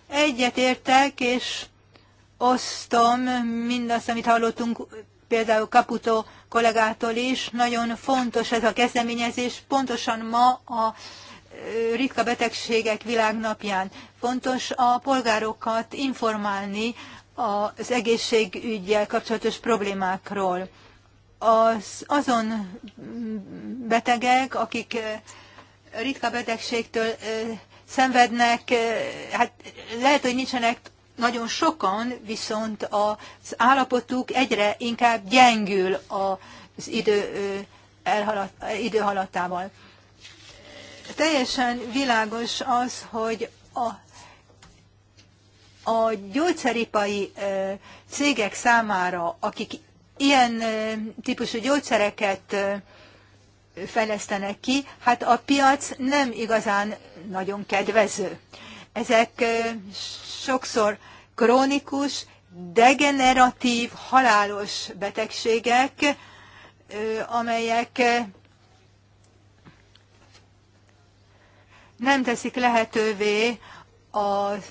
Speaker 1: Egyet értek, és osztom mindazt, amit hallottunk például Kaputó kollégától is. Nagyon fontos ez a kezdeményezés, pontosan ma a ritka betegségek világnapján. Fontos a polgárokat informálni az egészségügyel kapcsolatos problémákról az, azon betegek, akik ritka betegségtől szenvednek, hát lehet, hogy nincsenek nagyon sokan, viszont az állapotuk egyre inkább gyengül az idő, elhalat, idő halatával. Teljesen világos az, hogy a, a gyógyszeripai cégek számára, akik ilyen típusú gyógyszereket fejlesztenek ki, hát a piac nem igazán nagyon kedvező. Ezek sokszor krónikus, degeneratív, halálos betegségek, amelyek nem teszik lehetővé az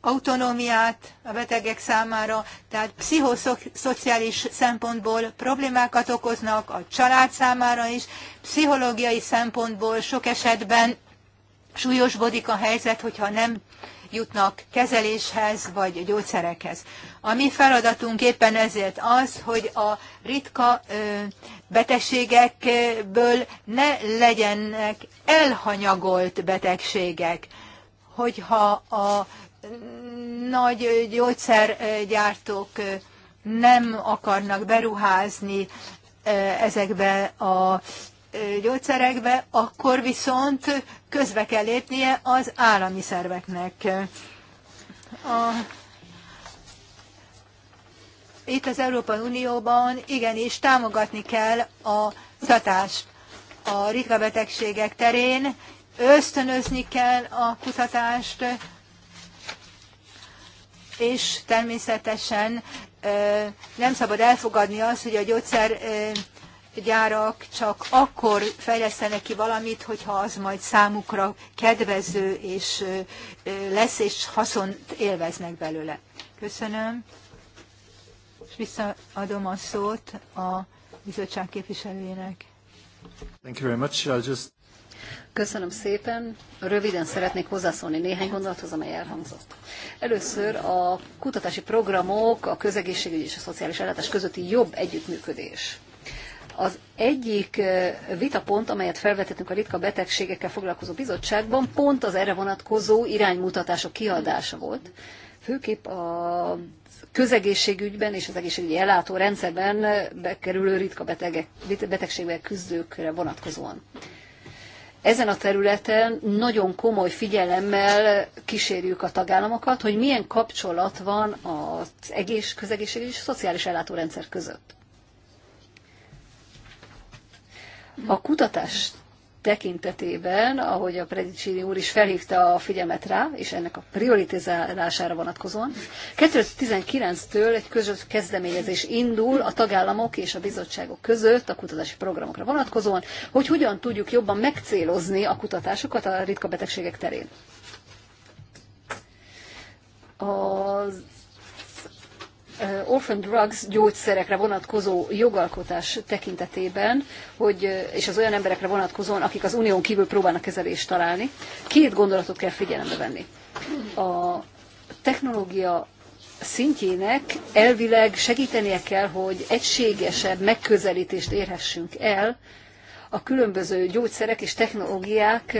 Speaker 1: autonómiát a betegek számára, tehát pszichoszociális szempontból problémákat okoznak a család számára is, pszichológiai szempontból sok esetben súlyosbodik a helyzet, hogyha nem jutnak kezeléshez vagy gyógyszerekhez. A mi feladatunk éppen ezért az, hogy a ritka betegségekből ne legyenek elhanyagolt betegségek. Hogyha a nagy gyógyszergyártók nem akarnak beruházni ezekbe a gyógyszerekbe, akkor viszont közbe kell lépnie az állami szerveknek. A itt az Európai Unióban igenis támogatni kell a kutatást a ritka betegségek terén, ösztönözni kell a kutatást, és természetesen nem szabad elfogadni azt, hogy a gyógyszer gyárak csak akkor fejlesztenek ki valamit, hogyha az majd számukra kedvező és lesz, és haszont élveznek belőle. Köszönöm. És
Speaker 3: visszaadom a szót a bizottság képviselőjének.
Speaker 2: Thank you very much. I'll just...
Speaker 3: Köszönöm szépen. Röviden szeretnék hozzászólni néhány gondolathoz, amely elhangzott. Először a kutatási programok, a közegészségügyi és a szociális ellátás közötti jobb együttműködés. Az egyik vitapont, amelyet felvetettünk a ritka betegségekkel foglalkozó bizottságban, pont az erre vonatkozó iránymutatások kiadása volt. Főképp a közegészségügyben és az egészségügyi ellátó rendszerben bekerülő ritka betegek, betegségvel küzdőkre vonatkozóan ezen a területen nagyon komoly figyelemmel kísérjük a tagállamokat, hogy milyen kapcsolat van az egész, közegészségügyi és szociális ellátórendszer között. A kutatás tekintetében, ahogy a Predicini úr is felhívta a figyelmet rá, és ennek a prioritizálására vonatkozóan, 2019-től egy közös kezdeményezés indul a tagállamok és a bizottságok között a kutatási programokra vonatkozóan, hogy hogyan tudjuk jobban megcélozni a kutatásokat a ritka betegségek terén. Az orphan drugs gyógyszerekre vonatkozó jogalkotás tekintetében, hogy, és az olyan emberekre vonatkozóan, akik az unión kívül próbálnak kezelést találni, két gondolatot kell figyelembe venni. A technológia szintjének elvileg segítenie kell, hogy egységesebb megközelítést érhessünk el a különböző gyógyszerek és technológiák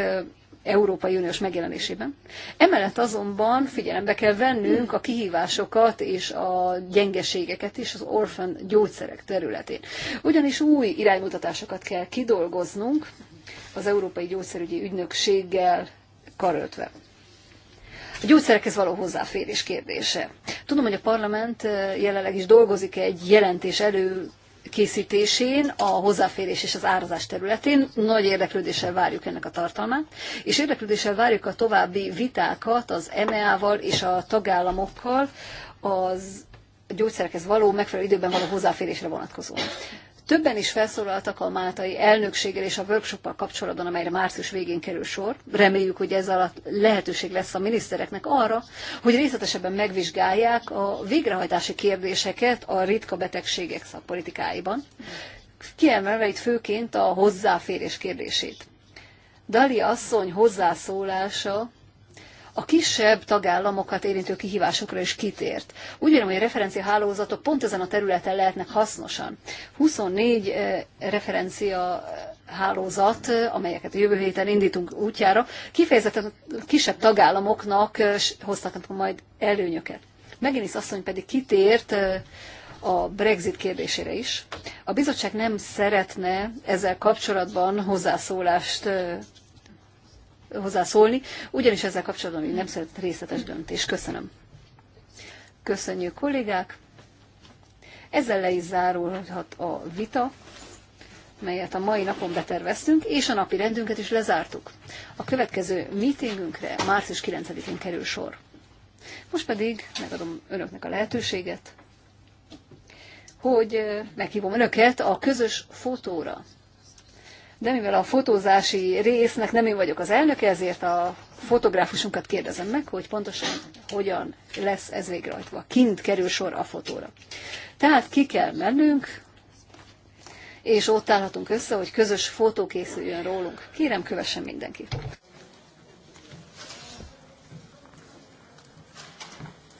Speaker 3: Európai Uniós megjelenésében. Emellett azonban figyelembe kell vennünk a kihívásokat és a gyengeségeket is az orfan gyógyszerek területén. Ugyanis új iránymutatásokat kell kidolgoznunk az Európai Gyógyszerügyi Ügynökséggel karöltve. A gyógyszerekhez való hozzáférés kérdése. Tudom, hogy a parlament eh, jelenleg is dolgozik egy jelentés elő készítésén, a hozzáférés és az árazás területén. Nagy érdeklődéssel várjuk ennek a tartalmát, és érdeklődéssel várjuk a további vitákat az EMEA-val és a tagállamokkal az gyógyszerekhez való megfelelő időben való hozzáférésre vonatkozóan. Többen is felszólaltak a Máltai elnökséggel és a workshoppal kapcsolatban, amelyre március végén kerül sor. Reméljük, hogy ez alatt lehetőség lesz a minisztereknek arra, hogy részletesebben megvizsgálják a végrehajtási kérdéseket a ritka betegségek szakpolitikáiban, kiemelve itt főként a hozzáférés kérdését. Dali asszony hozzászólása a kisebb tagállamokat érintő kihívásokra is kitért. Úgy vélem, hogy a referenciahálózatok pont ezen a területen lehetnek hasznosan. 24 eh, referencia hálózat, eh, amelyeket jövő héten indítunk útjára, kifejezetten a kisebb tagállamoknak eh, hoztak majd előnyöket. Megint asszony pedig kitért a Brexit kérdésére is. A bizottság nem szeretne ezzel kapcsolatban hozzászólást hozzászólni, ugyanis ezzel kapcsolatban még nem született részletes döntés. Köszönöm. Köszönjük kollégák. Ezzel le is zárulhat a vita, melyet a mai napon beterveztünk, és a napi rendünket is lezártuk. A következő meetingünkre március 9-én kerül sor. Most pedig megadom önöknek a lehetőséget, hogy eh, meghívom önöket a közös fotóra de mivel a fotózási résznek nem én vagyok az elnöke, ezért a fotográfusunkat kérdezem meg, hogy pontosan hogyan lesz ez végrehajtva. Kint kerül sor a fotóra. Tehát ki kell mennünk, és ott állhatunk össze, hogy közös fotó készüljön rólunk. Kérem, kövessen mindenkit!